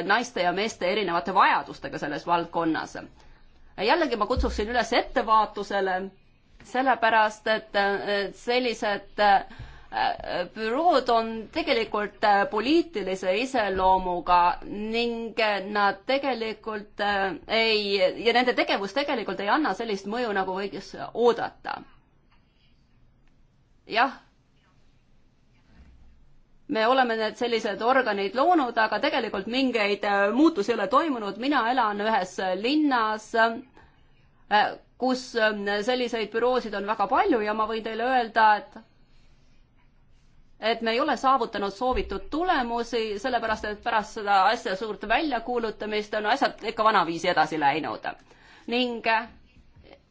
naiste ja meeste erinevate vajadustega selles valdkonnas. jällegi ma kutsuksin üles ettevaatusele, sellepärast et sellised bürood on tegelikult äh, poliitilise iseloomuga ning äh, nad tegelikult äh, ei, ja nende tegevus tegelikult ei anna sellist mõju, nagu võiks oodata. jah, me oleme need sellised organid loonud, aga tegelikult mingeid muutusi ei ole toimunud, mina elan ühes linnas, kus selliseid büroosid on väga palju ja ma võin teile öelda, et et me ei ole saavutanud soovitud tulemusi, sellepärast et pärast seda asja suurt väljakuulutamist on asjad ikka vanaviisi edasi läinud. ning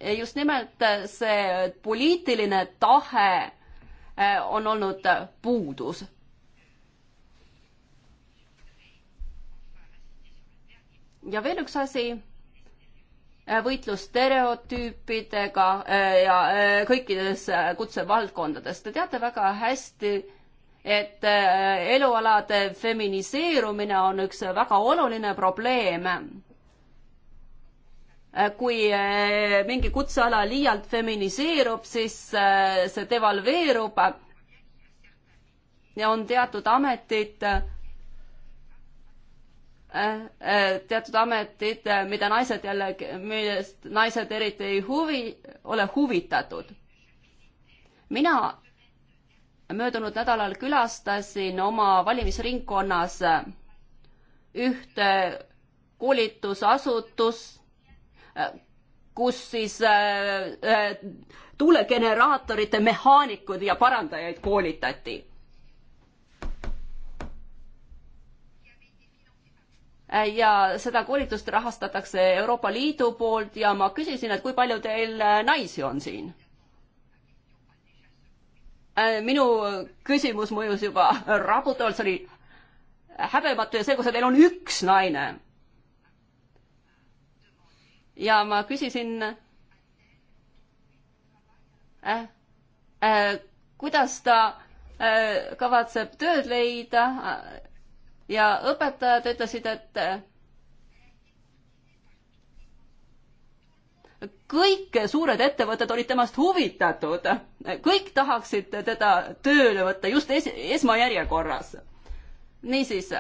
eh, just nimelt eh, see poliitiline tahe eh, on olnud puudus. ja veel üks asi võitlus stereotüüpidega ja kõikides kutsevaldkondades. Te teate väga hästi, et äh, elualade feminiseerumine on üks väga oluline probleem. Äh, kui äh, mingi kutseala liialt feminiseerub, siis see devalveerub ja on teatud ametid, teatud ametid, mida naised jälle, millest naised eriti ei huvi, ole huvitatud. mina möödunud nädalal külastasin oma valimisringkonnas ühte koolitusasutust, kus siis äh, äh, tuulegeneraatorite mehaanikud ja parandajaid koolitati ja seda koolitust rahastatakse Euroopa Liidu poolt ja ma küsisin, et kui palju teil naisi on siin? Äh, minu küsimus mõjus juba raputavalt, see oli häbematu ja selgus, et neil on üks naine. ja ma küsisin äh,, äh, kuidas ta äh, kavatseb tööd leida ja õpetajad ütlesid, et äh, kõik suured ettevõtted olid temast huvitatud, kõik tahaksid teda tööle võtta just es esmajärjekorras. niisiis,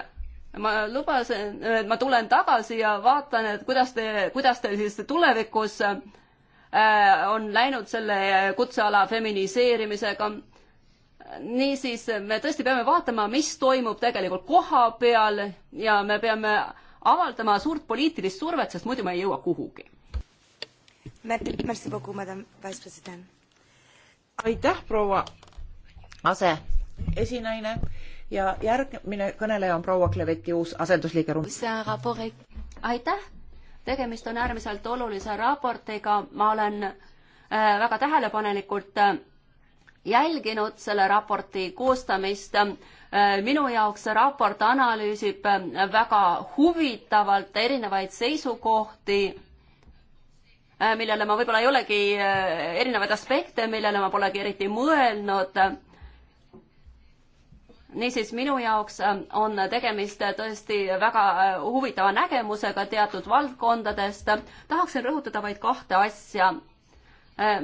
ma lubasin, et ma tulen tagasi ja vaatan, et kuidas te, kuidas teil siis tulevikus äh, on läinud selle kutseala feminiseerimisega. niisiis, me tõesti peame vaatama, mis toimub tegelikult koha peal ja me peame avaldama suurt poliitilist survet, sest muidu me ei jõua kuhugi aitäh, proua aseesinaine ja järgmine kõneleja on proua Kleveti uus asendusliige. aitäh, tegemist on äärmiselt olulise raportiga, ma olen äh, väga tähelepanelikult äh, jälginud selle raporti koostamist äh,. minu jaoks see raport analüüsib äh, väga huvitavalt erinevaid seisukohti Äh, millele ma võib-olla ei olegi, äh, erinevaid aspekte, millele ma polegi eriti mõelnud. niisiis, minu jaoks äh, on tegemist tõesti väga huvitava nägemusega teatud valdkondadest. tahaksin rõhutada vaid kahte asja.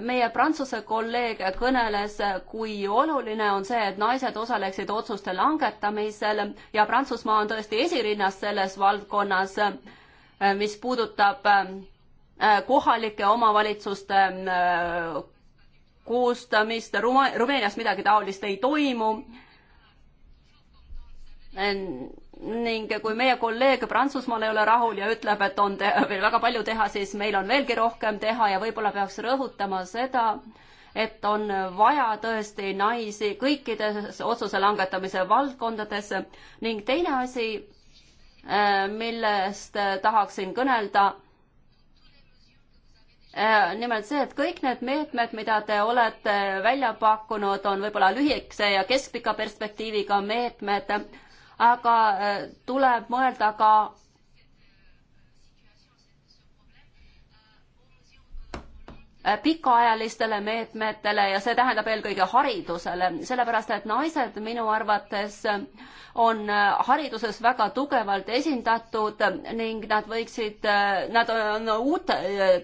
meie prantsuse kolleeg kõneles, kui oluline on see, et naised osaleksid otsuste langetamisel ja Prantsusmaa on tõesti esirinnas selles valdkonnas, mis puudutab Äh, kohalike omavalitsuste äh, koostamist, Rumeenias midagi taolist ei toimu. ning kui meie kolleeg Prantsusmaal ei ole rahul ja ütleb, et on veel väga palju teha, siis meil on veelgi rohkem teha ja võib-olla peaks rõhutama seda, et on vaja tõesti naisi kõikides otsuse langetamise valdkondades ning teine asi, äh, millest tahaksin kõnelda, Äh, nimelt see, et kõik need meetmed, mida te olete välja pakkunud, on võib-olla lühikese ja keskpika perspektiiviga meetmed, aga äh, tuleb mõelda ka Äh, pikaajalistele meetmetele ja see tähendab eelkõige haridusele, sellepärast et naised minu arvates on äh, hariduses väga tugevalt esindatud ning nad võiksid, äh, nad on uute,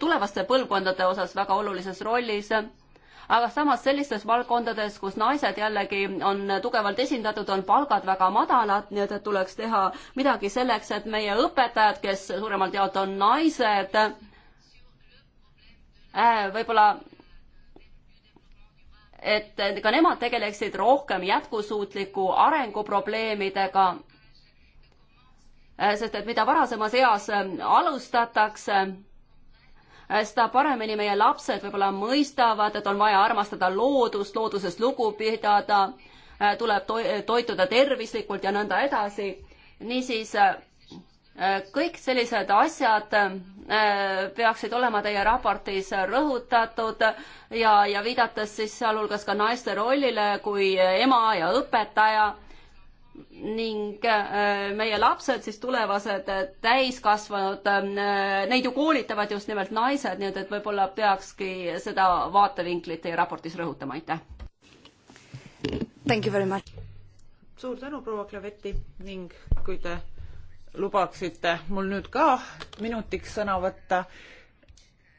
tulevaste põlvkondade osas väga olulises rollis aga samas sellistes valdkondades, kus naised jällegi on tugevalt esindatud, on palgad väga madalad, nii et, et tuleks teha midagi selleks, et meie õpetajad, kes suuremalt jaolt on naised, Äh, võib-olla et ka nemad tegeleksid rohkem jätkusuutliku arengu probleemidega. Äh, sest et mida varasemas eas äh, alustatakse, seda paremini meie lapsed võib-olla mõistavad, et on vaja armastada loodust, loodusest lugu pidada, tuleb toituda tervislikult ja nõnda edasi. niisiis kõik sellised asjad äh, peaksid olema teie raportis rõhutatud ja, ja viidates siis sealhulgas ka naiste rollile kui ema ja õpetaja ning äh, meie lapsed, siis tulevased täiskasvanud, äh, neid ju koolitavad just nimelt naised, nii et, et võib-olla peakski seda vaatevinklit teie raportis rõhutama, aitäh! Thank you very much! suur tänu, proua Klevetti ning kui te lubaksite mul nüüd ka minutiks sõna võtta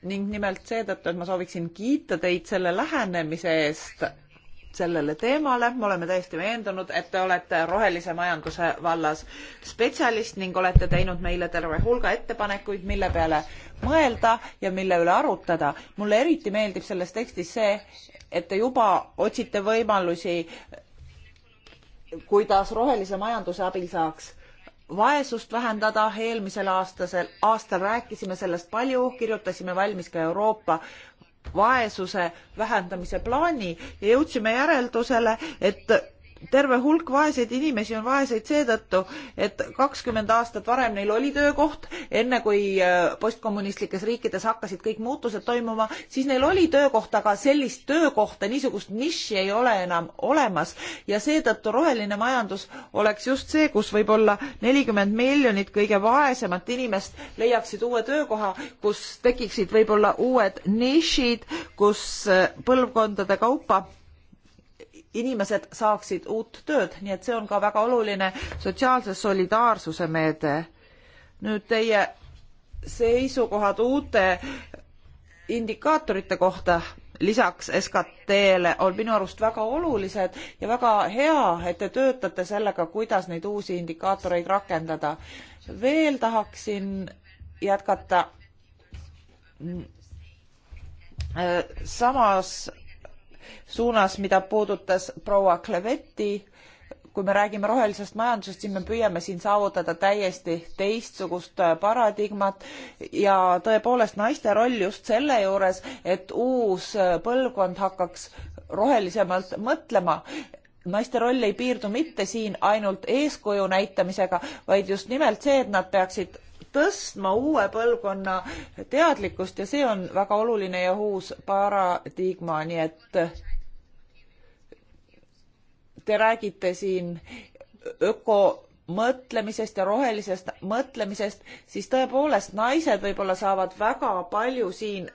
ning nimelt seetõttu, et ma sooviksin kiita teid selle lähenemise eest sellele teemale. me oleme täiesti veendunud, et te olete rohelise majanduse vallas spetsialist ning olete teinud meile terve hulga ettepanekuid, mille peale mõelda ja mille üle arutada. mulle eriti meeldib selles tekstis see, et te juba otsite võimalusi, kuidas rohelise majanduse abil saaks vaesust vähendada, eelmisel aastasel, aastal rääkisime sellest palju, kirjutasime valmis ka Euroopa vaesuse vähendamise plaani ja jõudsime järeldusele, et terve hulk vaeseid inimesi on vaeseid seetõttu, et kakskümmend aastat varem neil oli töökoht, enne kui äh, postkommunistlikes riikides hakkasid kõik muutused toimuma, siis neil oli töökoht, aga sellist töökohta, niisugust nišši ei ole enam olemas ja seetõttu roheline majandus oleks just see, kus võib-olla nelikümmend miljonit kõige vaesemat inimest leiaksid uue töökoha, kus tekiksid võib-olla uued nišid, kus äh, põlvkondade kaupa inimesed saaksid uut tööd, nii et see on ka väga oluline sotsiaalse solidaarsuse meede. nüüd teie seisukohad uute indikaatorite kohta lisaks SKT-le on minu arust väga olulised ja väga hea, et te töötate sellega, kuidas neid uusi indikaatoreid rakendada. veel tahaksin jätkata samas suunas, mida puudutas proua Kleveti kui me räägime rohelisest majandusest, siis me püüame siin saavutada täiesti teistsugust äh, paradigmat ja tõepoolest naiste roll just selle juures, et uus äh, põlvkond hakkaks rohelisemalt mõtlema. naiste roll ei piirdu mitte siin ainult eeskuju näitamisega, vaid just nimelt see, et nad peaksid tõstma uue põlvkonna teadlikkust ja see on väga oluline ja uus paradigma, nii et te räägite siin öko mõtlemisest ja rohelisest mõtlemisest, siis tõepoolest naised võib-olla saavad väga palju siin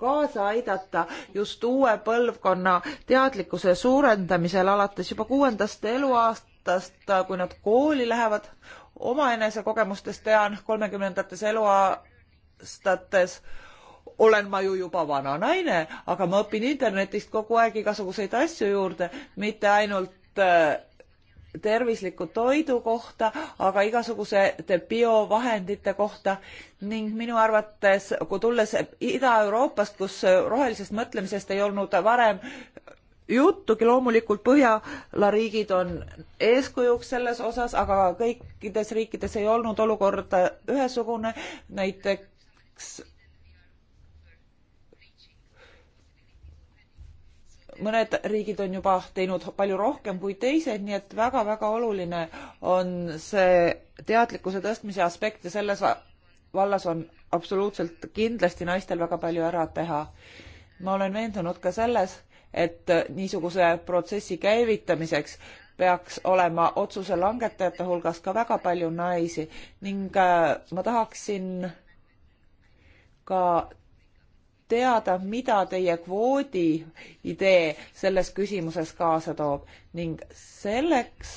kaasa aidata just uue põlvkonna teadlikkuse suurendamisel alates juba kuuendast eluaastast, kui nad kooli lähevad omaenese kogemustest tean, kolmekümnendates eluaastates olen ma ju juba vana naine, aga ma õpin internetist kogu aeg igasuguseid asju juurde, mitte ainult äh, tervisliku toidu kohta, aga igasugusete biovahendite kohta ning minu arvates, kui tulles Ida-Euroopast, kus rohelisest mõtlemisest ei olnud varem juttugi, loomulikult Põhjala riigid on eeskujuks selles osas, aga kõikides riikides ei olnud olukord ühesugune, näiteks mõned riigid on juba teinud palju rohkem kui teised, nii et väga-väga oluline on see teadlikkuse tõstmise aspekt ja selles vallas on absoluutselt kindlasti naistel väga palju ära teha. ma olen veendunud ka selles, et niisuguse protsessi käivitamiseks peaks olema otsuse langetajate hulgas ka väga palju naisi ning äh, ma tahaksin ka teada, mida teie kvoodi idee selles küsimuses kaasa toob ning selleks,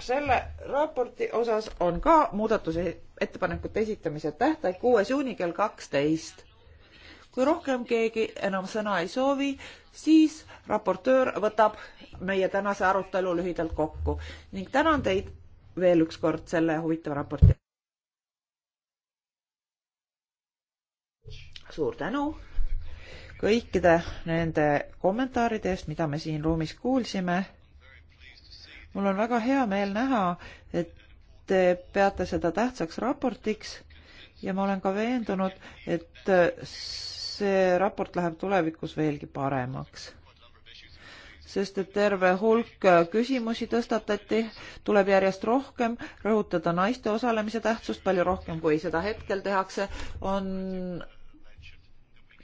selle raporti osas on ka muudatuse ettepanekute esitamise tähtaeg kuues juuni kell kaksteist kui rohkem keegi enam sõna ei soovi, siis raportöör võtab meie tänase arutelu lühidalt kokku ning tänan teid veel ükskord selle huvitava raporti. suur tänu kõikide nende kommentaaride eest, mida me siin ruumis kuulsime. mul on väga hea meel näha, et te peate seda tähtsaks raportiks ja ma olen ka veendunud, et see raport läheb tulevikus veelgi paremaks sest et terve hulk küsimusi tõstatati, tuleb järjest rohkem rõhutada naiste osalemise tähtsust, palju rohkem, kui seda hetkel tehakse, on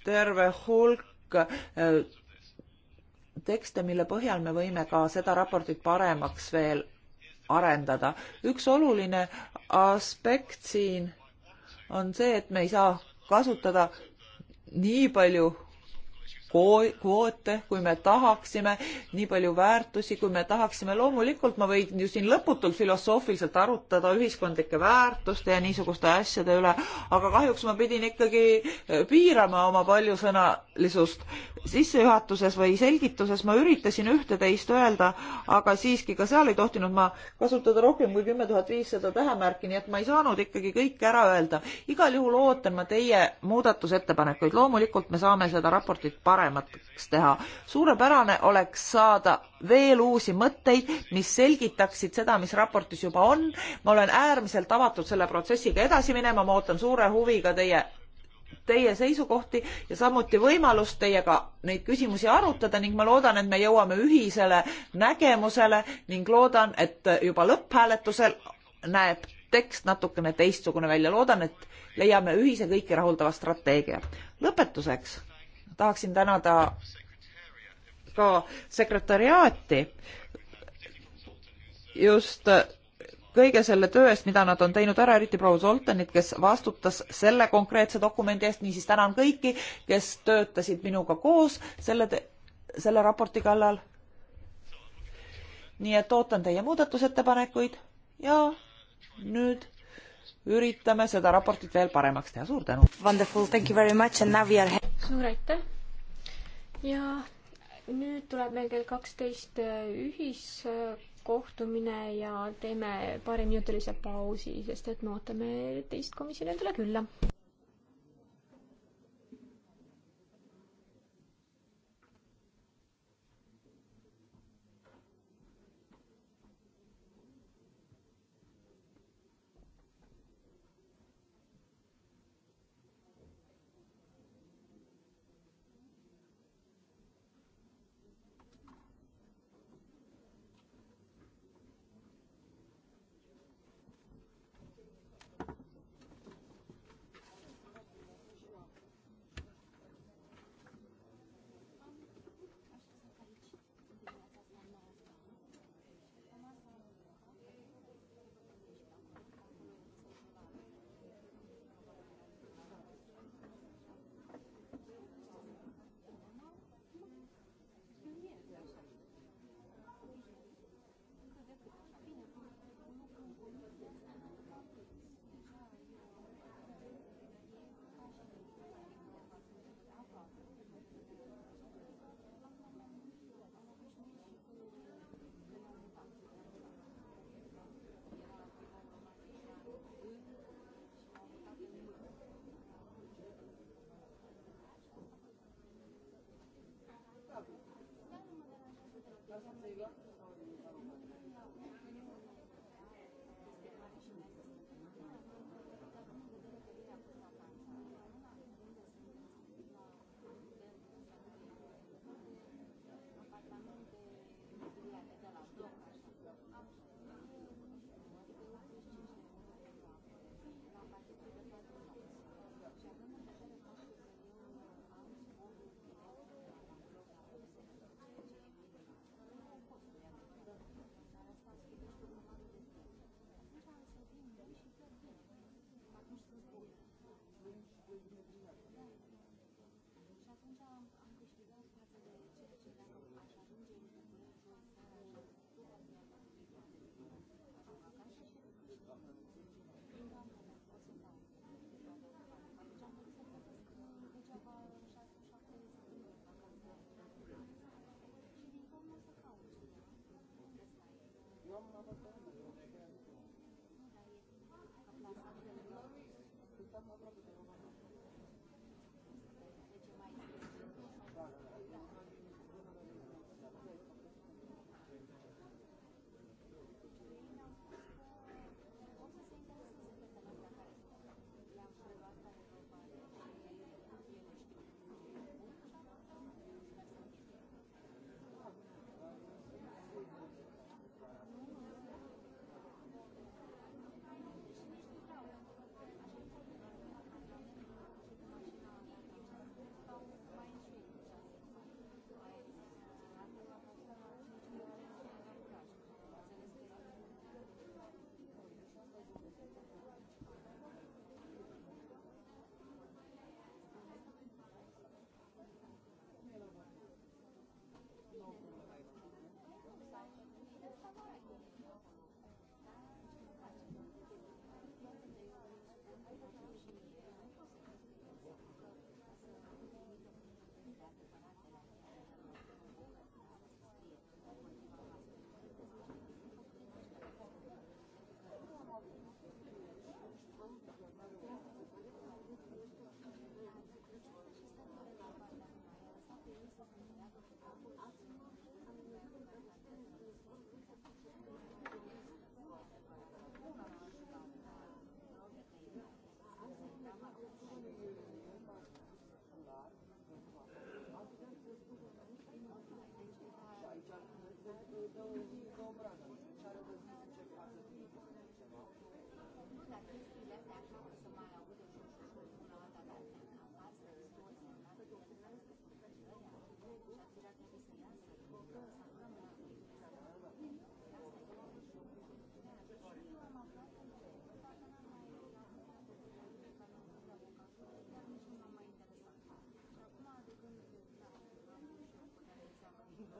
terve hulk äh, tekste, mille põhjal me võime ka seda raportit paremaks veel arendada. üks oluline aspekt siin on see, et me ei saa kasutada nii palju kvoote, kui me tahaksime, nii palju väärtusi, kui me tahaksime. loomulikult ma võin ju siin lõputult filosoofiliselt arutada ühiskondlike väärtuste ja niisuguste asjade üle, aga kahjuks ma pidin ikkagi äh, piirama oma paljusõnalisust. sissejuhatuses või selgituses ma üritasin ühte-teist öelda, aga siiski ka seal ei tohtinud ma kasutada rohkem kui kümme tuhat viissada tähemärki, nii et ma ei saanud ikkagi kõike ära öelda. igal juhul ootan ma teie muudatusettepanekuid. loomulikult me saame seda raportit paremaks paremaks teha. suurepärane oleks saada veel uusi mõtteid, mis selgitaksid seda, mis raportis juba on. ma olen äärmiselt avatud selle protsessiga edasi minema, ma ootan suure huviga teie teie seisukohti ja samuti võimalust teiega neid küsimusi arutada ning ma loodan, et me jõuame ühisele nägemusele ning loodan, et juba lõpphääletusel näeb tekst natukene teistsugune välja. loodan, et leiame ühise kõiki rahuldava strateegia. lõpetuseks tahaksin tänada ka sekretariaati just kõige selle töö eest, mida nad on teinud ära, eriti proua Zoltanit, kes vastutas selle konkreetse dokumendi eest, niisiis tänan kõiki, kes töötasid minuga koos selle, selle raporti kallal. nii et ootan teie muudatusettepanekuid ja nüüd üritame seda raportit veel paremaks teha, suur tänu! Wonderful, thank you very much and now we are suur aitäh! ja nüüd tuleb meil kell kaksteist äh, ühiskohtumine ja teeme paariminutilise pausi, sest et me ootame teist komisjoni endale külla.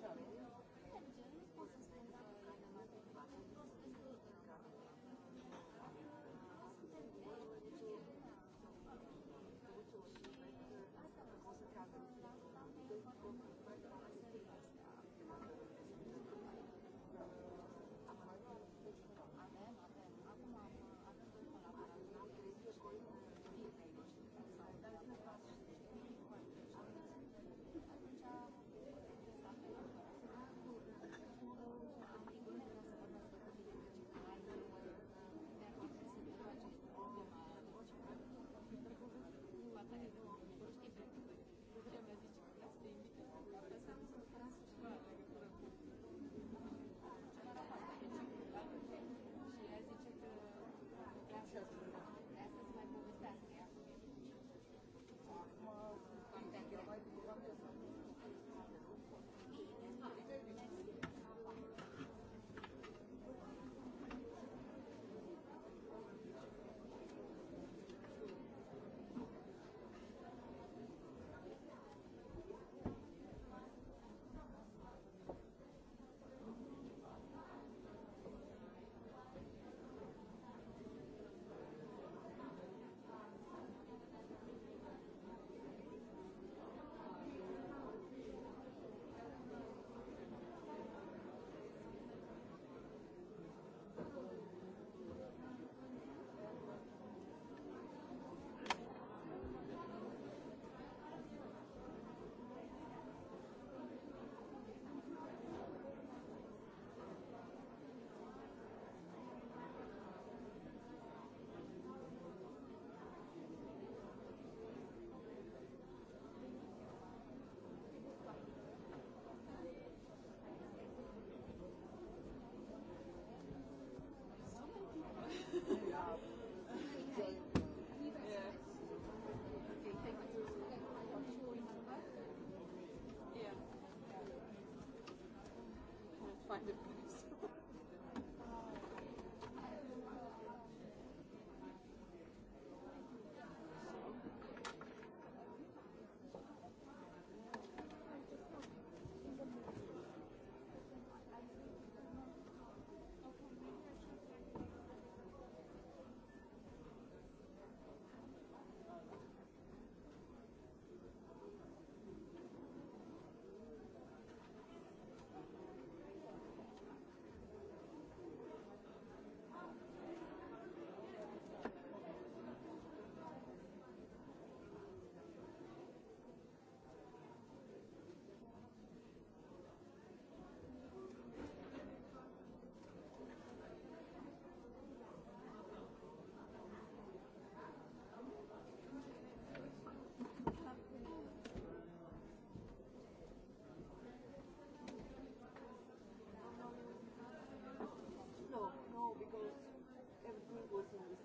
sorry. find it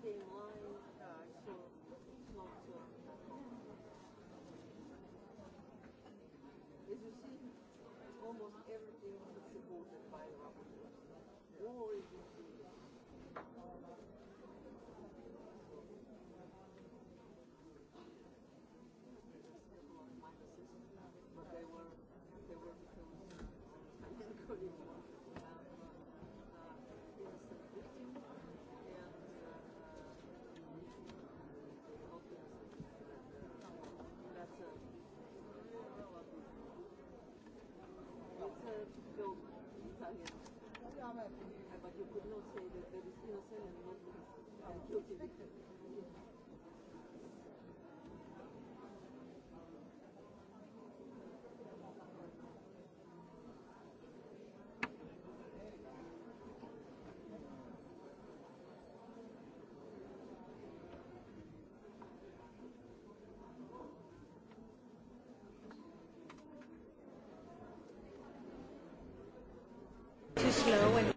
Uh, uh, uh, almost everything was supported by the rapporteur. Or it was too slow and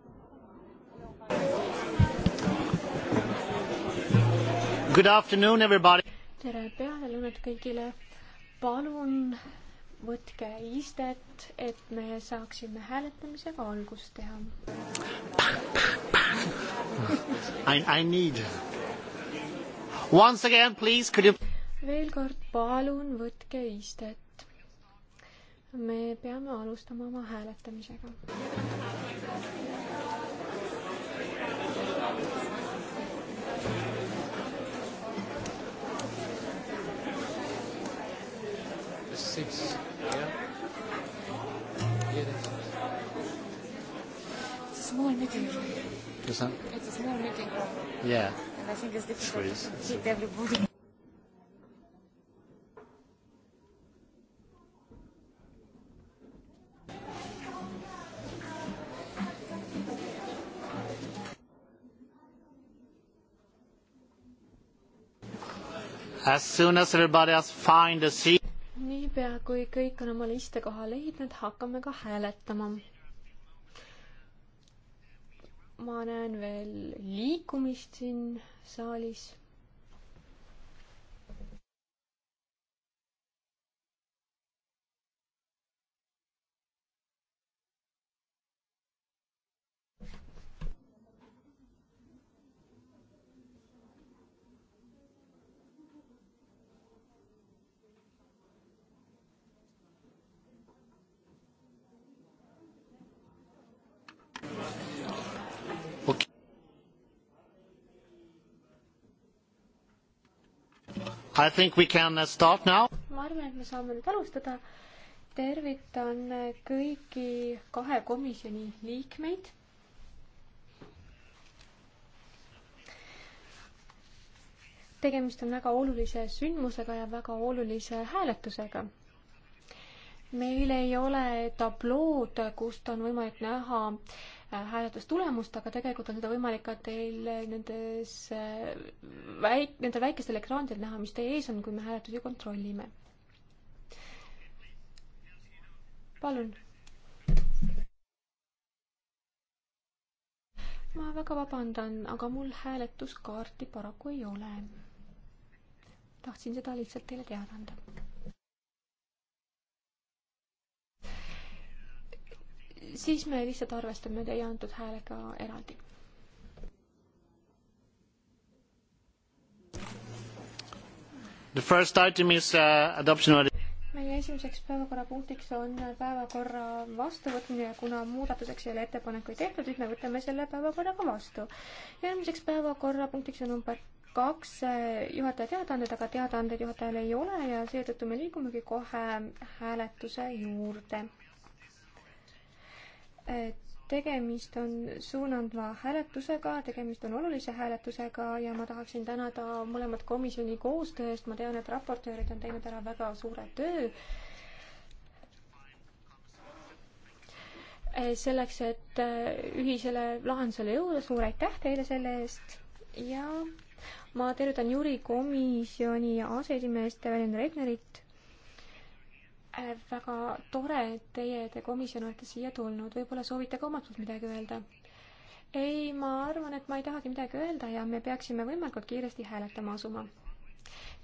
Good afternoon everybody. tere pealelõunat kõigile. palun võtke istet, et me saaksime hääletamisega algust teha. I, I need. Once again, please, could you. veel kord, palun võtke istet me peame alustama oma hääletamisega. six. Yeah. Yeah, that's it. It's a small meeting room. Is that? It's a small meeting room. Yeah. And I think it's difficult Swiss. to fit everybody. As soon as everybody has found a seat, niipea, kui kõik on oma liste koha leidnud, hakkame ka hääletama. ma näen veel liikumist siin saalis I think we can uh, start now. ma arvan, et me saame nüüd alustada. tervitan äh, kõiki kahe komisjoni liikmeid. tegemist on väga olulise sündmusega ja väga olulise hääletusega meil ei ole tablood, kust on võimalik näha äh, Äh, hääletustulemust, aga tegelikult on seda võimalik ka teil nendes äh, väik-, nendel väikestel ekraanidel näha, mis teie ees on, kui me hääletusi kontrollime. palun. ma väga vabandan, aga mul hääletuskaarti paraku ei ole. tahtsin seda lihtsalt teile teada anda siis me lihtsalt arvestame teie antud häälega eraldi. The first item is uh, adoption of meie esimeseks päevakorrapunktiks on päevakorra vastuvõtmine ja kuna muudatuseks ei ole ettepanekuid tehtud, siis me võtame selle päevakorraga vastu. järgmiseks päevakorrapunktiks on number kaks eh, juhataja teadaanded, aga teadaandeid juhatajal ei ole ja seetõttu me liigumegi kohe hääletuse juurde tegemist on suunandva hääletusega, tegemist on olulise hääletusega ja ma tahaksin tänada mõlemat komisjoni koostöö eest, ma tean, et raportöörid on teinud ära väga suure töö selleks, et ühisele lahendusele jõuda, suur aitäh teile selle eest ja ma tervitan Jüri komisjoni aseesimeest Evelyn Regnerit Äh, väga tore, et teie, te komisjon olete siia tulnud, võib-olla soovite ka omalt poolt midagi öelda? ei, ma arvan, et ma ei tahagi midagi öelda ja me peaksime võimalikult kiiresti hääletama asuma.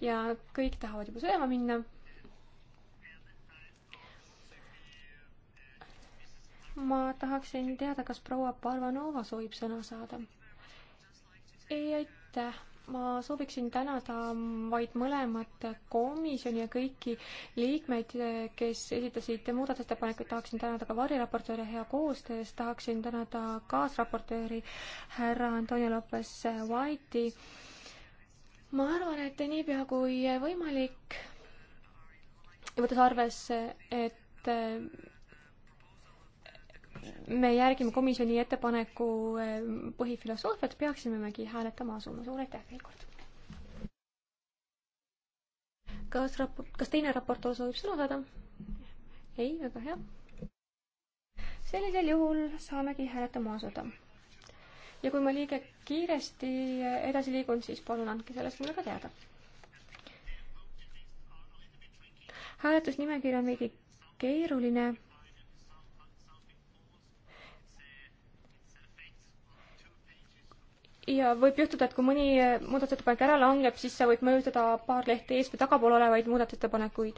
ja kõik tahavad juba sööma minna. ma tahaksin teada, kas proua Parvanova soovib sõna saada? ei, aitäh ma sooviksin tänada vaid mõlemat komisjoni ja kõiki liikmeid, kes esitasid muudatusettepanekuid, tahaksin tänada ka variraportööre hea koostöö eest, tahaksin tänada kaasraportööri härra Antonio Lopez White'i. ma arvan, et niipea kui võimalik, võttes arvesse, et me järgime komisjoni ettepaneku eh, põhifilosoofiat, peaksimegi hääletama asuma. suur aitäh veel kord! kas raport, kas teine raportöör soovib sõna saada? ei, väga hea. sellisel juhul saamegi hääletama asuda. ja kui ma liiga kiiresti edasi liigun, siis palun andke sellest mulle ka teada. hääletusnimekiri on veidi keeruline ja võib juhtuda, et kui mõni muudatusettepanek ära langeb, siis see võib mõjutada paar lehte ees või tagapool olevaid muudatusettepanekuid.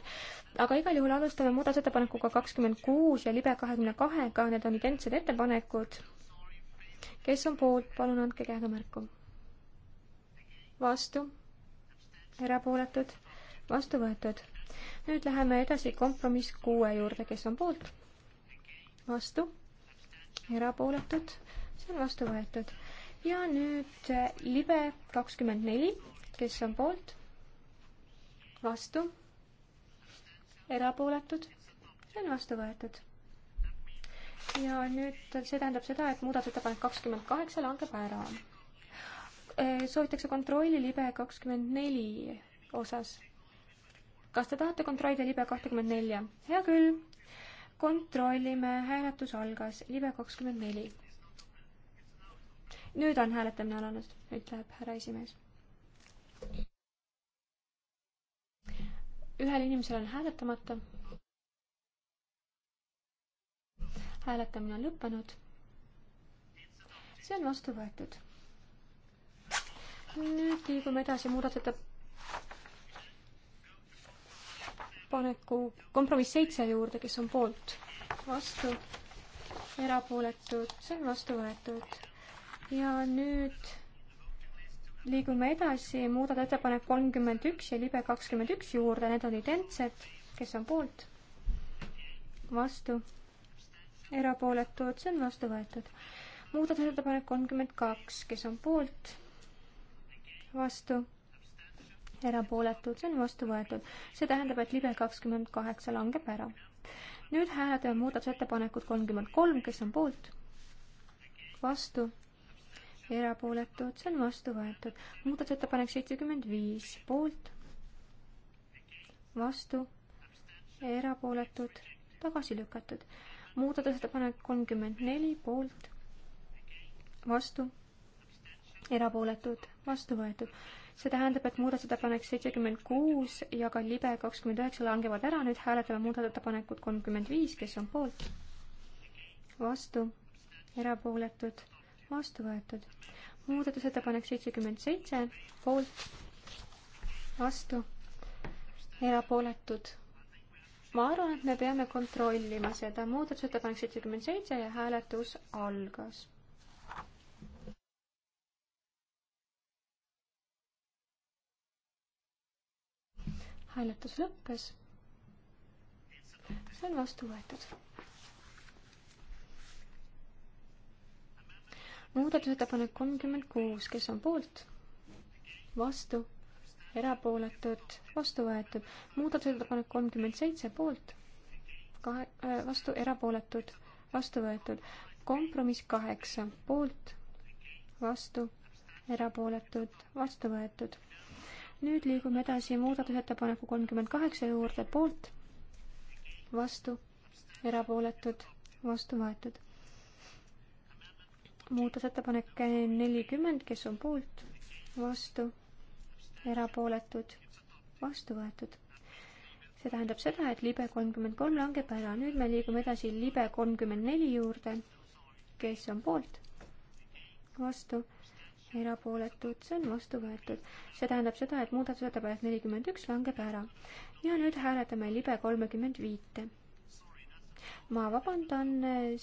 aga igal juhul alustame muudatusettepanekuga kakskümmend kuus ja libe kahekümne kahega, need on identsed ettepanekud. kes on poolt, palun andke käega märku. vastu, erapooletud, vastu võetud. nüüd läheme edasi kompromiss kuue juurde, kes on poolt, vastu, erapooletud, see on vastu võetud ja nüüd äh, libe kakskümmend neli, kes on poolt, vastu, erapooletud, see on vastu võetud. ja nüüd äh, see tähendab seda, et muudatusettepanek kakskümmend kaheksa langeb ära. Äh, soovitakse kontrolli libe kakskümmend neli osas. kas te tahate kontrollida libe kahtekümmend nelja? hea küll, kontrollime, hääletus algas, libe kakskümmend neli nüüd on hääletamine alanud, ütleb härra esimees. ühel inimesel on hääletamata. hääletamine on lõppenud. see on vastu võetud. nüüd liigume edasi muudatusettepaneku kompromiss seitse juurde, kes on poolt, vastu, erapooletud, see on vastu võetud ja nüüd liigume edasi muudatusettepanek kolmkümmend üks ja libe kakskümmend üks juurde, need on identsed, kes on poolt, vastu, erapooletud, see on vastu võetud. muudatusettepanek kolmkümmend kaks, kes on poolt, vastu erapooletud, see on vastu võetud. see tähendab, et libe kakskümmend kaheksa langeb ära. nüüd hääletame muudatusettepanekut kolmkümmend kolm, kes on poolt, vastu, erapooletud, see on vastu võetud. muudatusettepanek seitsekümmend viis, poolt, vastu, erapooletud, tagasi lükatud. muudatusettepanek kolmkümmend neli, poolt, vastu, erapooletud, vastu võetud. see tähendab, et muudatusettepanek seitsekümmend kuus ja ka libe kakskümmend üheksa langevad ära, nüüd hääletame muudatusettepanekut kolmkümmend viis, kes on poolt, vastu, erapooletud vastu võetud. muudatusettepanek seitsekümmend seitse, poolt, vastu, erapooletud. ma arvan, et me peame kontrollima seda. muudatusettepanek seitsekümmend seitse ja hääletus algas hääletus lõppes. see on vastu võetud. muudatusettepanek kolmkümmend kuus, kes on poolt? vastu? erapooletud? vastu võetud. muudatusettepanek kolmkümmend seitse poolt? kahe, äh, vastu, erapooletud? vastu võetud. kompromiss kaheksa poolt? vastu? erapooletud? vastu võetud. nüüd liigume edasi muudatusettepaneku kolmkümmend kaheksa juurde, poolt? vastu? erapooletud? vastu võetud muudatusettepanek nelikümmend, kes on poolt, vastu, erapooletud, vastu võetud. see tähendab seda, et libe kolmkümmend kolm langeb ära, nüüd me liigume edasi libe kolmkümmend neli juurde, kes on poolt, vastu, erapooletud, see on vastu võetud. see tähendab seda, et muudatusettepanek nelikümmend üks langeb ära. ja nüüd hääletame libe kolmekümmend viite ma vabandan,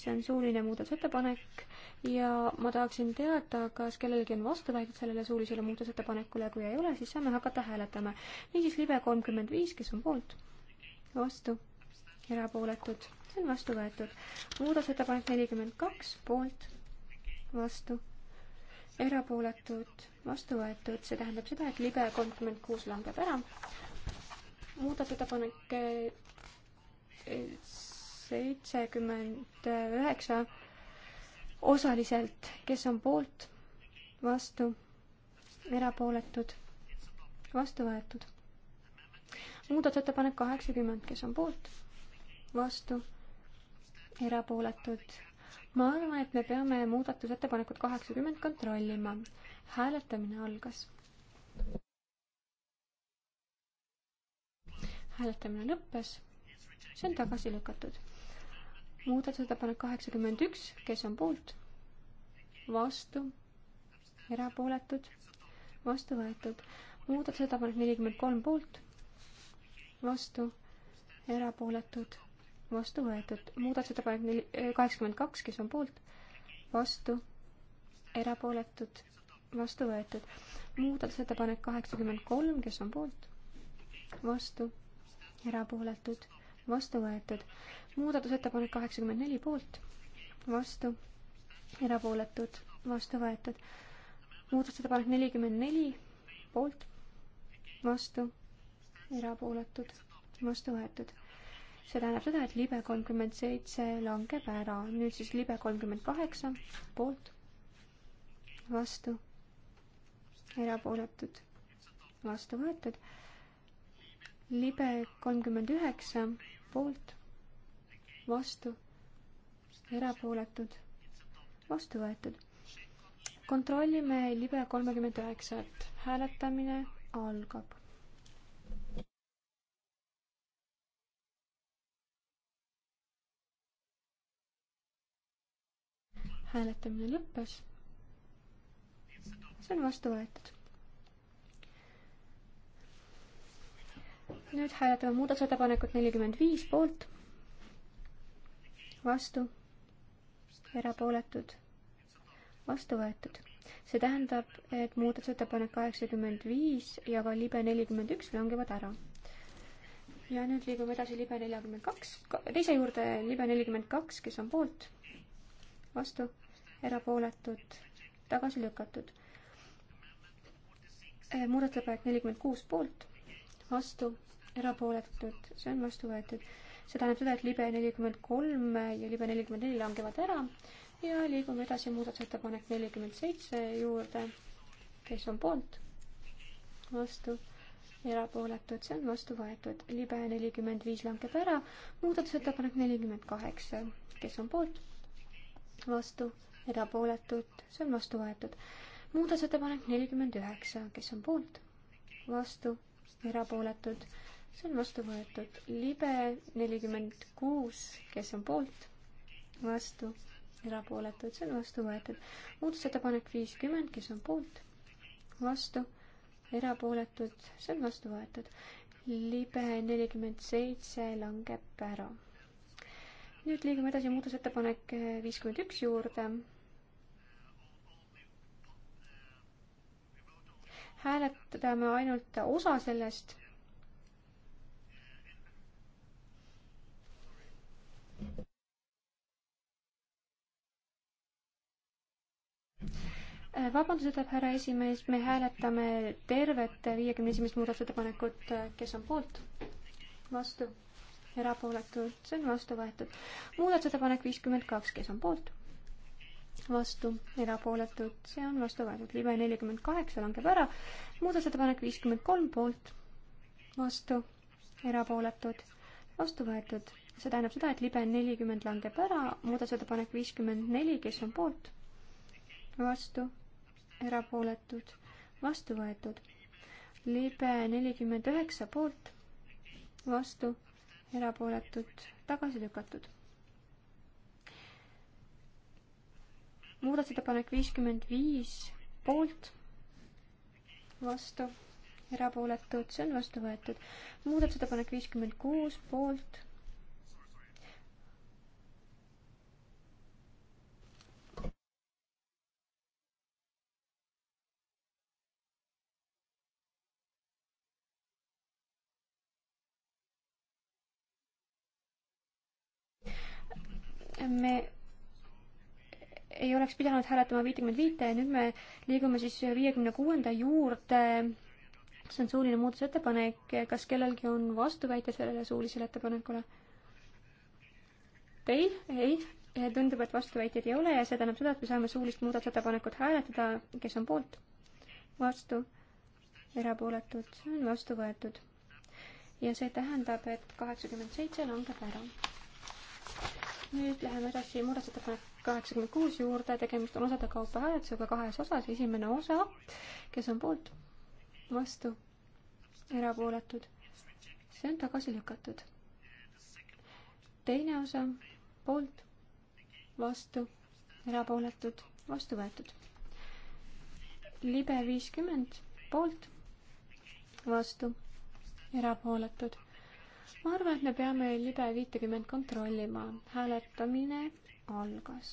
see on suuline muudatusettepanek ja ma tahaksin teada, kas kellelgi on vastuväidet sellele suulisele muudatusettepanekule, kui ei ole, siis saame hakata hääletama. niisiis, libe kolmkümmend viis, kes on poolt, vastu, erapooletud, see on vastu võetud. muudatusettepanek nelikümmend kaks, poolt, vastu, erapooletud, vastu võetud, see tähendab seda, et libe kolmkümmend kuus langeb ära. muudatusettepanek eh, seitsekümmend üheksa osaliselt, kes on poolt, vastu, erapooletud, vastu võetud. muudatusettepanek kaheksakümmend, kes on poolt, vastu, erapooletud. ma arvan, et me peame muudatusettepanekut kaheksakümmend kontrollima. hääletamine algas. hääletamine lõppes, see on tagasi lükatud muudatusettepanek kaheksakümmend üks, kes on poolt? vastu, erapooletud, vastu võetud. muudatusettepanek nelikümmend kolm poolt, vastu, erapooletud, vastu võetud. muudatusettepanek neli, eh, kaheksakümmend kaks, kes on poolt? vastu, erapooletud, vastu võetud. muudatusettepanek kaheksakümmend kolm, kes on poolt? vastu, erapooletud, vastu võetud muudatusettepanek kaheksakümmend neli poolt, vastu, erapooletud, vastu võetud. muudatusettepanek nelikümmend neli poolt, vastu, erapooletud, vastu võetud. see tähendab seda, et libe kolmkümmend seitse langeb ära, nüüd siis libe kolmkümmend kaheksa poolt, vastu, erapooletud, vastu võetud. libe kolmkümmend üheksa poolt vastu, erapooletud, vastu võetud. kontrollime libe kolmekümmend üheksat, hääletamine algab hääletamine lõppes. see on vastu võetud. nüüd hääletame muudatusettepanekut nelikümmend viis poolt, vastu, erapooletud, vastu võetud. see tähendab, et muudatusettepanek kaheksakümmend viis ja ka libe nelikümmend üks langevad ära. ja nüüd liigume edasi libe neljakümmend kaks, teise juurde libe nelikümmend kaks, kes on poolt, vastu, erapooletud, tagasi lükatud. Eh, muudatusettepanek nelikümmend kuus poolt, vastu, erapooletud, see on vastu võetud see tähendab seda, et libe nelikümmend kolm ja libe nelikümmend neli langevad ära ja liigume edasi muudatusettepanek nelikümmend seitse juurde. kes on poolt? vastu? erapooletud, see on vastu võetud. libe nelikümmend viis langeb ära, muudatusettepanek nelikümmend kaheksa, kes on poolt? vastu? erapooletud, see on vastu võetud. muudatusettepanek nelikümmend üheksa, kes on poolt? vastu? erapooletud see on vastu võetud. libe nelikümmend kuus, kes on poolt, vastu, erapooletud, see on vastu võetud. muudatusettepanek viiskümmend, kes on poolt, vastu, erapooletud, see on vastu võetud. libe nelikümmend seitse langeb ära. nüüd liigume edasi muudatusettepanek viiskümmend üks juurde hääletame ainult osa sellest. Äh, vabandust, ütleb härra esimees, me hääletame tervet viiekümne esimest muudatusettepanekut, äh, kes on poolt, vastu, erapooletud, see on vastu võetud. muudatusettepanek viiskümmend kaks, kes on poolt, vastu, erapooletud, see on vastu võetud. libe nelikümmend kaheksa langeb ära, muudatusettepanek viiskümmend kolm poolt, vastu, erapooletud, vastu võetud. see tähendab seda, et libe nelikümmend langeb ära, muudatusettepanek viiskümmend neli, kes on poolt, vastu erapooletud, vastu võetud. libe nelikümmend üheksa poolt, vastu, erapooletud, tagasi lükatud. muudatusettepanek viiskümmend viis poolt, vastu, erapooletud, see on vastu võetud. muudatusettepanek viiskümmend kuus poolt me ei oleks pidanud hääletama viitekümmet viite ja nüüd me liigume siis viiekümne kuuenda juurde. see on suuline muudatusettepanek, kas kellelgi on vastuväite sellele suulisele ettepanekule? Teil? ei? tundub, et vastuväiteid ei ole ja see tähendab seda, et me saame suulist muudatusettepanekut hääletada, kes on poolt, vastu, erapooletud, on vastu võetud. ja see tähendab, et kaheksakümmend seitse langeb ära nüüd läheme edasi muudatusettepanek kaheksakümmend kuus juurde, tegemist on osade kaupa hääletusega kahes osas, esimene osa, kes on poolt, vastu, erapooletud, see on tagasi lükatud. teine osa, poolt, vastu, erapooletud, vastu võetud. libe viiskümmend, poolt, vastu, erapooletud ma arvan, et me peame libe viitekümmet kontrollima. hääletamine algas.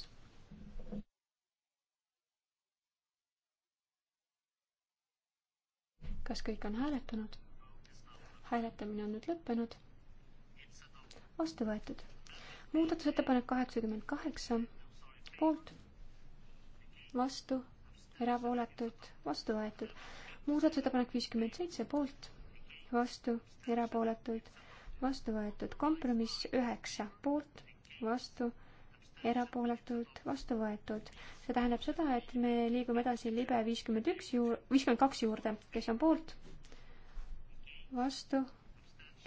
kas kõik on hääletanud? hääletamine on nüüd lõppenud. vastu võetud. muudatusettepanek kaheksakümmend kaheksa, poolt, vastu, erapooletud, vastu võetud. muudatusettepanek viiskümmend seitse, poolt, vastu, erapooletud vastu võetud. kompromiss üheksa poolt, vastu, erapooletult, vastu võetud. see tähendab seda, et me liigume edasi libe viiskümmend üks juur-, viiskümmend kaks juurde, kes on poolt, vastu,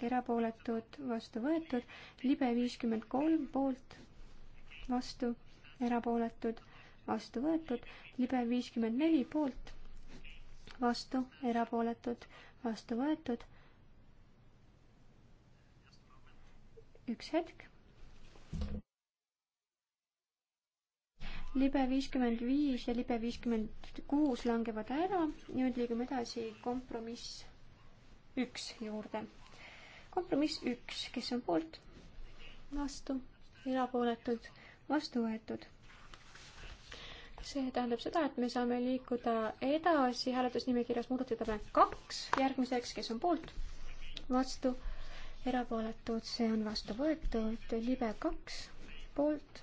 erapooletud, vastu võetud, libe viiskümmend kolm poolt, vastu, erapooletud, vastu võetud, libe viiskümmend neli poolt, vastu, erapooletud, vastu võetud, üks hetk. libe viiskümmend viis ja libe viiskümmend kuus langevad ära, nüüd liigume edasi kompromiss üks juurde. kompromiss üks, kes on poolt, vastu, erapooletud, vastu võetud see tähendab seda, et me saame liikuda edasi hääletusnimekirjas muudatusettepanek kaks järgmiseks, kes on poolt, vastu, erapooletud, see on vastu võetud, libe kaks poolt.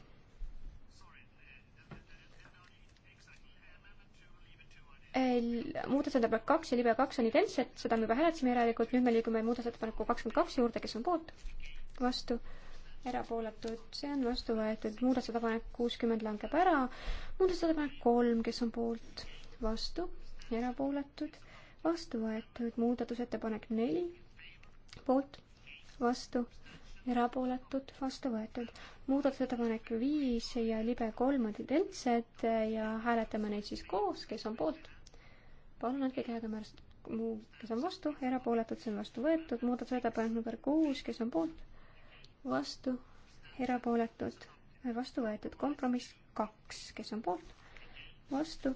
muudatusettepanek kaks ja libe kaks on identsed, seda me juba hääletasime järelikult, nüüd me liigume muudatusettepaneku kakskümmend kaks juurde, kes on poolt, vastu, erapooletud, see on vastu võetud, muudatusettepanek kuuskümmend langeb ära, muudatusettepanek kolm, kes on poolt, vastu, erapooletud, vastu võetud, muudatusettepanek neli, poolt vastu, erapooletud, vastu võetud. muudatusettepanek viis ja libe kolm on identsed ja hääletame neid siis koos, kes on poolt. palun andke käega märk, kes on vastu, erapooletud, see on vastu võetud. muudatusettepanek number kuus, kes on poolt, vastu, erapooletud, vastu võetud. kompromiss kaks, kes on poolt, vastu,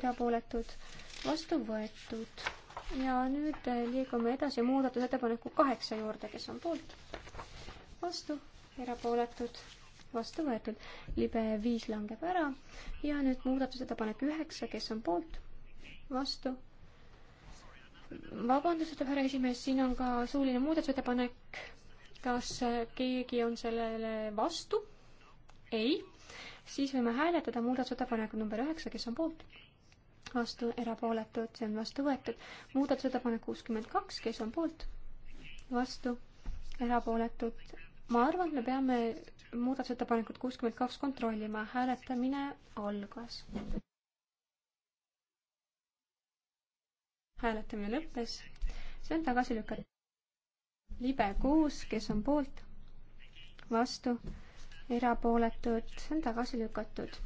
erapooletud, vastu võetud ja nüüd äh, liigume edasi muudatusettepaneku kaheksa juurde, kes on poolt, vastu, erapooletud, vastu võetud. libe viis langeb ära ja nüüd muudatusettepanek üheksa, kes on poolt, vastu. vabandust, ütleb härra esimees, siin on ka suuline muudatusettepanek. kas äh, keegi on sellele vastu? ei, siis võime hääletada muudatusettepanekut number üheksa, kes on poolt vastu, erapooletud, see on vastu võetud. muudatusettepanek kuuskümmend kaks, kes on poolt, vastu, erapooletud. ma arvan, et me peame muudatusettepanekut kuuskümmend kaks kontrollima, hääletamine algas. hääletamine lõppes, see on tagasi lükatud. libe kuus, kes on poolt, vastu, erapooletud, see on tagasi lükatud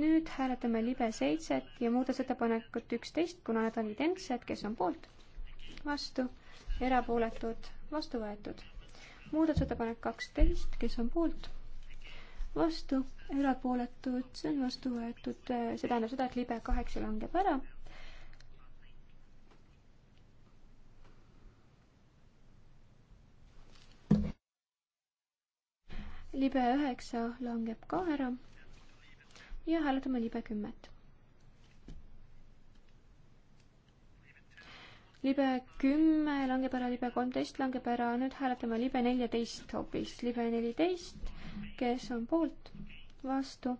nüüd hääletame libe seitset ja muudatusettepanekut üksteist, kuna need on identsed, kes on poolt, vastu, erapooletud, vastu võetud. muudatusettepanek kaksteist, kes on poolt, vastu, erapooletud, see on vastu võetud, see tähendab seda, et libe kaheksa langeb ära libe üheksa langeb ka ära ja hääletame libe kümmet. libe kümme langeb ära, libe kolmteist langeb ära, nüüd hääletame libe neljateist hoopis, libe neliteist, kes on poolt, vastu,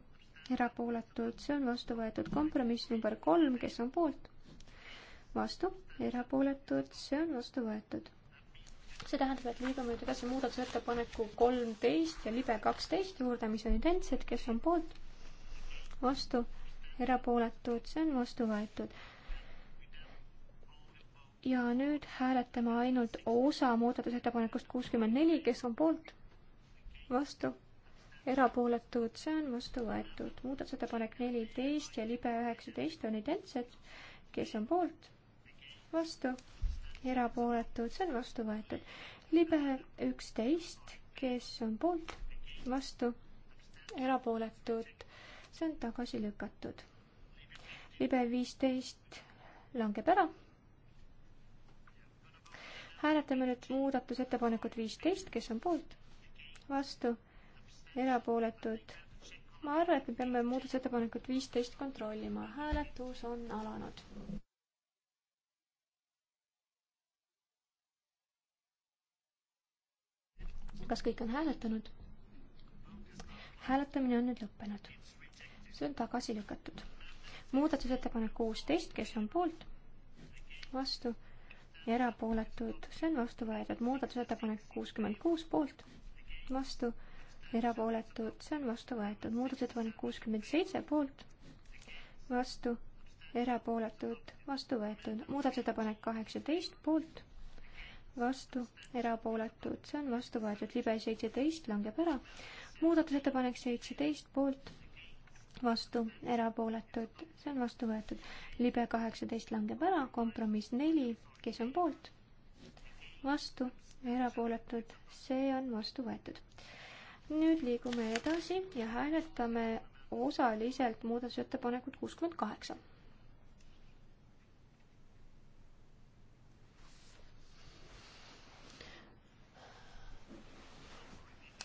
erapooletuid, see on vastu võetud kompromiss number kolm, kes on poolt, vastu, erapooletuid, see on vastu võetud. see tähendab, et liigume nüüd edasi muudatusettepaneku kolmteist ja libe kaksteist juurde, mis on identsed, kes on poolt vastu, erapooletud, see on vastu võetud. ja nüüd hääletame ainult osa muudatusettepanekust kuuskümmend neli, kes on poolt, vastu, erapooletud, see on vastu võetud. muudatusettepanek neliteist ja libe üheksateist on identsed, kes on poolt, vastu, erapooletud, see on vastu võetud. libe üksteist, kes on poolt, vastu, erapooletud see on tagasi lükatud. libe viisteist langeb ära. hääletame nüüd muudatusettepanekut viisteist, kes on poolt, vastu, erapooletud. ma arvan, et me peame muudatusettepanekut viisteist kontrollima, hääletus on alanud. kas kõik on hääletanud? hääletamine on nüüd lõppenud see on tagasi lükatud. muudatusettepanek kuusteist, kes on poolt, vastu, erapooletud, see on vastu võetud. muudatusettepanek kuuskümmend kuus poolt, vastu, erapooletud, see on vastu võetud. muudatusettepanek kuuskümmend seitse poolt, vastu, erapooletud, vastu võetud. muudatusettepanek kaheksateist poolt vastu, erapooletud, see on vastu võetud, libe seitseteist langeb ära. muudatusettepanek seitseteist poolt, vastu, erapooletud, see on vastu võetud. libe kaheksateist langeb ära, kompromiss neli, kes on poolt, vastu, erapooletud, see on vastu võetud. nüüd liigume edasi ja hääletame osaliselt muudatusettepanekut kuuskümmend kaheksa.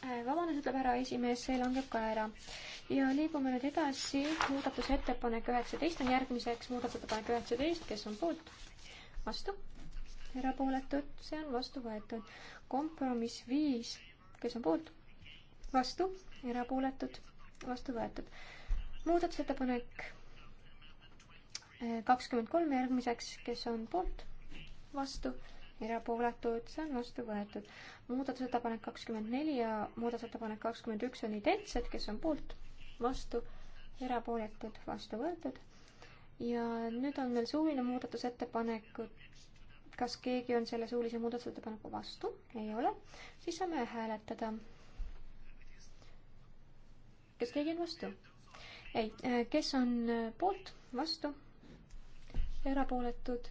Äh, vabandust, ütleb härra esimees, see langeb ka ära ja liigume nüüd edasi, muudatusettepanek üheksateist on järgmiseks, muudatusettepanek üheksateist, kes on poolt? vastu? erapooletud, see on vastu võetud. kompromiss viis, kes on poolt? vastu? erapooletud? vastu võetud. muudatusettepanek eh, kakskümmend kolm järgmiseks, kes on poolt? vastu? erapooletud, see on vastu võetud. muudatusettepanek kakskümmend neli ja muudatusettepanek kakskümmend üks on identsed, kes on poolt? vastu, erapooletud, vastu võetud. ja nüüd on meil suuline muudatusettepanek. kas keegi on selle suulise muudatusettepaneku vastu? ei ole, siis saame hääletada. kas keegi on vastu? ei, äh, kes on äh, poolt, vastu, erapooletud?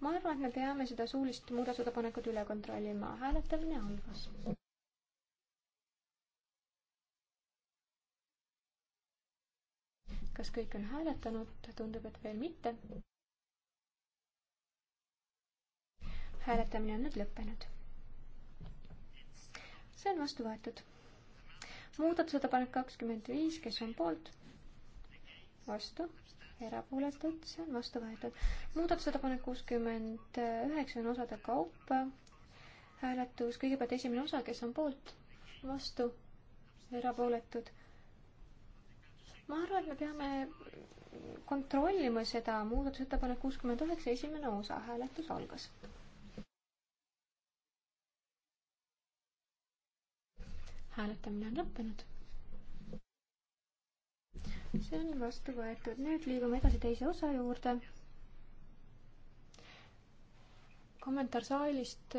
ma arvan, et me peame seda suulist muudatusettepanekut üle kontrollima. hääletamine algas. kas kõik on hääletanud? tundub, et veel mitte. hääletamine on nüüd lõppenud. see on vastu võetud. muudatusettepanek kakskümmend viis, kes on poolt? vastu, erapooletud, see on vastu võetud. muudatusettepanek kuuskümmend üheksa on osade kaupa. hääletus, kõigepealt esimene osa, kes on poolt? vastu, erapooletud ma arvan, et me peame kontrollima seda muudatusettepanek kuuskümmend üheksa, esimene osa, hääletus algas. hääletamine on lõppenud. see on vastu võetud, nüüd liigume edasi teise osa juurde. kommentaar saalist,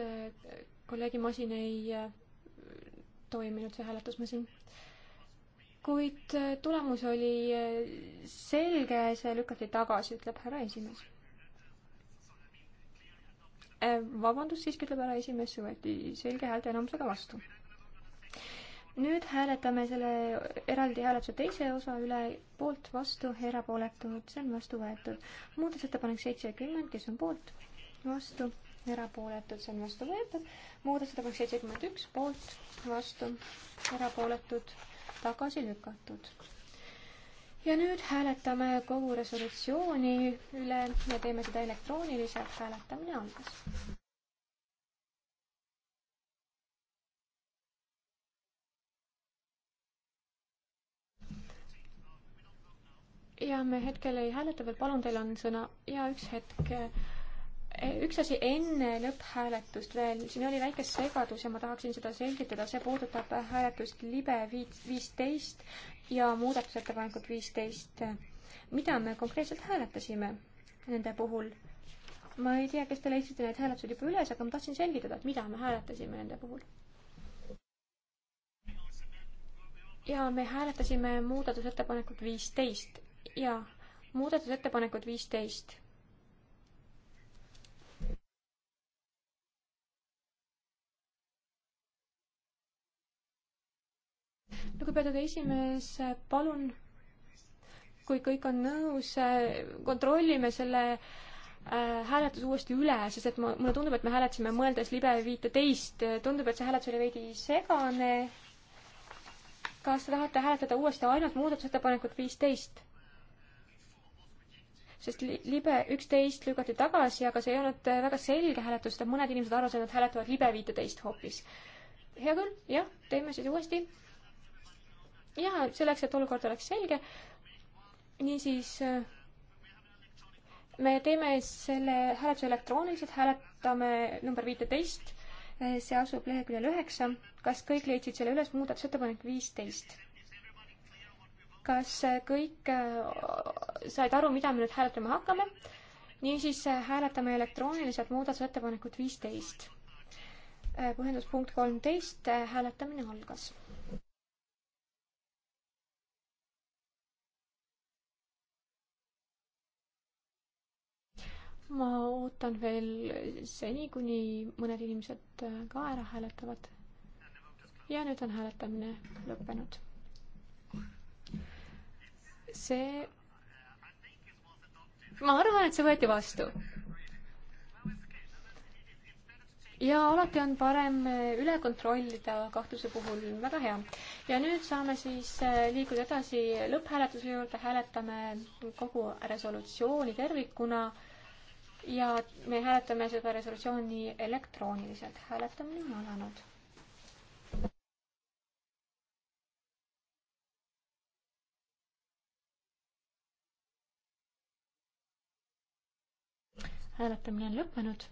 kolleegi masin ei äh, toiminud, see hääletusmasin ma kuid äh, tulemus oli äh, selge, see lükati tagasi, ütleb härra esimees. Äh, vabandust, siiski ütleb härra esimees, see võeti selge häälteenamusega vastu. nüüd hääletame selle eraldi hääletuse teise osa üle, poolt, vastu, erapooletud, see on vastu võetud. muudatusettepanek seitsekümmend, kes on poolt, vastu, erapooletud, see on vastu võetud. muudatusettepanek seitsekümmend üks, poolt, vastu, erapooletud tagasi lükatud. ja nüüd hääletame kogu resolutsiooni üle ja teeme seda elektrooniliselt, hääletamine algas. ja me hetkel ei hääleta veel, palun, teil on sõna ja üks hetk üks asi enne lõpphääletust veel, siin oli väike segadus ja ma tahaksin seda selgitada, see puudutab hääletust libe viisteist ja muudatusettepanekut viisteist. mida me konkreetselt hääletasime nende puhul? ma ei tea, kes te leidsite need hääletused juba üles, aga ma tahtsin selgitada, et mida me hääletasime nende puhul. ja me hääletasime muudatusettepanekut viisteist ja muudatusettepanekut viisteist lugupeetud esimees, palun, kui kõik on nõus, kontrollime selle äh, hääletus uuesti üle, sest et ma, mulle tundub, et me hääletasime mõeldes libe viiteist, tundub, et see hääletus oli veidi segane. kas te tahate hääletada uuesti ainult muudatusettepanekut viisteist? sest libe üksteist lükati tagasi, aga see ei olnud väga selge hääletus, sest mõned inimesed arvasid, et nad hääletavad libe viiteist hoopis. hea küll, jah, teeme siis uuesti ja selleks, et olukord oleks selge, niisiis me teeme selle hääletuse elektrooniliselt, hääletame number viiteist, see asub leheküljel üheksa. kas kõik leidsid selle üles, muudatusettepanek viisteist? kas kõik äh, said aru, mida me nüüd hääletama hakkame? niisiis hääletame elektrooniliselt muudatusettepanekut viisteist. põhjenduspunkt kolmteist, hääletamine algas ma ootan veel seni, kuni mõned inimesed ka ära hääletavad. ja nüüd on hääletamine lõppenud. see, ma arvan, et see võeti vastu ja alati on parem üle kontrollida kahtluse puhul, väga hea. ja nüüd saame siis äh, liikuda edasi lõpphääletuse juurde, hääletame kogu resolutsiooni tervikuna ja me hääletame seda resolutsiooni elektrooniliselt. hääletamine on alanud. hääletamine on lõppenud.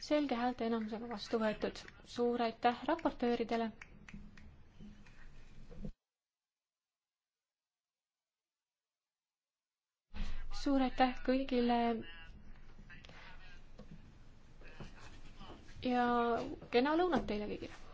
selge häälte enamusega vastu võetud. suur aitäh raportööridele suur aitäh kõigile. ja kena lõunat teile kõigile